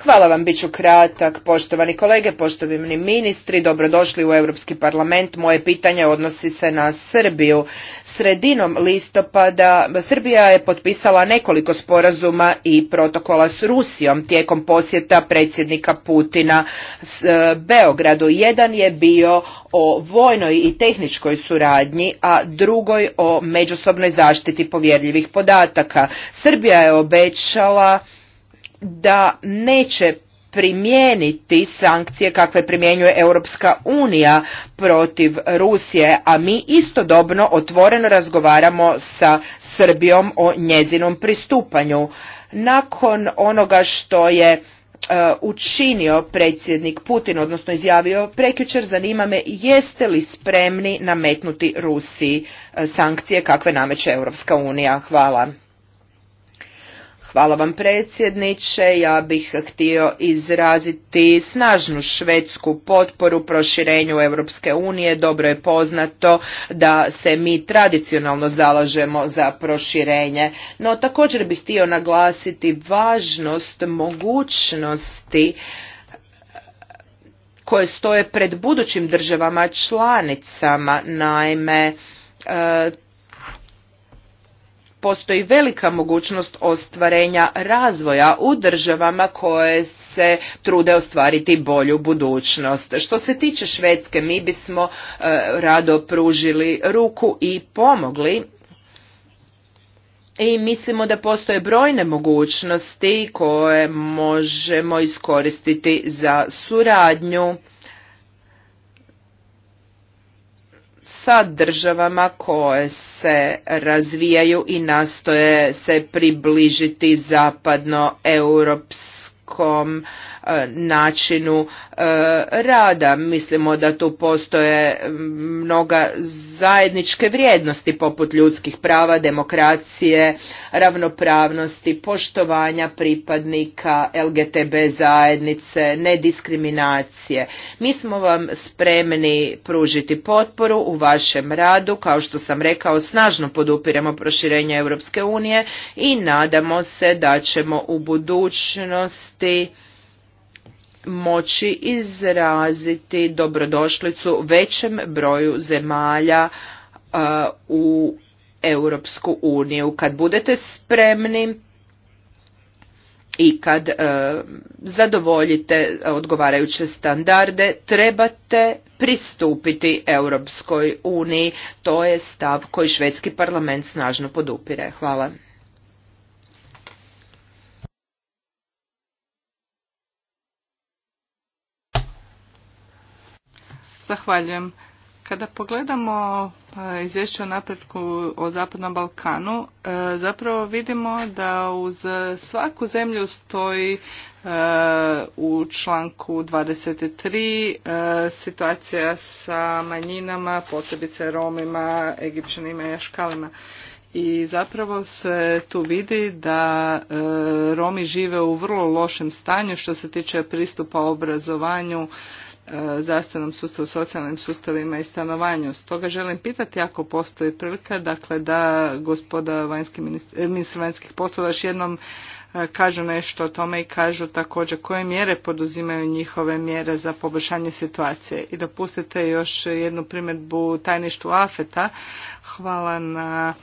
Hvala vam, bit ću kratak, poštovani kolege, poštovani ministri, dobrodošli u Europski parlament. Moje pitanje odnosi se na Srbiju. Sredinom listopada Srbija je potpisala nekoliko sporazuma i protokola s Rusijom tijekom posjeta predsjednika Putina s e, Beogradu. Jedan je bio o vojnoj i tehničkoj suradnji, a drugoj o međusobnoj zaštiti povjerljivih podataka. Srbija je obećala da neće primijeniti sankcije kakve primjenjuje Europska unija protiv Rusije, a mi istodobno otvoreno razgovaramo sa Srbijom o njezinom pristupanju. Nakon onoga što je e, učinio predsjednik Putin, odnosno izjavio prekjučer, zanima me jeste li spremni nametnuti Rusiji e, sankcije kakve nameće Europska unija. Hvala. Hvala vam predsjedniče, ja bih htio izraziti snažnu švedsku potporu proširenju Europske unije. Dobro je poznato da se mi tradicionalno zalažemo za proširenje, no također bih htio naglasiti važnost mogućnosti koje stoje pred budućim državama članicama, naime e, postoji velika mogućnost ostvarenja razvoja u državama koje se trude ostvariti bolju budućnost. Što se tiče Švedske, mi bismo e, rado pružili ruku i pomogli i mislimo da postoje brojne mogućnosti koje možemo iskoristiti za suradnju sa državama koje se razvijaju i nastoje se približiti zapadnoeuropskom E, načinu e, rada. Mislimo da tu postoje mnoga zajedničke vrijednosti poput ljudskih prava, demokracije, ravnopravnosti, poštovanja pripadnika LGTB zajednice, nediskriminacije. Mi smo vam spremni pružiti potporu u vašem radu, kao što sam rekao, snažno podupiramo proširenje Europske unije i nadamo se da ćemo u budućnosti moći izraziti dobrodošlicu većem broju zemalja e, u Europsku uniju. Kad budete spremni i kad e, zadovoljite odgovarajuće standarde, trebate pristupiti Europskoj uniji. To je stav koji švedski parlament snažno podupire. Hvala. Zahvaljujem. Kada pogledamo pa, izvješće o napretku o Zapadnom Balkanu, e, zapravo vidimo da uz svaku zemlju stoji e, u članku 23 e, situacija sa manjinama, posebice Romima, Egipćanima i Jaškalima. I zapravo se tu vidi da Romi žive u vrlo lošem stanju što se tiče pristupa obrazovanju, E, zdravstvenom sustavu, socijalnim sustavima i stanovanju. Stoga želim pitati ako postoji prilika, dakle da gospoda vanjski e, ministra, vanjskih poslova još jednom e, kažu nešto o tome i kažu također koje mjere poduzimaju njihove mjere za poboljšanje situacije. I dopustite još jednu primjedbu tajništvu AFETA. Hvala na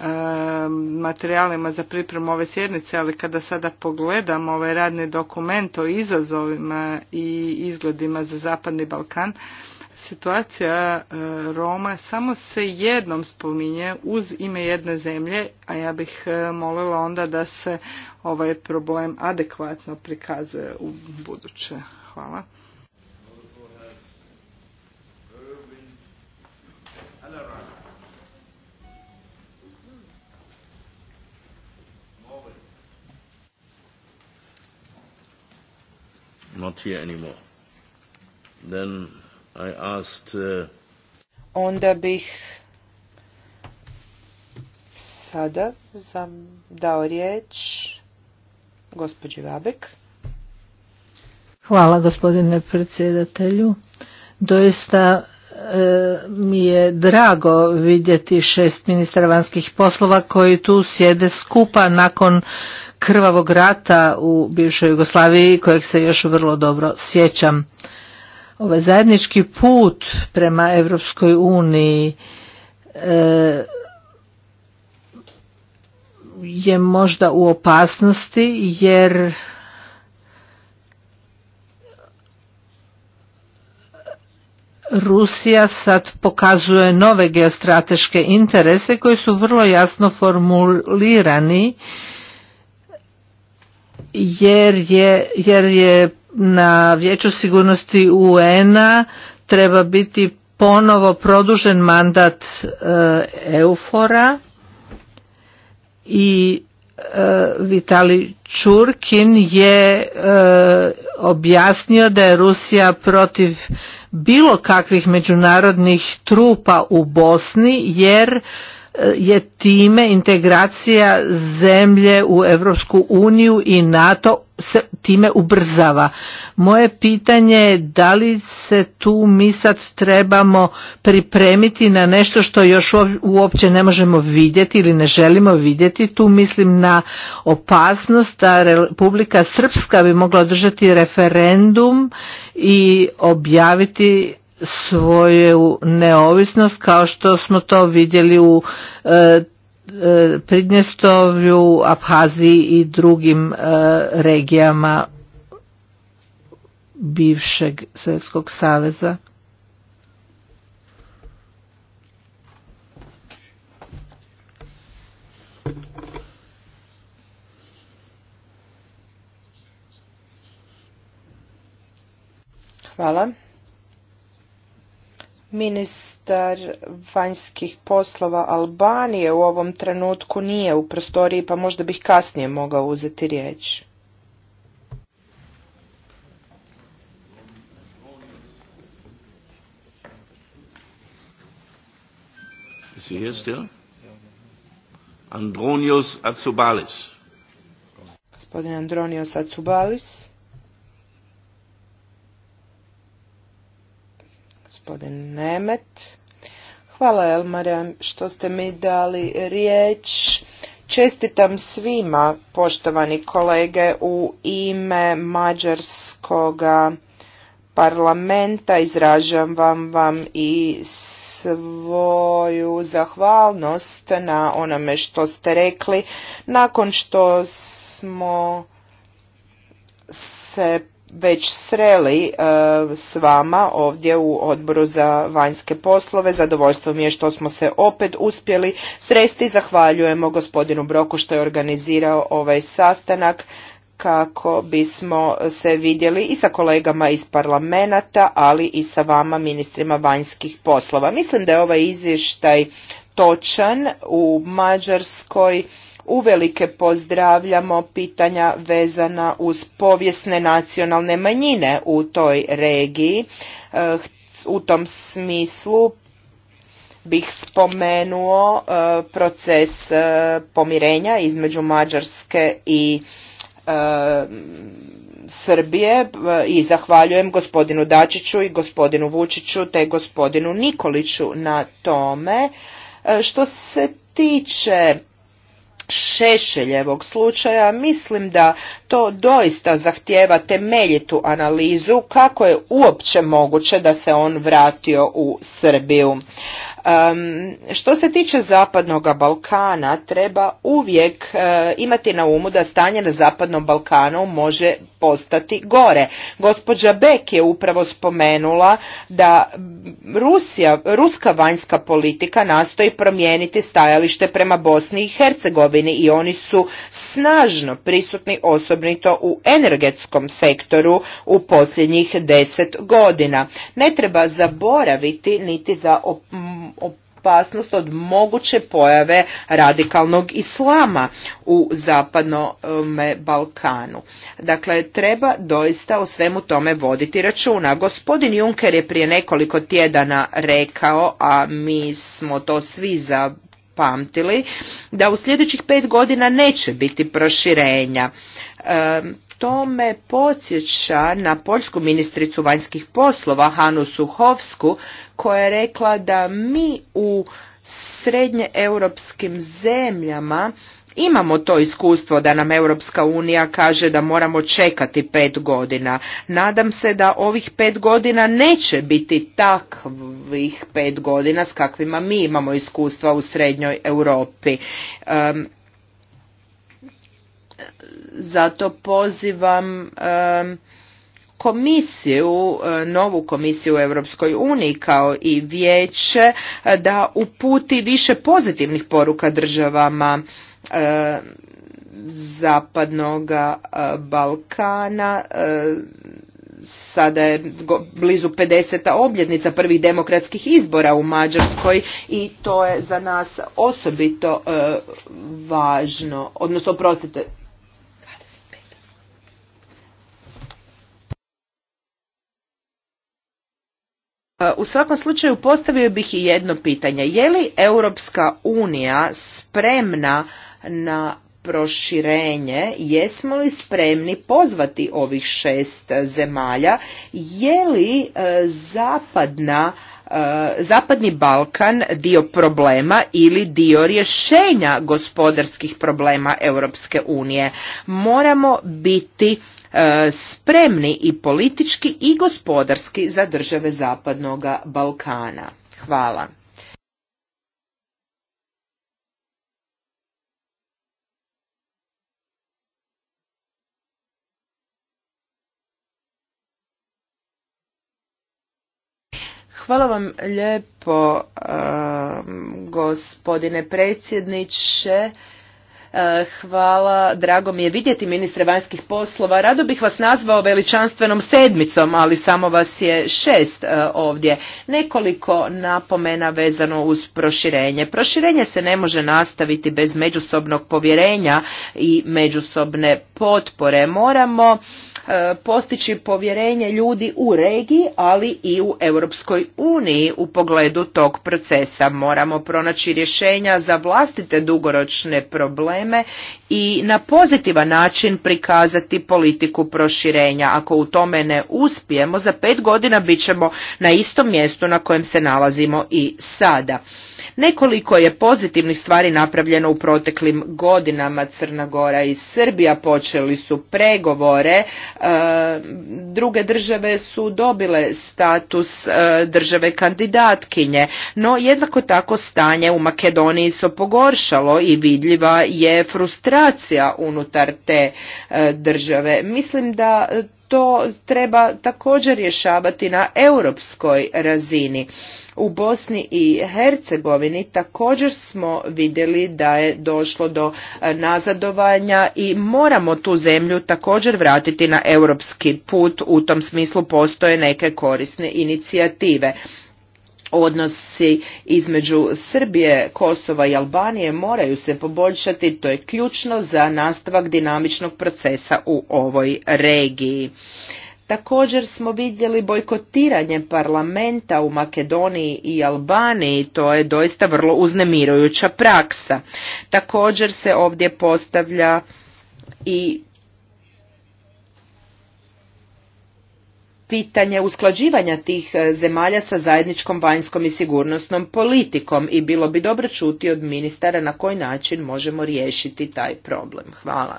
Um, materijalima za pripremu ove sjednice, ali kada sada pogledam ovaj radni dokument o izazovima i izgledima za Zapadni Balkan, situacija uh, Roma samo se jednom spominje uz ime jedne zemlje, a ja bih uh, molila onda da se ovaj problem adekvatno prikazuje u buduće. Hvala. not here anymore. Then I asked, uh, Onda bih sada dao riječ gospođi Vabek. Hvala gospodine predsjedatelju. Doista e, mi je drago vidjeti šest ministra vanjskih poslova koji tu sjede skupa nakon krvavog rata u bivšoj Jugoslaviji kojeg se još vrlo dobro sjećam. Ovaj zajednički put prema Europskoj uniji e, je možda u opasnosti jer Rusija sad pokazuje nove geostrateške interese koji su vrlo jasno formulirani jer je, jer je na Vijeću sigurnosti UN-a treba biti ponovo produžen mandat e, Eufora i e, Vitali Čurkin je e, objasnio da je Rusija protiv bilo kakvih međunarodnih trupa u Bosni jer E, je time integracija zemlje u Europsku uniju i NATO se time ubrzava. Moje pitanje je da li se tu mi sad trebamo pripremiti na nešto što još uopće ne možemo vidjeti ili ne želimo vidjeti. Tu mislim na opasnost da Republika Srpska bi mogla držati referendum i objaviti svoju neovisnost kao što smo to vidjeli u e, e Pridnjestovju, Abhaziji i drugim e, regijama bivšeg svjetskog saveza. Hvala. Ministar vanjskih poslova Albanije u ovom trenutku nije u prostoriji, pa možda bih kasnije mogao uzeti riječ. Gospodin Atsubalis. gospodin Nemet. Hvala Elmare što ste mi dali riječ. Čestitam svima, poštovani kolege, u ime Mađarskog parlamenta izražavam vam i svoju zahvalnost na onome što ste rekli nakon što smo se već sreli e, s vama ovdje u odboru za vanjske poslove. Zadovoljstvo mi je što smo se opet uspjeli sresti. Zahvaljujemo gospodinu Broku što je organizirao ovaj sastanak kako bismo se vidjeli i sa kolegama iz parlamenta, ali i sa vama ministrima vanjskih poslova. Mislim da je ovaj izvještaj točan u Mađarskoj uvelike pozdravljamo pitanja vezana uz povijesne nacionalne manjine u toj regiji. Eh, u tom smislu bih spomenuo eh, proces eh, pomirenja između Mađarske i Srbije i zahvaljujem gospodinu Dačiću i gospodinu Vučiću te gospodinu Nikoliću na tome. Što se tiče Šešeljevog slučaja, mislim da to doista zahtijeva temeljitu analizu kako je uopće moguće da se on vratio u Srbiju. Um, što se tiče Zapadnog Balkana, treba uvijek e, imati na umu da stanje na Zapadnom Balkanu može postati gore. Gospođa Bek je upravo spomenula da Rusija, ruska vanjska politika nastoji promijeniti stajalište prema Bosni i Hercegovini i oni su snažno prisutni osobnito u energetskom sektoru u posljednjih deset godina. Ne treba zaboraviti niti za opasnost od moguće pojave radikalnog islama u zapadnom Balkanu. Dakle, treba doista o svemu tome voditi računa. Gospodin Juncker je prije nekoliko tjedana rekao, a mi smo to svi zapamtili, da u sljedećih pet godina neće biti proširenja. E, to me podsjeća na poljsku ministricu vanjskih poslova Hanu Suhovsku koja je rekla da mi u srednje europskim zemljama Imamo to iskustvo da nam Europska unija kaže da moramo čekati pet godina. Nadam se da ovih pet godina neće biti takvih pet godina s kakvima mi imamo iskustva u srednjoj Europi. zato pozivam komisiju, e, novu komisiju u Europskoj uniji kao i vijeće e, da uputi više pozitivnih poruka državama e, zapadnog Balkana. sada je blizu 50. obljednica prvih demokratskih izbora u Mađarskoj i to je za nas osobito važno, odnosno oprostite, E, u svakom slučaju postavio bih i jedno pitanje. Je li Europska unija spremna na proširenje, jesmo li spremni pozvati ovih šest zemalja, je li e, zapadna e, Zapadni Balkan dio problema ili dio rješenja gospodarskih problema Europske unije. Moramo biti E, spremni i politički i gospodarski za države Zapadnog Balkana. Hvala. Hvala vam lijepo, e, gospodine predsjedniče. Eh, hvala, drago mi je vidjeti ministre vanjskih poslova. Rado bih vas nazvao veličanstvenom sedmicom, ali samo vas je šest eh, ovdje. Nekoliko napomena vezano uz proširenje. Proširenje se ne može nastaviti bez međusobnog povjerenja i međusobne potpore. Moramo E, postići povjerenje ljudi u regiji, ali i u Europskoj uniji u pogledu tog procesa. Moramo pronaći rješenja za vlastite dugoročne probleme i na pozitivan način prikazati politiku proširenja. Ako u tome ne uspijemo, za pet godina bit ćemo na istom mjestu na kojem se nalazimo i sada. Nekoliko je pozitivnih stvari napravljeno u proteklim godinama Crna Gora i Srbija počeli su pregovore, e, druge države su dobile status e, države kandidatkinje, no jednako tako stanje u Makedoniji se pogoršalo i vidljiva je frustracija unutar te e, države. Mislim da to treba također rješavati na europskoj razini. U Bosni i Hercegovini također smo vidjeli da je došlo do e, nazadovanja i moramo tu zemlju također vratiti na europski put. U tom smislu postoje neke korisne inicijative odnosi između Srbije, Kosova i Albanije moraju se poboljšati, to je ključno za nastavak dinamičnog procesa u ovoj regiji. Također smo vidjeli bojkotiranje parlamenta u Makedoniji i Albaniji, to je doista vrlo uznemirujuća praksa. Također se ovdje postavlja i pitanje usklađivanja tih e, zemalja sa zajedničkom vanjskom i sigurnosnom politikom i bilo bi dobro čuti od ministara na koji način možemo riješiti taj problem. Hvala.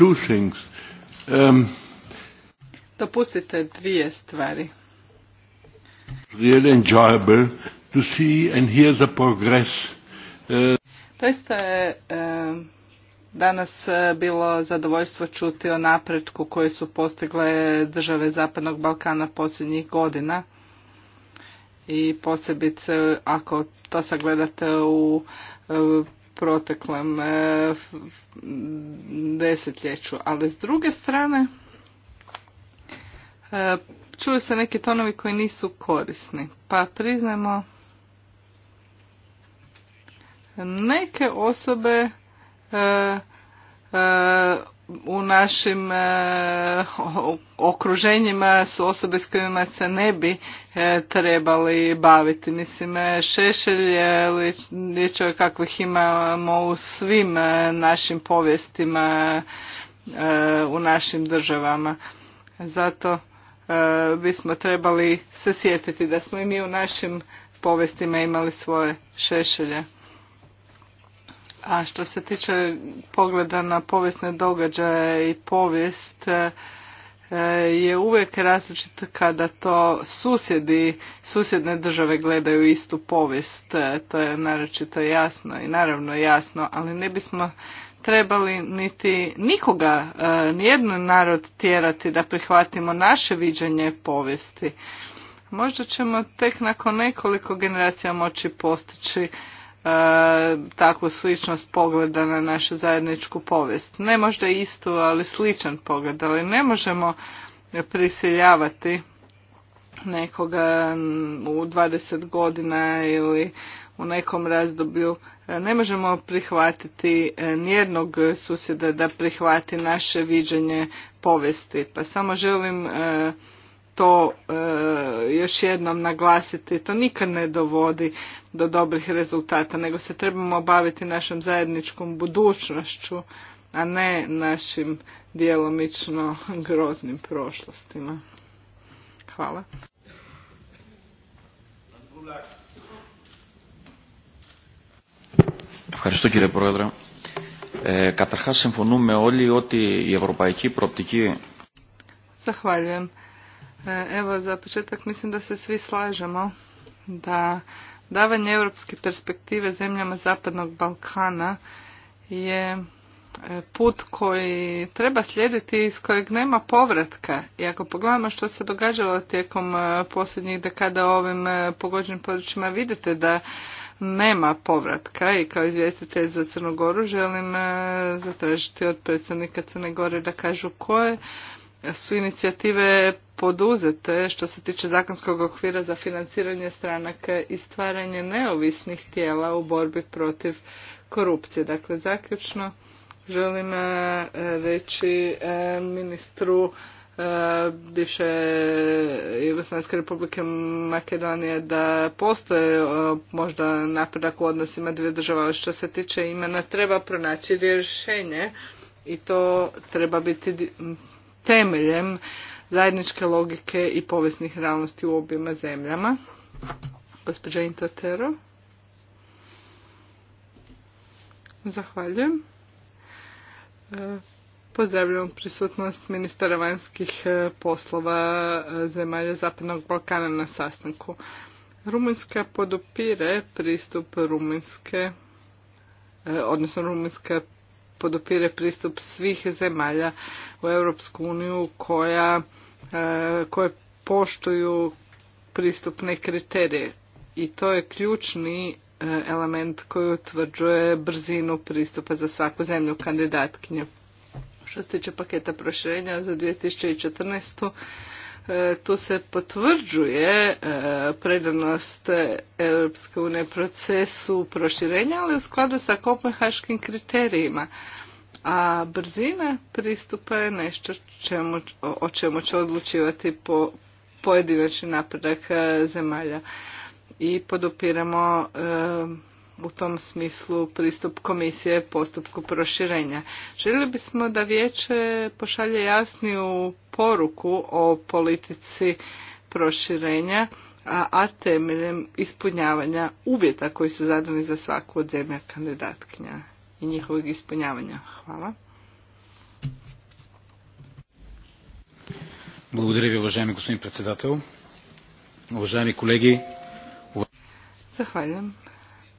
Uh, um, Dopustite dvije stvari. Really enjoyable to see and hear the progress. Uh, Doista je e, danas e, bilo zadovoljstvo čuti o napretku koji su postigle države Zapadnog Balkana posljednjih godina i posebice ako to sagledate u e, proteklom e, desetljeću. Ali s druge strane e, čuju se neki tonovi koji nisu korisni. Pa priznajmo neke osobe e, e u našim e, okruženjima su osobe s kojima se ne bi e, trebali baviti. Mislim, Šešelj je, je čovjek kakvih imamo u svim našim povijestima u našim državama. Zato bismo trebali se sjetiti da smo i mi u našim povijestima imali svoje šešelje. A što se tiče pogleda na povijesne događaje i povijest, e, je uvijek različito kada to susjedi, susjedne države gledaju istu povijest. E, to je naročito jasno i naravno jasno, ali ne bismo trebali niti nikoga, e, nijedan narod tjerati da prihvatimo naše viđenje povijesti. Možda ćemo tek nakon nekoliko generacija moći postići E, takvu sličnost pogleda na našu zajedničku povijest. Ne možda istu, ali sličan pogled, ali ne možemo prisiljavati nekoga u 20 godina ili u nekom razdoblju. E, ne možemo prihvatiti e, nijednog susjeda da prihvati naše viđenje povijesti. Pa samo želim to e, još jednom naglasiti, to nikad ne dovodi do dobrih rezultata, nego se trebamo baviti našom zajedničkom budućnošću, a ne našim djelomično groznim prošlostima. Hvala. Ευχαριστώ κύριε Πρόεδρε. Ε, καταρχάς συμφωνούμε όλοι ότι η ευρωπαϊκή προοπτική Zahvaljujem. E, evo za početak mislim da se svi slažemo da davanje europske perspektive zemljama Zapadnog Balkana je e, put koji treba slijediti iz kojeg nema povratka. I ako pogledamo što se događalo tijekom e, posljednjih dekada ovim pogođenim područjima, vidite da nema povratka i kao izvjestitelj za Crnogoru želim zatražiti od predsjednika Crne Gore da kažu koje su inicijative poduzete što se tiče zakonskog okvira za financiranje stranaka i stvaranje neovisnih tijela u borbi protiv korupcije. Dakle, zaključno želim e, reći e, ministru e, bivše Jugoslavijske republike Makedonije da postoje možda napredak u odnosima dvije države, ali što se tiče imena treba pronaći rješenje i to treba biti temeljem zajedničke logike i povijesnih realnosti u objema zemljama. Gospođa Intatero. Zahvaljujem. E, pozdravljam prisutnost ministara vanjskih e, poslova e, zemalja Zapadnog Balkana na sastanku. Rumunjska podupire pristup Rumunjske, odnosno Rumunjska podupire pristup svih zemalja u Europsku uniju koja, e, koje poštuju pristupne kriterije. I to je ključni e, element koji utvrđuje brzinu pristupa za svaku zemlju kandidatkinju. Što se tiče paketa proširenja za 2014. E, tu se potvrđuje e, predanost Europske unije procesu proširenja, ali u skladu sa kopenhaškim kriterijima. A brzina pristupa je nešto čemu, o čemu će odlučivati po pojedinačni napredak e, zemalja. I podupiramo u tom smislu pristup komisije postupku proširenja. Željeli bismo da vijeće pošalje jasniju poruku o politici proširenja, a, a temeljem ispunjavanja uvjeta koji su zadani za svaku od zemlja kandidatkinja i njihovog ispunjavanja. Hvala. Благодаря ви, уважаеми господин председател. колеги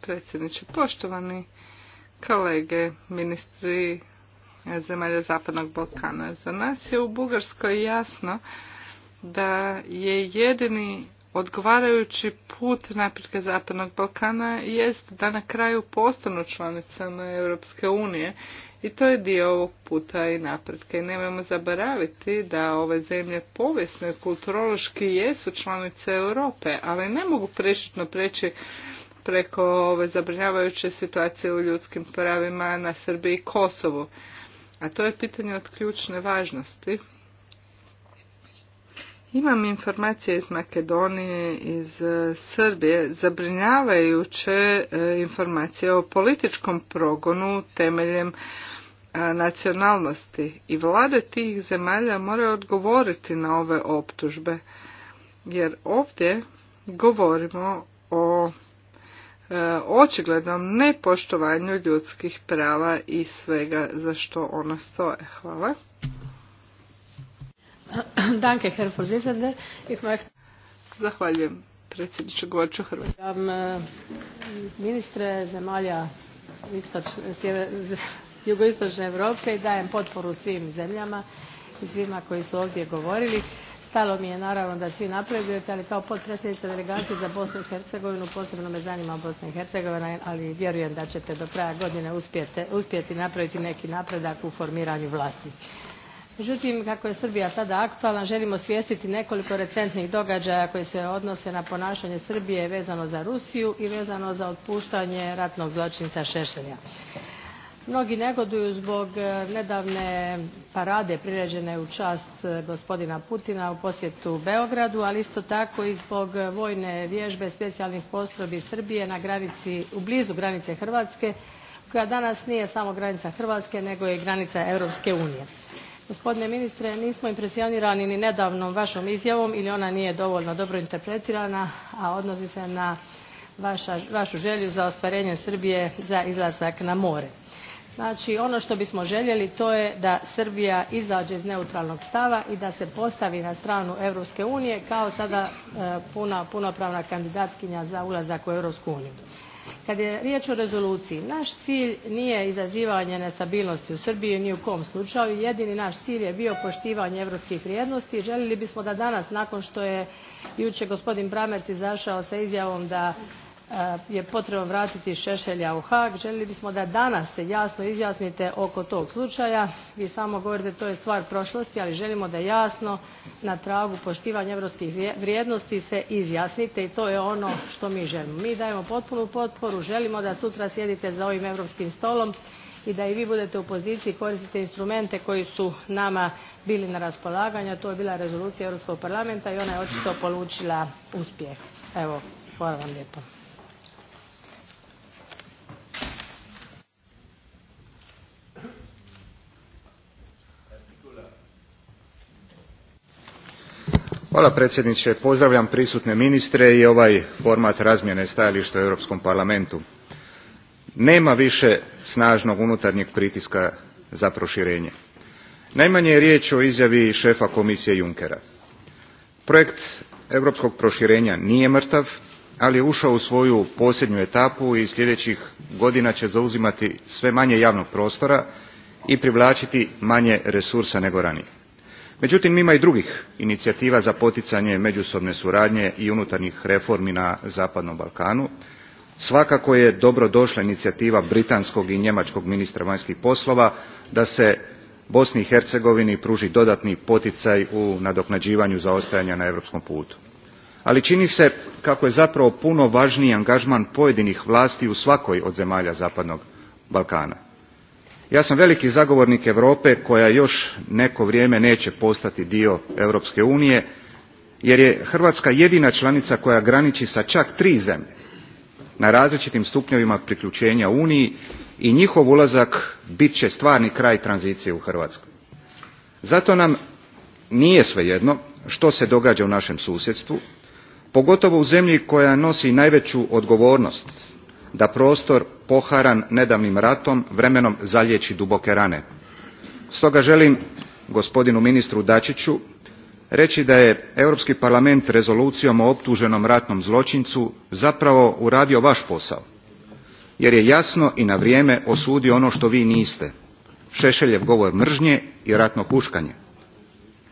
predsjedniče. Poštovani kolege, ministri zemalja Zapadnog Balkana, za nas je u Bugarskoj jasno da je jedini odgovarajući put napretka Zapadnog Balkana jest da na kraju postanu članicama Europske unije i to je dio ovog puta i napretka. I nemojmo zaboraviti da ove zemlje povijesno i kulturološki jesu članice Europe, ali ne mogu prešutno preći preko ove zabrinjavajuće situacije u ljudskim pravima na Srbiji i Kosovu. A to je pitanje od ključne važnosti. Imam informacije iz Makedonije, iz e, Srbije, zabrinjavajuće e, informacije o političkom progonu temeljem e, nacionalnosti i vlade tih zemalja moraju odgovoriti na ove optužbe jer ovdje govorimo o E, očiglednom nepoštovanju ljudskih prava i svega za što ona stoje. Hvala. Danke, Herr Vorsitzende. Ich Zahvaljujem, predsjedniče e, ministre zemalja jugoistočne Europe i dajem potporu svim zemljama i svima koji su ovdje govorili stalo mi je naravno da svi napredujete ali kao potpredsjednica delegacije za bosnu i hercegovinu posebno me zanima bosna i hercegovina ali vjerujem da ćete do kraja godine uspjeti napraviti neki napredak u formiranju vlasti. međutim kako je srbija sada aktualna želim osvijestiti nekoliko recentnih događaja koji se odnose na ponašanje srbije vezano za rusiju i vezano za otpuštanje ratnog zločinca šešelja mnogi negoduju zbog e, nedavne parade priređene u čast e, gospodina putina u posjetu beogradu ali isto tako i zbog e, vojne vježbe specijalnih postrojbi srbije na granici blizu granice hrvatske koja danas nije samo granica hrvatske nego je i granica europske unije. gospodine ministre nismo impresionirani ni nedavnom vašom izjavom ili ona nije dovoljno dobro interpretirana a odnosi se na vašu želju za ostvarenje srbije za izlazak na more znači ono što bismo željeli to je da srbija izađe iz neutralnog stava i da se postavi na stranu europske unije kao sada e, punopravna kandidatkinja za ulazak u europsku uniju. kad je riječ o rezoluciji naš cilj nije izazivanje nestabilnosti u srbiji ni u kom slučaju jedini naš cilj je bio poštivanje europskih vrijednosti i željeli bismo da danas nakon što je jučer gospodin brammertz izašao sa izjavom da je potrebno vratiti šešelja u haag željeli bismo da danas se jasno izjasnite oko tog slučaja vi samo govorite to je stvar prošlosti ali želimo da jasno na tragu poštivanja europskih vrijednosti se izjasnite i to je ono što mi želimo. mi dajemo potpunu potporu želimo da sutra sjedite za ovim europskim stolom i da i vi budete u poziciji koristite instrumente koji su nama bili na raspolaganju a to je bila rezolucija europskog parlamenta i ona je očito polučila uspjeh. evo hvala vam lijepo. Hvala predsjedniče. Pozdravljam prisutne ministre i ovaj format razmjene stajališta u Europskom parlamentu. Nema više snažnog unutarnjeg pritiska za proširenje. Najmanje je riječ o izjavi šefa komisije Junckera. Projekt europskog proširenja nije mrtav, ali je ušao u svoju posljednju etapu i sljedećih godina će zauzimati sve manje javnog prostora i privlačiti manje resursa nego ranije međutim ima i drugih inicijativa za poticanje međusobne suradnje i unutarnjih reformi na zapadnom balkanu svakako je dobrodošla inicijativa britanskog i njemačkog ministra vanjskih poslova da se bosni i hercegovini pruži dodatni poticaj u nadoknađivanju zaostajanja na europskom putu ali čini se kako je zapravo puno važniji angažman pojedinih vlasti u svakoj od zemalja zapadnog balkana ja sam veliki zagovornik europe koja još neko vrijeme neće postati dio europske unije jer je hrvatska jedina članica koja graniči sa čak tri zemlje na različitim stupnjevima priključenja uniji i njihov ulazak bit će stvarni kraj tranzicije u hrvatskoj. zato nam nije svejedno što se događa u našem susjedstvu pogotovo u zemlji koja nosi najveću odgovornost da prostor poharan nedavnim ratom vremenom zalijei duboke rane. stoga želim, gospodinu ministru dačiću reći da je europski parlament rezolucijom o optuženom ratnom zločincu zapravo uradio vaš posao jer je jasno i na vrijeme osudio ono što vi niste šešeljev govor mržnje i ratno puškanje.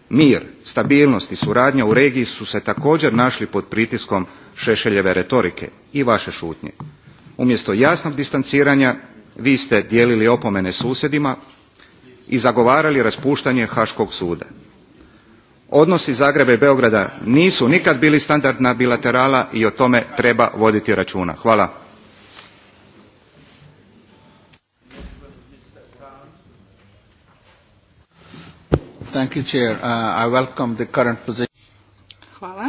mir stabilnost i suradnja u regiji su se također našli pod pritiskom šešeljeve retorike i vaše šutnje umjesto jasnog distanciranja vi ste dijelili opomene susjedima i zagovarali raspuštanje haškog suda odnosi zagreba i beograda nisu nikad bili standardna bilaterala i o tome treba voditi računa hvala uh, Hvala.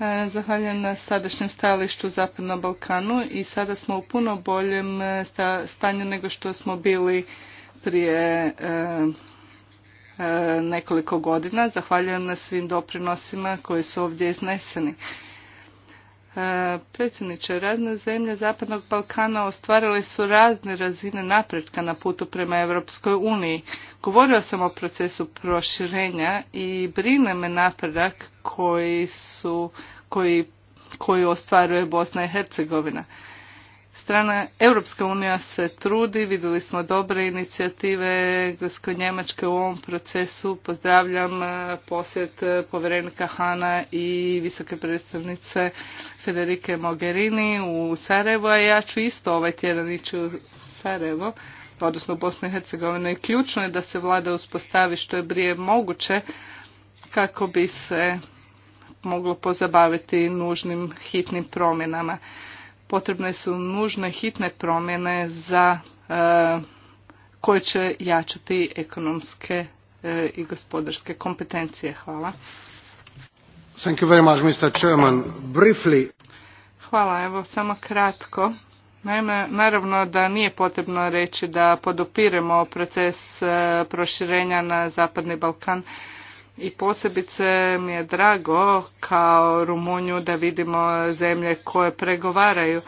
E, zahvaljujem na sadašnjem stajalištu Zapadnom Balkanu i sada smo u puno boljem e, stanju nego što smo bili prije e, nekoliko godina. Zahvaljujem na svim doprinosima koji su ovdje izneseni. E, predsjedniče, razne zemlje Zapadnog Balkana ostvarile su razne razine napretka na putu prema Europskoj uniji. Govorio sam o procesu proširenja i brine me napredak koji su, koji, koji ostvaruje Bosna i Hercegovina strana Europska unija se trudi, vidjeli smo dobre inicijative Njemačke u ovom procesu. Pozdravljam e, posjet e, povjerenika Hana i visoke predstavnice Federike Mogherini u Sarajevo, a ja ću isto ovaj tjedan ići u Sarajevo odnosno u i Hercegovinu i ključno je da se vlada uspostavi što je brije moguće kako bi se moglo pozabaviti nužnim hitnim promjenama potrebne su nužne hitne promjene za e, koje će jačati ekonomske e, i gospodarske kompetencije. Hvala. Hvala, evo samo kratko. Naime, naravno da nije potrebno reći da podopiremo proces e, proširenja na Zapadni Balkan i posebice mi je drago kao Rumunju da vidimo zemlje koje pregovaraju. E,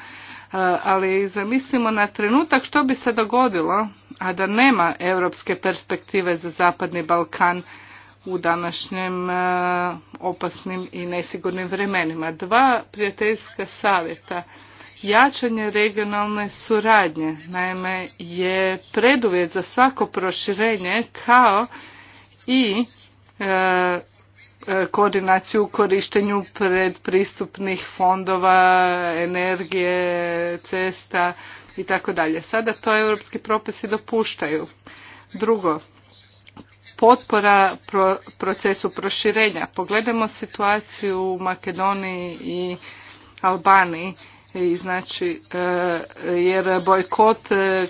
ali zamislimo na trenutak što bi se dogodilo, a da nema europske perspektive za Zapadni Balkan u današnjem e, opasnim i nesigurnim vremenima. Dva prijateljska savjeta. Jačanje regionalne suradnje, naime, je preduvjet za svako proširenje kao i E, e, koordinaciju u korištenju predpristupnih fondova, energije, cesta i tako dalje. Sada to europski propisi dopuštaju. Drugo, potpora procesu proširenja. Pogledamo situaciju u Makedoniji i Albaniji. I znači, e, jer bojkot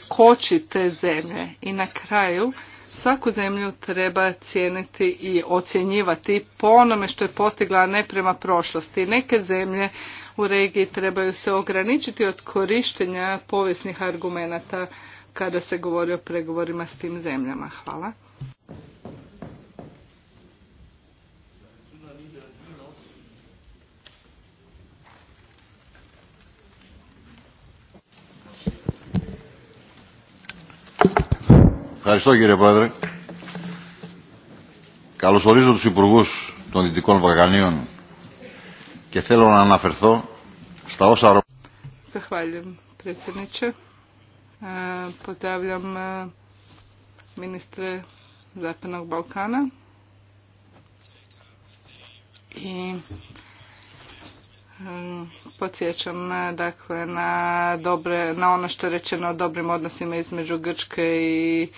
koči te zemlje. I na kraju, Svaku zemlju treba cijeniti i ocjenjivati po onome što je postigla, a ne prema prošlosti. Neke zemlje u regiji trebaju se ograničiti od korištenja povijesnih argumenata kada se govori o pregovorima s tim zemljama. Hvala. Ευχαριστώ κύριε Πρόεδρε. Καλωσορίζω τους Υπουργούς των Δυτικών Βαγανίων και θέλω να αναφερθώ στα όσα... Zahvaljujem predsjedniče. Pozdravljam ministre Zapadnog Balkana. I Mm, podsjećam e, dakle, na, dobre, na ono što je rečeno o dobrim odnosima između Grčke i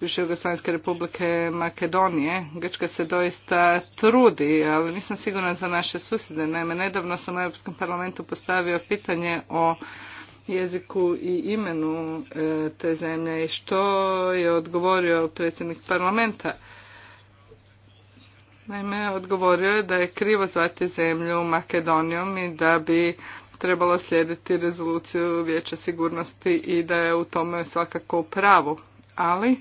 Više republike Makedonije. Grčka se doista trudi, ali nisam sigurna za naše susjede. Naime, nedavno sam u Europskom parlamentu postavio pitanje o jeziku i imenu e, te zemlje i što je odgovorio predsjednik parlamenta. Naime, odgovorio je da je krivo zvati zemlju Makedonijom i da bi trebalo slijediti rezoluciju Vijeća sigurnosti i da je u tome svakako pravo. Ali e,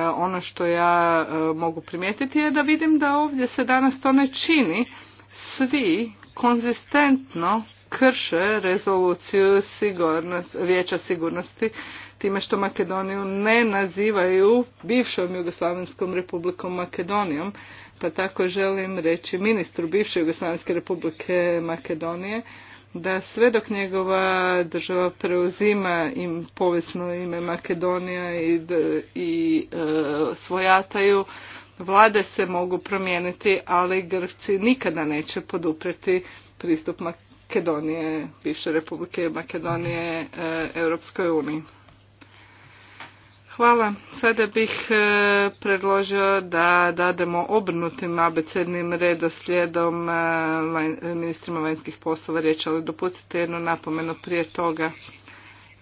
ono što ja e, mogu primijetiti je da vidim da ovdje se danas to ne čini. Svi konzistentno krše rezoluciju sigurnost, Vijeća sigurnosti time što Makedoniju ne nazivaju bivšom Jugoslavenskom republikom Makedonijom pa tako želim reći ministru bivše Jugoslavijske republike Makedonije da sve dok njegova država preuzima im povijesno ime Makedonija i, i e, svojataju, vlade se mogu promijeniti, ali Grci nikada neće podupreti pristup Makedonije, bivše republike Makedonije, e, Europskoj uniji. Hvala. Sada bih e, predložio da dademo obrnutim abecednim redoslijedom e, ministrima vanjskih poslova riječ, ali dopustite jednu napomenu prije toga.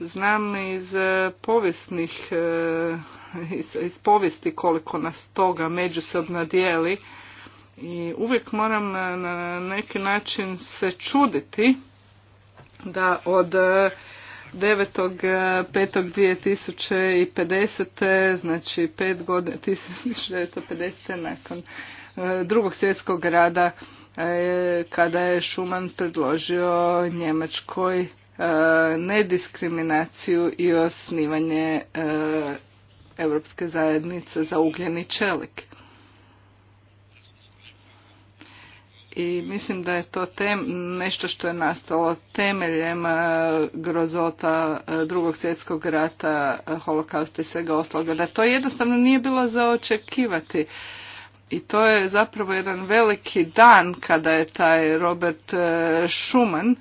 Znam iz e, povijesnih, iz, iz povijesti koliko nas toga međusobno dijeli i uvijek moram na neki način se čuditi da od 9.5.2050. znači 5 godina 1950. nakon e, drugog svjetskog rada e, kada je Schumann predložio Njemačkoj e, nediskriminaciju i osnivanje Europske zajednice za ugljeni čelik. i mislim da je to tem, nešto što je nastalo temeljem e, grozota e, drugog svjetskog rata, e, holokausta i svega osloga. Da to jednostavno nije bilo za očekivati. I to je zapravo jedan veliki dan kada je taj Robert Schumann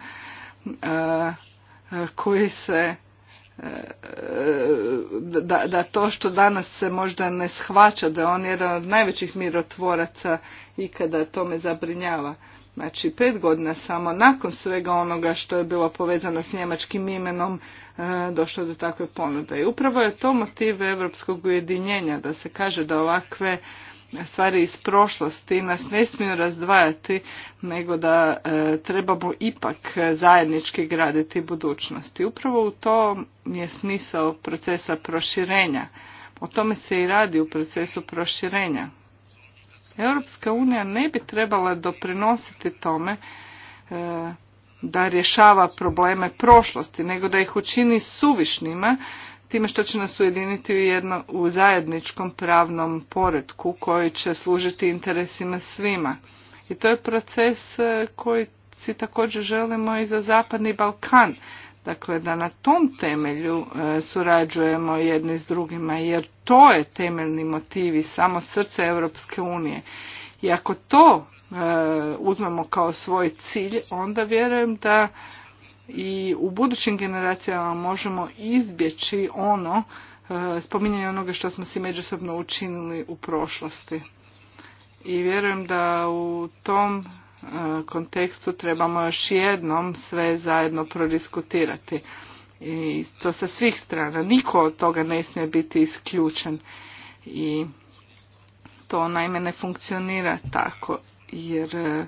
koji se E, da, da to što danas se možda ne shvaća da je on jedan od najvećih mirotvoraca ikada to me zabrinjava. Znači pet godina samo nakon svega onoga što je bilo povezano s njemačkim imenom e, došlo do takve ponude. I upravo je to motiv Europskog ujedinjenja da se kaže da ovakve stvari iz prošlosti nas ne smiju razdvajati, nego da e, trebamo ipak zajednički graditi budućnost. I upravo u to je smisao procesa proširenja. O tome se i radi u procesu proširenja. Europska unija ne bi trebala doprinositi tome e, da rješava probleme prošlosti, nego da ih učini suvišnjima time što će nas ujediniti u, jedno, u zajedničkom pravnom poredku koji će služiti interesima svima. I to je proces e, koji si također želimo i za Zapadni Balkan. Dakle, da na tom temelju e, surađujemo jedni s drugima, jer to je temeljni motiv i samo srce Europske unije. I ako to e, uzmemo kao svoj cilj, onda vjerujem da i u budućim generacijama možemo izbjeći ono e, spominjanje onoga što smo si međusobno učinili u prošlosti. I vjerujem da u tom e, kontekstu trebamo još jednom sve zajedno prodiskutirati. I to sa svih strana. Niko od toga ne smije biti isključen. I to naime ne funkcionira tako. Jer e,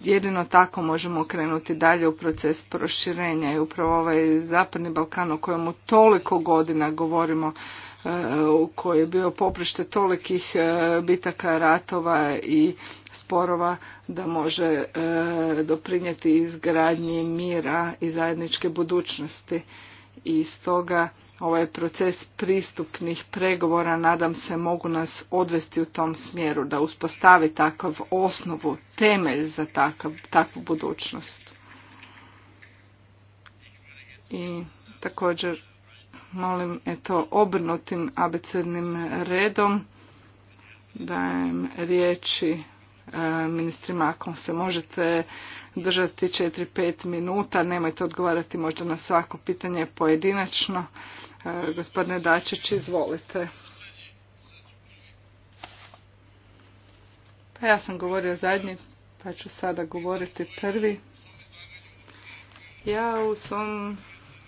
jedino tako možemo krenuti dalje u proces proširenja i upravo ovaj Zapadni Balkan o kojemu toliko godina govorimo e, u kojoj je bio poprište tolikih e, bitaka, ratova i sporova da može e, doprinijeti izgradnji mira i zajedničke budućnosti. I stoga ovaj proces pristupnih pregovora nadam se mogu nas odvesti u tom smjeru da uspostavi takav osnovu, temelj za takav, takvu budućnost. I također molim eto obrnutim abecednim redom dajem riječi e, ministrima ako se možete držati 4-5 minuta nemojte odgovarati možda na svako pitanje pojedinačno E, gospodine Dačić, izvolite. Pa ja sam govorio zadnji, pa ću sada govoriti prvi. Ja u svom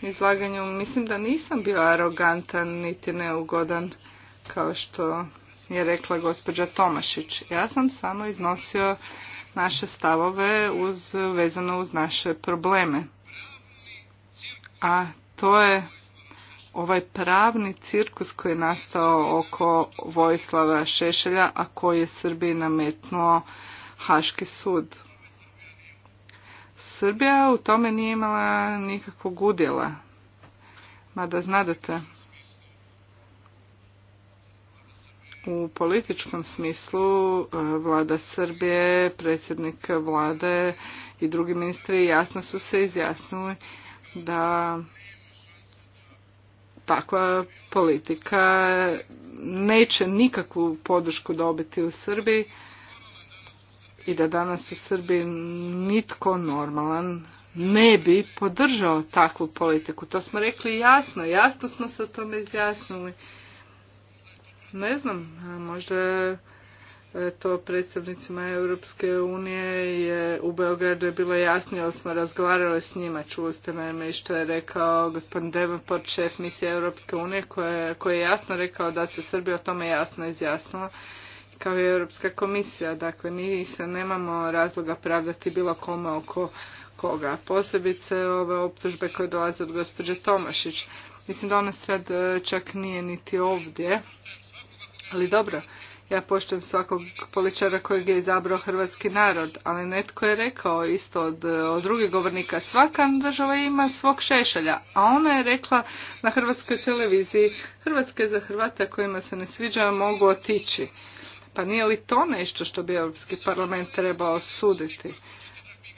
izlaganju mislim da nisam bio arogantan niti neugodan kao što je rekla gospođa Tomašić. Ja sam samo iznosio naše stavove uz, vezano uz naše probleme. A to je ovaj pravni cirkus koji je nastao oko Vojislava Šešelja, a koji je Srbiji nametnuo Haški sud. Srbija u tome nije imala nikakvog udjela. Mada znadete, u političkom smislu e, vlada Srbije, predsjednik vlade i drugi ministri jasno su se izjasnili da takva politika neće nikakvu podršku dobiti u Srbiji i da danas u Srbiji nitko normalan ne bi podržao takvu politiku. To smo rekli jasno, jasno smo se o tome izjasnili. Ne znam, možda E, to predstavnicima Europske unije je u Beogradu je bilo jasnije, ali smo razgovarali s njima. Čuli ste me i što je rekao gospodin Devenport, šef misije Europske unije, koji je jasno rekao da se Srbija o tome jasno izjasnila kao i Europska komisija. Dakle, mi se nemamo razloga pravdati bilo kome oko koga. Posebice ove optužbe koje dolaze od gospođe Tomašić. Mislim da ona sad e, čak nije niti ovdje. Ali dobro, ja poštujem svakog političara kojeg je izabrao hrvatski narod, ali netko je rekao isto od, od drugih govornika, svaka država ima svog šešalja, a ona je rekla na hrvatskoj televiziji, Hrvatske za Hrvata kojima se ne sviđa mogu otići. Pa nije li to nešto što bi Europski parlament trebao suditi?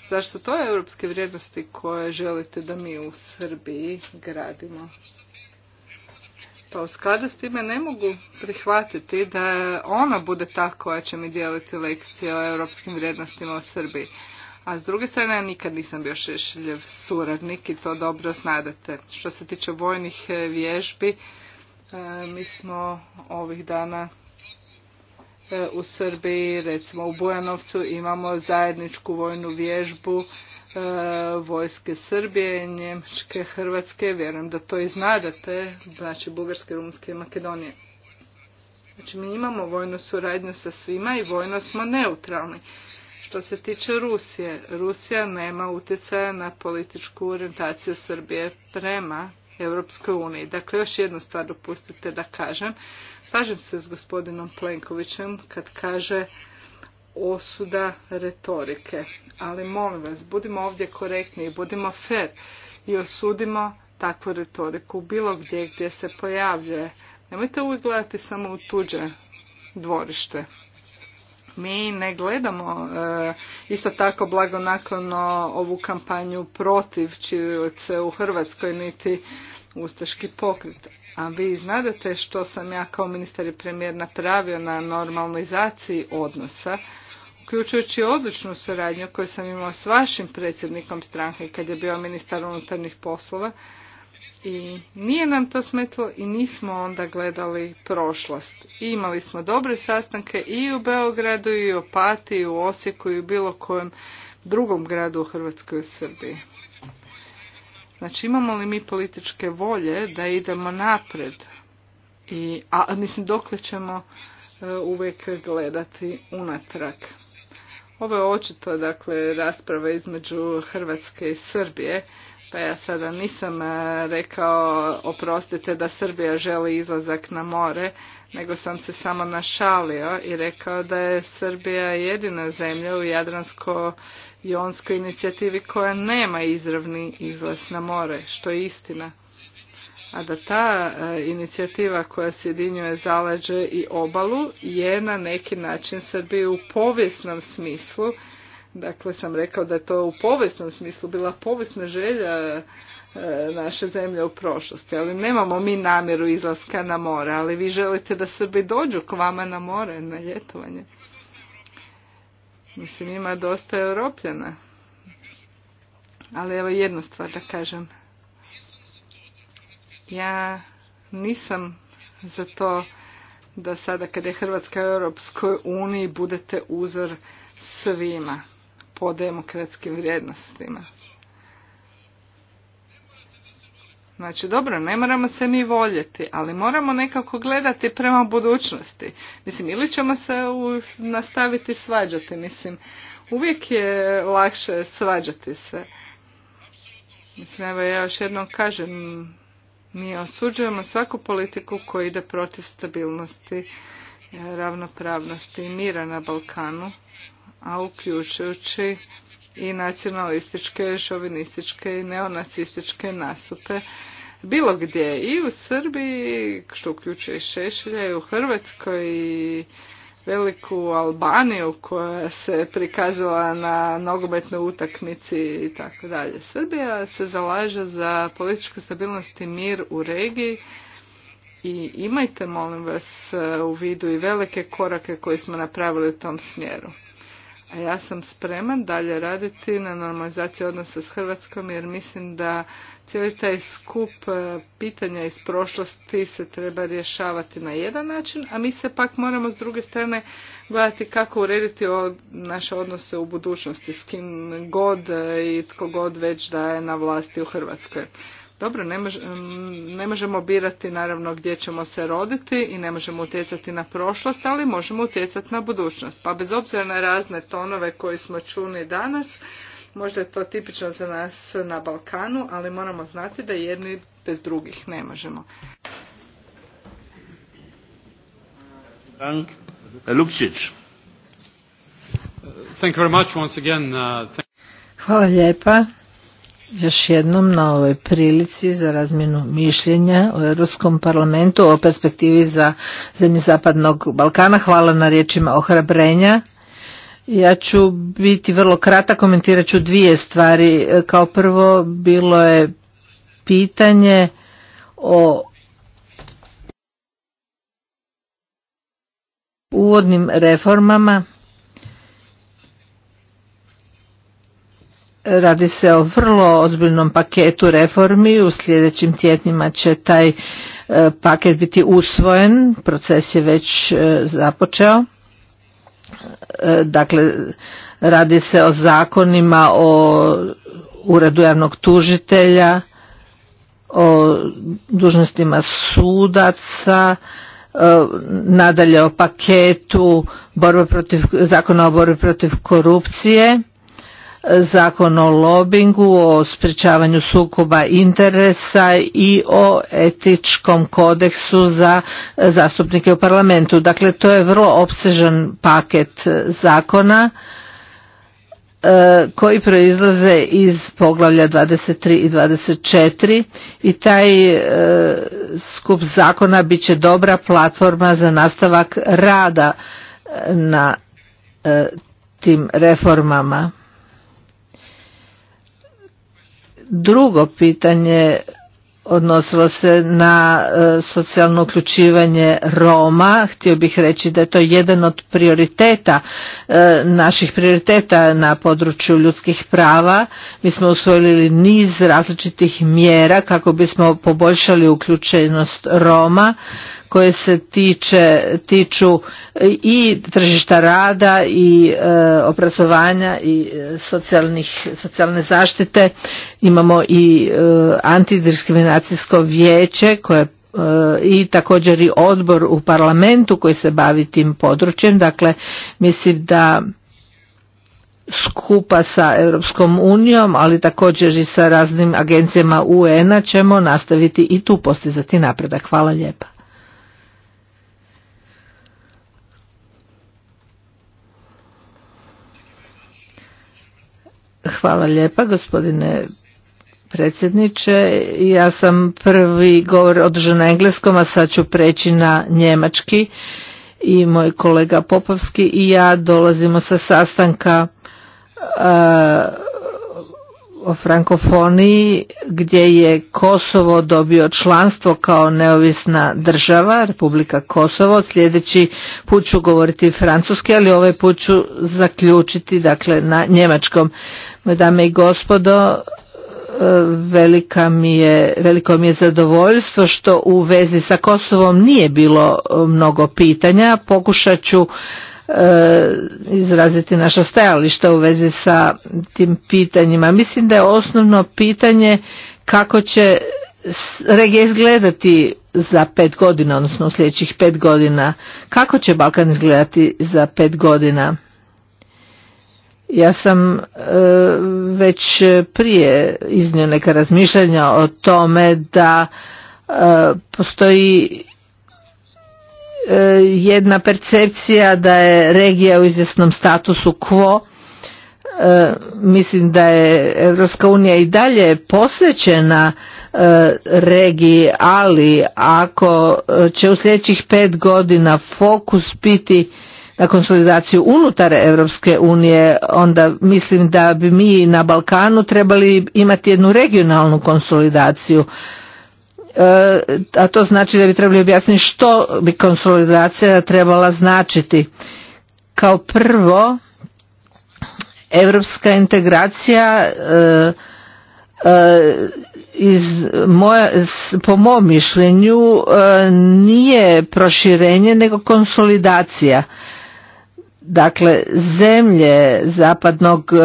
Zašto to je europske vrijednosti koje želite da mi u Srbiji gradimo? Pa u skladu s time ne mogu prihvatiti da ona bude ta koja će mi dijeliti lekcije o europskim vrijednostima u Srbiji. A s druge strane, ja nikad nisam bio šešljev suradnik i to dobro znadete. Što se tiče vojnih e, vježbi, e, mi smo ovih dana e, u Srbiji, recimo u Bujanovcu, imamo zajedničku vojnu vježbu E, vojske Srbije, Njemačke, Hrvatske, vjerujem da to i znadete, znači Bugarske, Rumunske i Makedonije. Znači mi imamo vojnu suradnju sa svima i vojno smo neutralni. Što se tiče Rusije, Rusija nema utjecaja na političku orijentaciju Srbije prema Europskoj uniji. Dakle, još jednu stvar dopustite da kažem. Slažem se s gospodinom Plenkovićem kad kaže osuda retorike. Ali molim vas, budimo ovdje korektni, budimo fer i osudimo takvu retoriku bilo gdje gdje se pojavljuje. Nemojte uvijek gledati samo u tuđe dvorište. Mi ne gledamo eh, isto tako blagonaklono ovu kampanju protiv Čirilice u Hrvatskoj niti Ustaški pokret. A vi znadete što sam ja kao ministar i premijer napravio na normalizaciji odnosa uključujući odličnu suradnju koju sam imala s vašim predsjednikom stranke kad je bio ministar unutarnjih poslova i nije nam to smetlo i nismo onda gledali prošlost. I imali smo dobre sastanke i u Beogradu i u Opatiji i u Osijeku i u bilo kojem drugom gradu u Hrvatskoj i Srbiji. Znači imamo li mi političke volje da idemo napred? I, a mislim dokle ćemo e, uvijek gledati unatrag. Ovo je očito dakle rasprava između Hrvatske i Srbije. Pa ja sada nisam e, rekao, oprostite, da Srbija želi izlazak na more, nego sam se samo našalio i rekao da je Srbija jedina zemlja u Jadransko-Jonskoj inicijativi koja nema izravni izlaz na more, što je istina a da ta e, inicijativa koja sjedinjuje zaleđe i obalu je na neki način Srbije u povijesnom smislu, dakle sam rekao da je to u povijesnom smislu bila povijesna želja e, naše zemlje u prošlosti, ali nemamo mi namjeru izlaska na more, ali vi želite da Srbi dođu k vama na more, na ljetovanje. Mislim, ima dosta europljana. Ali evo jednu stvar da kažem. Ja nisam za to da sada kada je Hrvatska u Europskoj uniji budete uzor svima po demokratskim vrijednostima. Znači, dobro, ne moramo se mi voljeti, ali moramo nekako gledati prema budućnosti. Mislim, ili ćemo se nastaviti svađati, mislim, uvijek je lakše svađati se. Mislim, evo ja još jednom kažem, mi osuđujemo svaku politiku koja ide protiv stabilnosti, e, ravnopravnosti i mira na Balkanu, a uključujući i nacionalističke, šovinističke i neonacističke nasupe bilo gdje i u Srbiji, što uključuje i Šešlja i u Hrvatskoj i veliku Albaniju koja se prikazala na nogometnoj utakmici i tako dalje. Srbija se zalaže za političku stabilnost i mir u regiji i imajte molim vas u vidu i velike korake koje smo napravili u tom smjeru. A ja sam spreman dalje raditi na normalizaciji odnosa s Hrvatskom jer mislim da cijeli taj skup e, pitanja iz prošlosti se treba rješavati na jedan način, a mi se pak moramo s druge strane gledati kako urediti naše odnose u budućnosti s kim god e, i tko god već da je na vlasti u Hrvatskoj. Dobro, ne, možemo birati naravno gdje ćemo se roditi i ne možemo utjecati na prošlost, ali možemo utjecati na budućnost. Pa bez obzira na razne tonove koje smo čuli danas, možda je to tipično za nas na Balkanu, ali moramo znati da jedni bez drugih ne možemo. Hvala lijepa još jednom na ovoj prilici za razmjenu mišljenja u Europskom parlamentu o perspektivi za zemlje Zapadnog Balkana. Hvala na riječima ohrabrenja. Ja ću biti vrlo krata, komentirat ću dvije stvari. Kao prvo bilo je pitanje o uvodnim reformama. Radi se o vrlo ozbiljnom paketu reformi, u sljedećim tjednima će taj e, paket biti usvojen, proces je već e, započeo. E, dakle, radi se o zakonima o uredu javnog tužitelja, o dužnostima sudaca, nadalje o paketu borbe protiv, zakona o borbi protiv korupcije zakon o lobingu, o sprječavanju sukoba interesa i o etičkom kodeksu za zastupnike u parlamentu. Dakle, to je vrlo opsežan paket zakona e, koji proizlaze iz poglavlja 23 i 24 i taj e, skup zakona bit će dobra platforma za nastavak rada e, na tim reformama. Drugo pitanje odnosilo se na e, socijalno uključivanje Roma. Htio bih reći da je to jedan od prioriteta, e, naših prioriteta na području ljudskih prava. Mi smo usvojili niz različitih mjera kako bismo poboljšali uključenost Roma koje se tiče, tiču i tržišta rada i e, obrazovanja i e, socijalnih, socijalne zaštite. Imamo i e, antidiskriminacijsko vijeće koje e, i također i odbor u parlamentu koji se bavi tim područjem. Dakle, mislim da skupa sa Europskom unijom, ali također i sa raznim agencijama UN-a ćemo nastaviti i tu postizati napredak. Hvala lijepa. Hvala lijepa gospodine predsjedniče. Ja sam prvi govor održan na engleskom, a sad ću preći na njemački i moj kolega Popovski i ja dolazimo sa sastanka uh, o frankofoniji gdje je Kosovo dobio članstvo kao neovisna država, Republika Kosovo. Sljedeći put ću govoriti francuski, ali ovaj put ću zaključiti dakle, na njemačkom. Dame i gospodo, e, velika mi je, veliko mi je zadovoljstvo što u vezi sa Kosovom nije bilo e, mnogo pitanja. Pokušat ću e, izraziti naša stajališta u vezi sa tim pitanjima. Mislim da je osnovno pitanje kako će regija izgledati za pet godina, odnosno u sljedećih pet godina. Kako će Balkan izgledati za pet godina? Ja sam e, već prije iznio neka razmišljanja o tome da e, postoji e, jedna percepcija da je regija u izvjesnom statusu quo. Mislim da je Europska unija i dalje posvećena regiji, ali ako će u sljedećih pet godina fokus biti konsolidaciju unutar Europske unije, onda mislim da bi mi na Balkanu trebali imati jednu regionalnu konsolidaciju. E, a to znači da bi trebali objasniti što bi konsolidacija trebala značiti. Kao prvo, europska integracija e, e, iz moja, po mom mišljenju nije proširenje nego konsolidacija Dakle, zemlje Zapadnog e,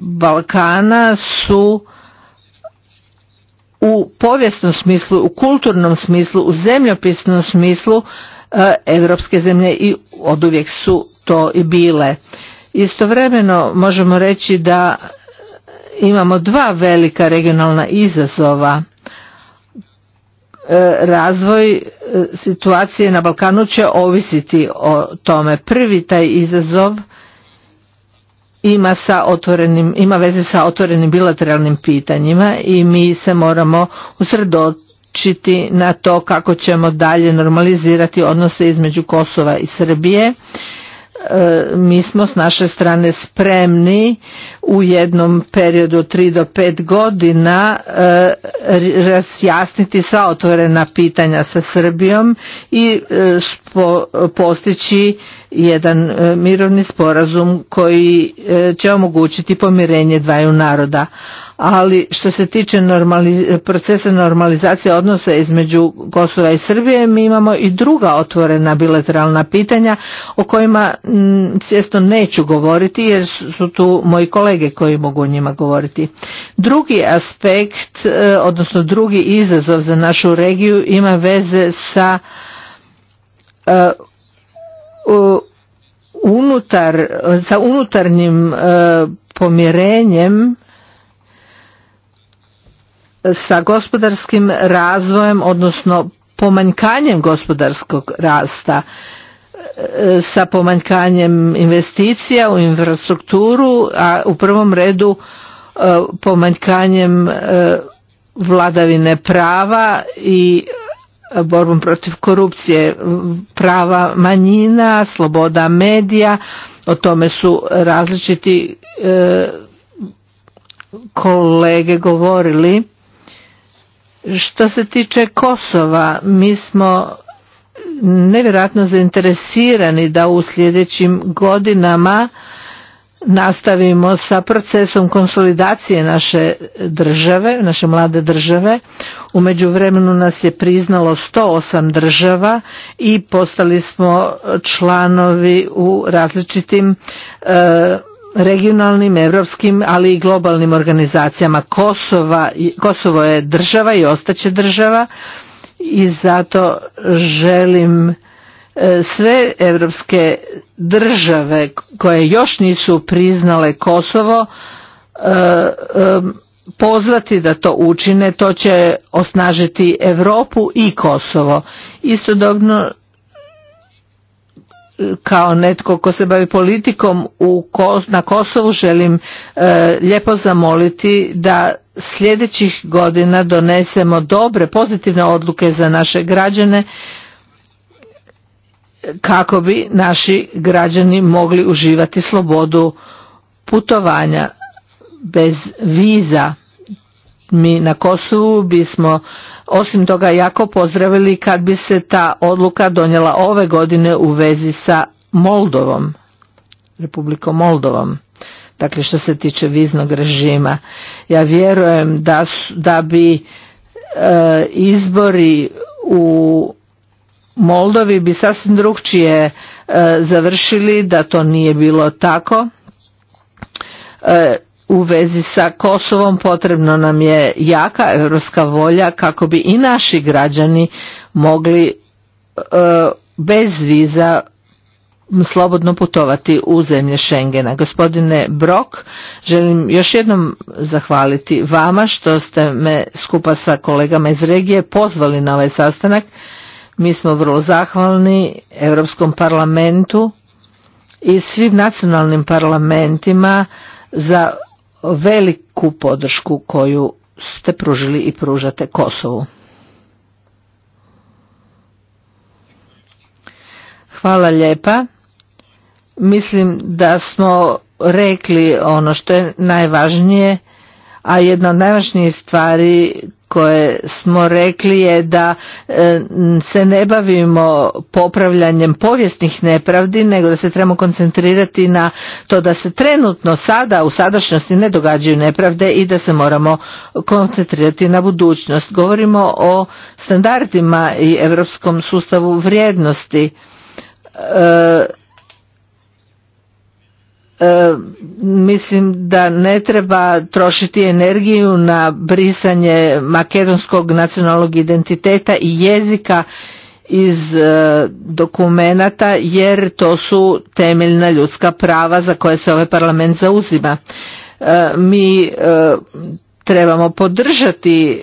Balkana su u povijesnom smislu, u kulturnom smislu, u zemljopisnom smislu e, evropske zemlje i oduvijek su to i bile. Istovremeno možemo reći da imamo dva velika regionalna izazova E, razvoj e, situacije na Balkanu će ovisiti o tome. Prvi taj izazov ima, sa ima veze sa otvorenim bilateralnim pitanjima i mi se moramo usredočiti na to kako ćemo dalje normalizirati odnose između Kosova i Srbije. E, mi smo s naše strane spremni u jednom periodu 3 do 5 godina e, razjasniti sva otvorena pitanja sa Srbijom i e, postići jedan e, mirovni sporazum koji će omogućiti pomirenje dvaju naroda. Ali što se tiče procesa normalizacije odnosa između Kosova i Srbije, mi imamo i druga otvorena bilateralna pitanja o kojima svjesno neću govoriti jer su tu moji kolege kolege koji mogu o njima govoriti. Drugi aspekt, e, odnosno drugi izazov za našu regiju ima veze sa e, unutar, sa unutarnjim e, pomirenjem sa gospodarskim razvojem, odnosno pomanjkanjem gospodarskog rasta sa pomanjkanjem investicija u infrastrukturu, a u prvom redu e, pomanjkanjem e, vladavine prava i e, borbom protiv korupcije, prava manjina, sloboda medija, o tome su različiti kolege govorili. Što se tiče Kosova, mi smo nevjerojatno zainteresirani da u sljedećim godinama nastavimo sa procesom konsolidacije naše države, naše mlade države. U međuvremenu nas je priznalo 108 država i postali smo članovi u različitim e, regionalnim, europskim, ali i globalnim organizacijama. Kosova, Kosovo je država i ostaće država i zato želim e, sve europske države koje još nisu priznale Kosovo e, e, pozvati da to učine, to će osnažiti Europu i Kosovo. Istodobno kao netko ko se bavi politikom na Kosovu želim lijepo zamoliti da sljedećih godina donesemo dobre pozitivne odluke za naše građane kako bi naši građani mogli uživati slobodu putovanja bez viza mi na Kosovu bismo osim toga jako pozdravili kad bi se ta odluka donijela ove godine u vezi sa Moldovom Republikom Moldovom dakle što se tiče viznog režima. Ja vjerujem da, da bi e, izbori u Moldovi bi sasvim drugčije e, završili da to nije bilo tako. E, u vezi sa Kosovom potrebno nam je jaka europska volja kako bi i naši građani mogli bez viza slobodno putovati u zemlje Schengena. Gospodine Brok, želim još jednom zahvaliti vama što ste me skupa sa kolegama iz regije pozvali na ovaj sastanak. Mi smo vrlo zahvalni Europskom parlamentu i svim nacionalnim parlamentima za veliku podršku koju ste pružili i pružate Kosovu. Hvala lijepa. Mislim da smo rekli ono što je najvažnije, a jedna od najvažnijih stvari koje smo rekli je da e, se ne bavimo popravljanjem povijesnih nepravdi, nego da se trebamo koncentrirati na to da se trenutno sada u sadašnjosti ne događaju nepravde i da se moramo koncentrirati na budućnost. Govorimo o standardima i europskom sustavu vrijednosti. E, E, mislim da ne treba trošiti energiju na brisanje makedonskog nacionalnog identiteta i jezika iz e, dokumenata jer to su temeljna ljudska prava za koje se ovaj parlament zauzima. E, mi trebamo podržati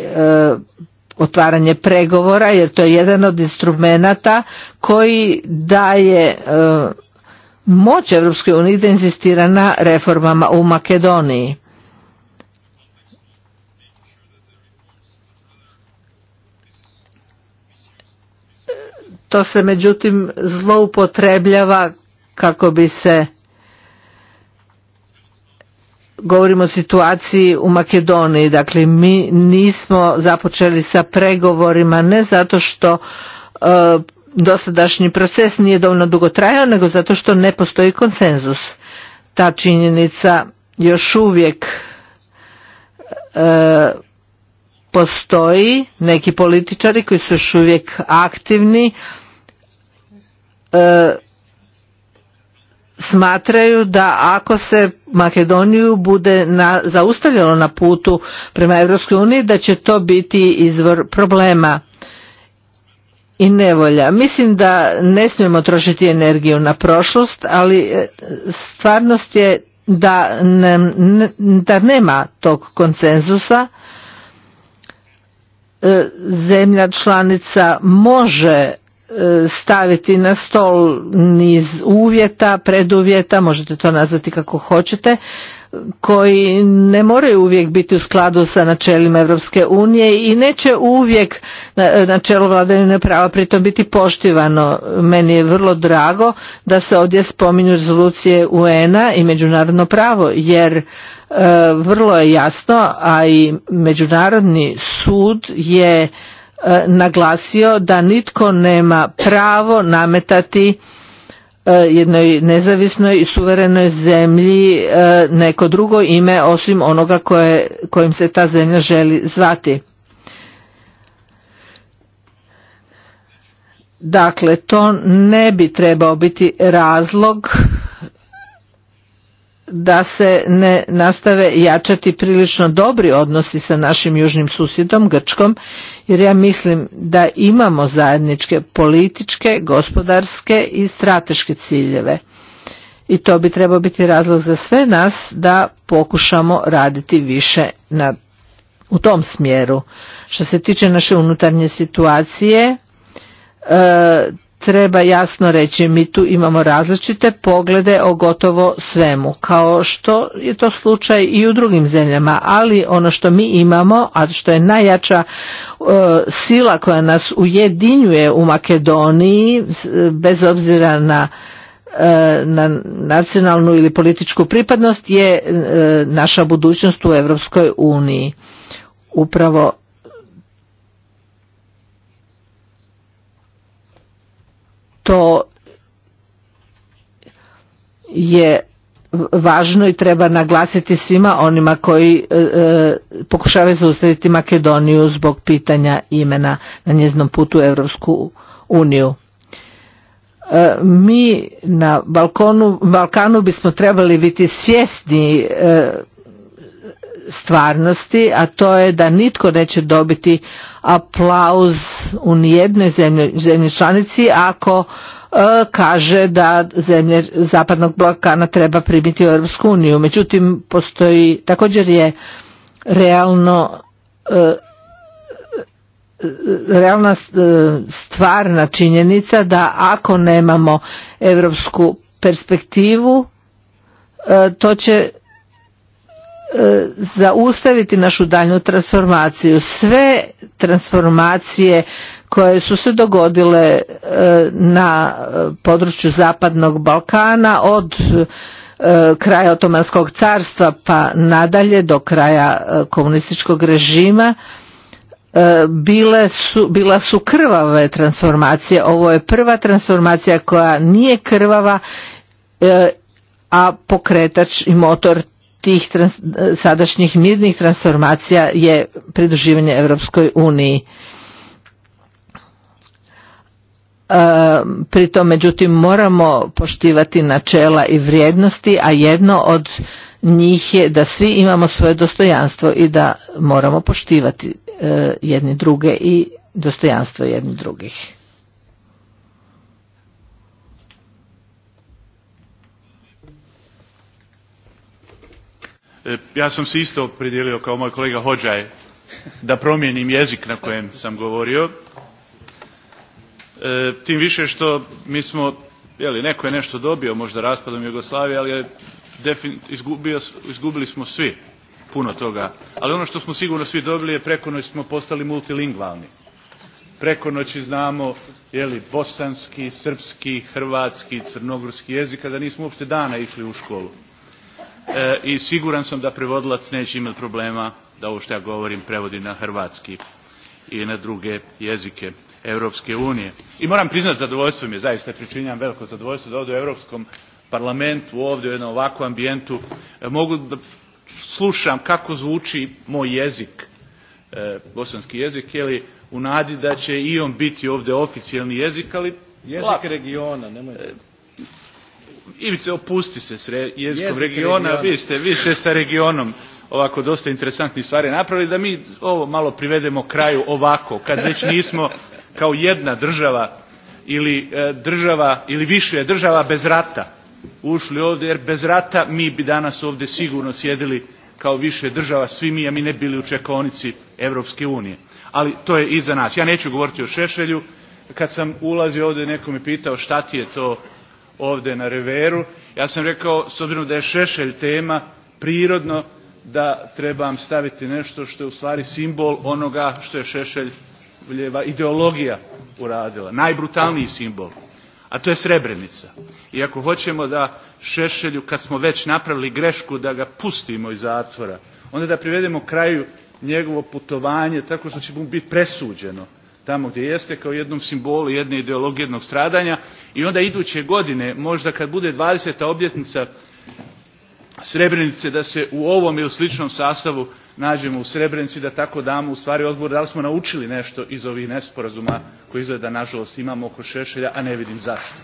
otvaranje pregovora jer to je jedan od instrumenata koji daje moć Europske unije da inzistira na reformama u Makedoniji. To se međutim zloupotrebljava kako bi se govorimo o situaciji u Makedoniji. Dakle, mi nismo započeli sa pregovorima ne zato što e, dosadašnji proces nije dovoljno dugo trajao nego zato što ne postoji konsenzus ta činjenica još uvijek e, postoji neki političari koji su još uvijek aktivni e, smatraju da ako se Makedoniju bude zaustavljalo na putu prema EU da će to biti izvor problema i nevolja. Mislim da ne smijemo trošiti energiju na prošlost, ali e, stvarnost je da, da nema tog konsenzusa. E, zemlja članica može e, staviti na stol niz uvjeta, preduvjeta, možete to nazvati kako hoćete, koji ne moraju uvijek biti u skladu sa načelima Europske unije i neće uvijek načelo vladavine prava pritom biti poštivano. Meni je vrlo drago da se ovdje spominju rezolucije UN-a i međunarodno pravo jer e, vrlo je jasno, a i međunarodni sud je e, naglasio da nitko nema pravo nametati E, jednoj nezavisnoj i suverenoj zemlji e, neko drugo ime osim onoga koje, kojim se ta zemlja želi zvati. Dakle, to ne bi trebao biti razlog da se ne nastave jačati prilično dobri odnosi sa našim južnim susjedom Grčkom jer ja mislim da imamo zajedničke političke, gospodarske i strateške ciljeve. I to bi trebao biti razlog za sve nas da pokušamo raditi više na, u tom smjeru. Što se tiče naše unutarnje situacije, e, treba jasno reći, mi tu imamo različite poglede o gotovo svemu, kao što je to slučaj i u drugim zemljama, ali ono što mi imamo, a što je najjača e, sila koja nas ujedinjuje u Makedoniji, bez obzira na e, na nacionalnu ili političku pripadnost je e, naša budućnost u Europskoj uniji. Upravo to je važno i treba naglasiti svima onima koji e, e, pokušavaju zaustaviti Makedoniju zbog pitanja imena na njeznom putu u Europsku uniju. E, mi na Balkanu bismo trebali biti svjesni stvarnosti, a to je da nitko neće dobiti aplauz u nijednoj zemlji, zemlji članici ako e, kaže da zemlje zapadnog blokana treba primiti u Europsku uniju. Međutim, postoji, također je realno e, e, realna stvarna činjenica da ako nemamo europsku perspektivu to će E, zaustaviti našu daljnju transformaciju. Sve transformacije koje su se dogodile e, na e, području Zapadnog Balkana od kraja Otomanskog carstva pa nadalje do kraja komunističkog režima bile su, bila su krvave transformacije. Ovo je prva transformacija koja nije krvava, a pokretač i motor tih e, sadašnjih mirnih transformacija je pridruživanje Europskoj uniji. E, pri tom, međutim, moramo poštivati načela i vrijednosti, a jedno od njih je da svi imamo svoje dostojanstvo i da moramo poštivati e, jedni druge i dostojanstvo jedni drugih. E, ja sam se isto opredijelio kao moj kolega Hođaj da promijenim jezik na kojem sam govorio. E, tim više što mi smo, jeli, neko je nešto dobio možda raspadom Jugoslavije, ali je izgubili smo svi puno toga. Ali ono što smo sigurno svi dobili je preko noći smo postali multilingvalni. Preko noći znamo jeli, bosanski, srpski, hrvatski, crnogorski jezik, a da nismo uopšte dana išli u školu E, i siguran sam da prevodilac neće imati problema da ovo što ja govorim prevodi na hrvatski i na druge jezike Europske unije. I moram priznati zadovoljstvo mi je, zaista pričinjam veliko zadovoljstvo da ovdje u Europskom parlamentu, ovdje u jednom ovakvom ambijentu e, mogu da slušam kako zvuči moj jezik, e, bosanski jezik, je u nadi da će i on biti ovdje oficijalni jezik, ali jezik regiona, nemojte. Ivice, opusti se s jezikom regiona, Vi, ste, vi sa regionom ovako dosta interesantnih stvari napravili, da mi ovo malo privedemo kraju ovako, kad već nismo kao jedna država ili e, država ili više država bez rata ušli ovdje, jer bez rata mi bi danas ovdje sigurno sjedili kao više država, svi mi, a mi ne bili u čekonici Evropske unije. Ali to je iza nas. Ja neću govoriti o Šešelju. Kad sam ulazio ovdje, neko me pitao šta ti je to ovdje na reveru. Ja sam rekao, s obzirom da je šešelj tema, prirodno da trebam staviti nešto što je u stvari simbol onoga što je Šešeljeva ideologija uradila. Najbrutalniji simbol. A to je Srebrenica. I ako hoćemo da Šešelju, kad smo već napravili grešku, da ga pustimo iz zatvora, onda da privedemo kraju njegovo putovanje tako što će mu biti presuđeno tamo gdje jeste kao jednom simbolu jedne ideologije jednog stradanja i onda iduće godine možda kad bude 20. obljetnica Srebrenice da se u ovom ili sličnom sastavu nađemo u Srebrenici da tako damo stvari odgovor da li smo naučili nešto iz ovih nesporazuma koji izgleda nažalost imamo oko Šešelja, a ne vidim zašto.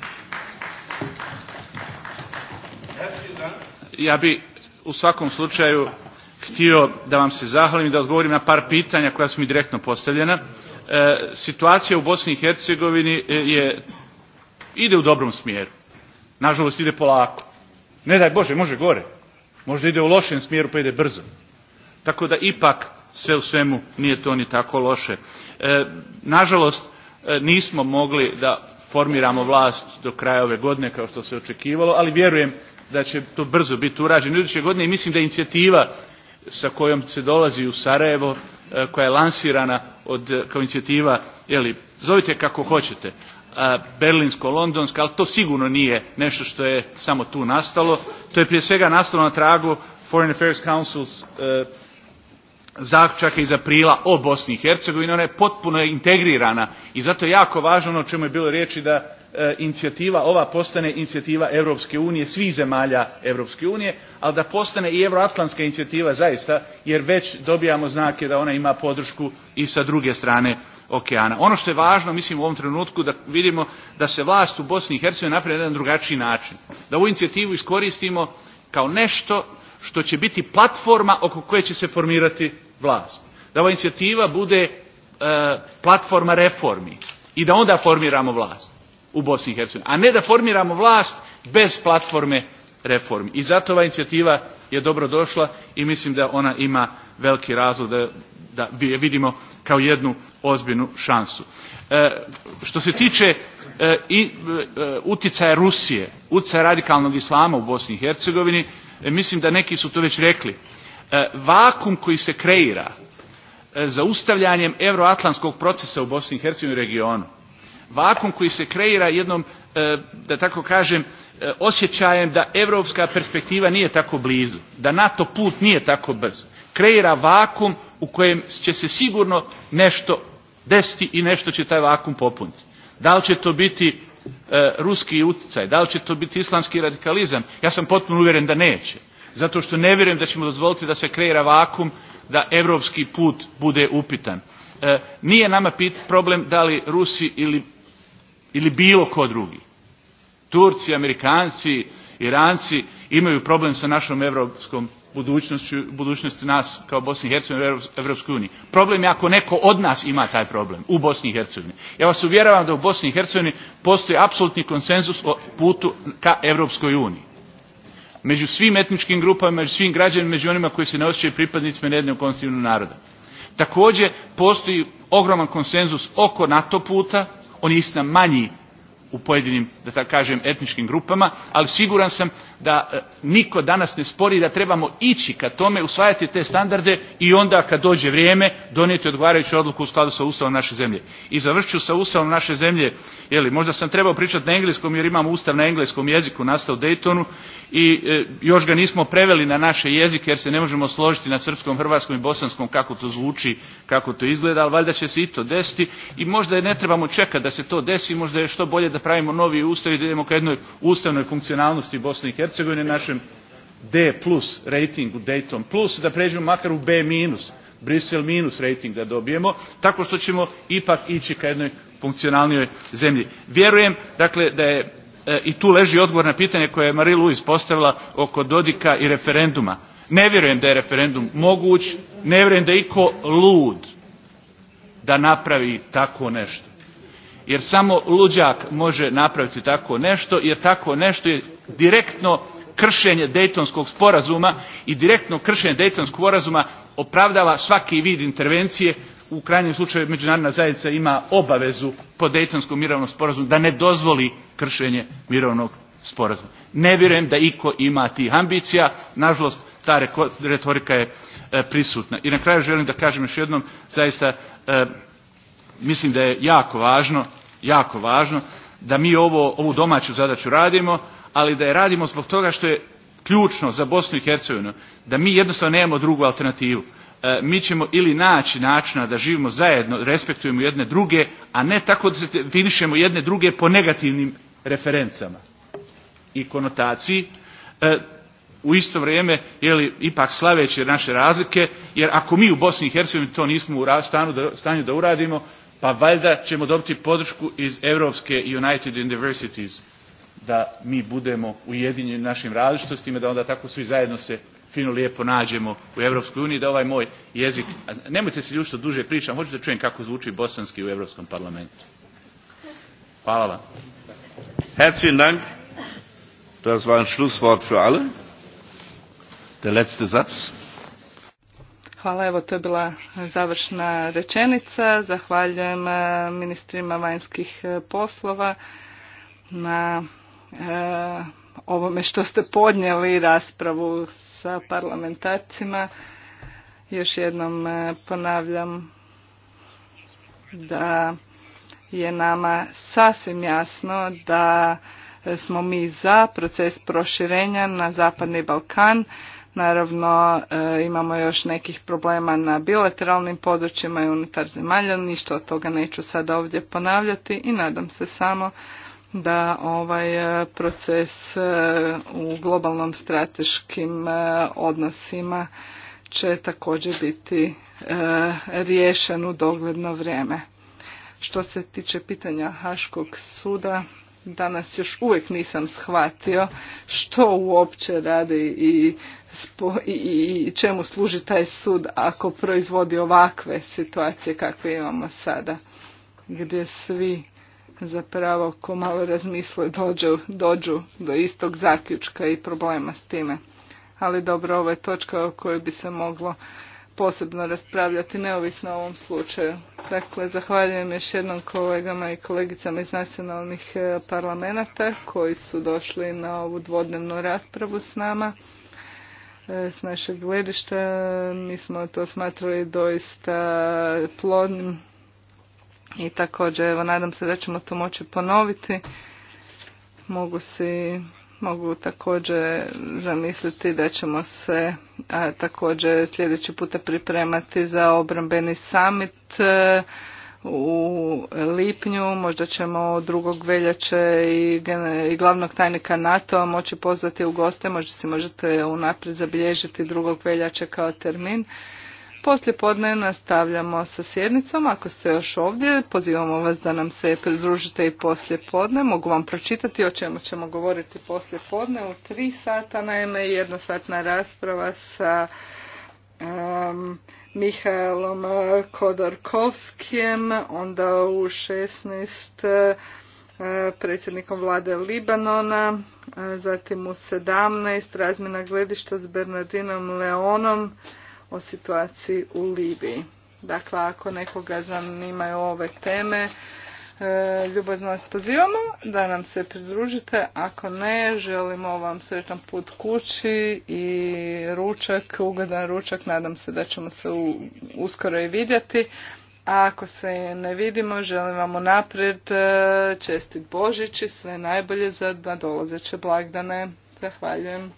Ja bi u svakom slučaju htio da vam se zahvalim i da odgovorim na par pitanja koja su mi direktno postavljena. E, situacija u Bosni i Hercegovini e, je, ide u dobrom smjeru. Nažalost ide polako. Ne daj Bože, može gore. Možda ide u lošem smjeru pa ide brzo. Tako da ipak sve u svemu nije to ni tako loše. E, nažalost nismo mogli da formiramo vlast do kraja ove godine kao što se očekivalo, ali vjerujem da će to brzo biti urađeno iduće godine i mislim da inicijativa sa kojom se dolazi u Sarajevo E, koja je lansirana od, e, kao inicijativa, jeli, zovite kako hoćete, e, berlinsko-londonska, ali to sigurno nije nešto što je samo tu nastalo. To je prije svega nastalo na tragu Foreign Affairs Council's zaključaka iz aprila o Bosni i Hercegovini, ona je potpuno integrirana i zato je jako važno ono o čemu je bilo riječi da e, inicijativa ova postane inicijativa Europske unije, svih zemalja Europske unije, ali da postane i euroatlantska inicijativa zaista, jer već dobijamo znake da ona ima podršku i sa druge strane okeana. Ono što je važno, mislim u ovom trenutku, da vidimo da se vlast u Bosni i Hercegovini napravi na jedan drugačiji način. Da ovu inicijativu iskoristimo kao nešto što će biti platforma oko koje će se formirati vlast. Da ova inicijativa bude e, platforma reformi i da onda formiramo vlast u Bosni i Hercegovini. A ne da formiramo vlast bez platforme reformi. I zato ova inicijativa je dobro došla i mislim da ona ima veliki razlog da, da je vidimo kao jednu ozbiljnu šansu. E, što se tiče e, i utjecaja Rusije, utjecaja radikalnog islama u Bosni i Hercegovini, mislim da neki su to već rekli. E, vakum koji se kreira e, zaustavljanjem euroatlantskog procesa u Bosni i regionu. Vakum koji se kreira jednom, e, da tako kažem, osjećajem da europska perspektiva nije tako blizu, da NATO put nije tako brz. Kreira vakum u kojem će se sigurno nešto desiti i nešto će taj vakum popuniti. Da li će to biti ruski utjecaj, da li će to biti islamski radikalizam, ja sam potpuno uvjeren da neće zato što ne vjerujem da ćemo dozvoliti da se kreira vakum da europski put bude upitan. E, nije nama problem da li Rusi ili, ili bilo ko drugi. Turci, Amerikanci, Iranci imaju problem sa našom europskom budućnošću, budućnosti nas kao Bosni i Hercegovini u Europskoj uniji. Problem je ako neko od nas ima taj problem u Bosni i Hercegovini. Ja vas uvjeravam da u Bosni i Hercegovini postoji apsolutni konsenzus o putu ka Europskoj uniji među svim etničkim grupama, među svim građanima, među onima koji se ne osjećaju pripadnicima jednog konstitutivnog naroda. Također postoji ogroman konsenzus oko NATO puta, on je istina manji u pojedinim, da tako kažem, etničkim grupama, ali siguran sam da e, niko danas ne spori da trebamo ići ka tome, usvajati te standarde i onda kad dođe vrijeme donijeti odgovarajuću odluku u skladu sa Ustavom naše zemlje. I završću sa Ustavom naše zemlje, je možda sam trebao pričati na engleskom jer imamo Ustav na engleskom jeziku nastao u Daytonu i e, još ga nismo preveli na naše jezike jer se ne možemo složiti na srpskom, hrvatskom i bosanskom kako to zvuči, kako to izgleda, ali valjda će se i to desiti i možda ne trebamo čekati da se to desi, možda je što bolje da pravimo novi ustav i da idemo ka jednoj ustavnoj funkcionalnosti Bosne i Hercegovine, našem D plus rejtingu, Dayton plus, da pređemo makar u B minus, Brisel minus rejting da dobijemo, tako što ćemo ipak ići ka jednoj funkcionalnijoj zemlji. Vjerujem, dakle, da je e, i tu leži odgovor na pitanje koje je Marie Louise postavila oko Dodika i referenduma. Ne vjerujem da je referendum moguć, ne vjerujem da je iko lud da napravi tako nešto. Jer samo luđak može napraviti tako nešto, jer tako nešto je direktno kršenje Dejtonskog sporazuma i direktno kršenje Dejtonskog sporazuma opravdava svaki vid intervencije. U krajnjem slučaju međunarodna zajednica ima obavezu po Dejtonskom mirovnom sporazumu da ne dozvoli kršenje mirovnog sporazuma. Ne vjerujem da iko ima tih ambicija, nažalost ta retorika je e, prisutna. I na kraju želim da kažem još jednom, zaista e, mislim da je jako važno, jako važno da mi ovo, ovu domaću zadaću radimo, ali da je radimo zbog toga što je ključno za Bosnu i Hercegovinu, da mi jednostavno nemamo drugu alternativu. E, mi ćemo ili naći načina da živimo zajedno, respektujemo jedne druge, a ne tako da se finišemo jedne druge po negativnim referencama i konotaciji, e, u isto vrijeme li ipak slaveći naše razlike, jer ako mi u Bosni i Hercegovini to nismo u da, stanju da uradimo, pa valjda ćemo dobiti podršku iz Europske United Universities da mi budemo ujedinjeni našim različitostima, da onda tako svi zajedno se fino lijepo nađemo u Europskoj uniji, da ovaj moj jezik, nemojte se ljušto duže pričam, hoću da čujem kako zvuči bosanski u Europskom parlamentu. Hvala vam. Herzlichen Dank. Das war ein Schlusswort für alle. Der letzte Satz. Hvala, evo to je bila završna rečenica. Zahvaljujem eh, ministrima vanjskih eh, poslova na E, ovome što ste podnijeli raspravu sa parlamentarcima. Još jednom e, ponavljam da je nama sasvim jasno da smo mi za proces proširenja na Zapadni Balkan. Naravno e, imamo još nekih problema na bilateralnim područjima i unutar zemalja, ništa od toga neću sada ovdje ponavljati i nadam se samo da ovaj e, proces e, u globalnom strateškim e, odnosima će također biti riješen u dogledno vrijeme. Što se tiče pitanja Haškog suda, danas još uvijek nisam shvatio što uopće radi i, i čemu služi taj sud ako proizvodi ovakve situacije kakve imamo sada, gdje svi zapravo ko malo razmisle dođu, dođu do istog zaključka i problema s time. Ali dobro, ovo je točka o kojoj bi se moglo posebno raspravljati neovisno o ovom slučaju. Dakle, zahvaljujem još jednom kolegama i kolegicama iz nacionalnih e, parlamenta koji su došli na ovu dvodnevnu raspravu s nama. E, s našeg gledišta mi smo to smatrali doista plodnim i također, evo, nadam se da ćemo to moći ponoviti. Mogu si mogu također zamisliti da ćemo se a, također sljedeći puta pripremati za obrambeni summit e, u lipnju, možda ćemo drugog veljače i, i glavnog tajnika NATO moći pozvati u goste, možda si možete unaprijed zabilježiti drugog veljače kao termin. Poslije podne nastavljamo sa sjednicom. Ako ste još ovdje, pozivamo vas da nam se pridružite i poslije podne. Mogu vam pročitati o čemu ćemo govoriti poslije podne. U tri sata, naime, jednosatna rasprava sa um, Mihaelom Kodorkovskijem, onda u 16 e, predsjednikom vlade Libanona, e, zatim u 17 razmjena gledišta s Bernardinom Leonom, o situaciji u Libiji. Dakle, ako nekoga zanimaju ove teme, e, ljubazno vas pozivamo da nam se pridružite. Ako ne, želimo vam sretan put kući i ručak, ugodan ručak. Nadam se da ćemo se uskoro i vidjeti. A ako se ne vidimo, želim vam unaprijed e, čestit Božić i sve najbolje za nadolazeće blagdane. Zahvaljujem.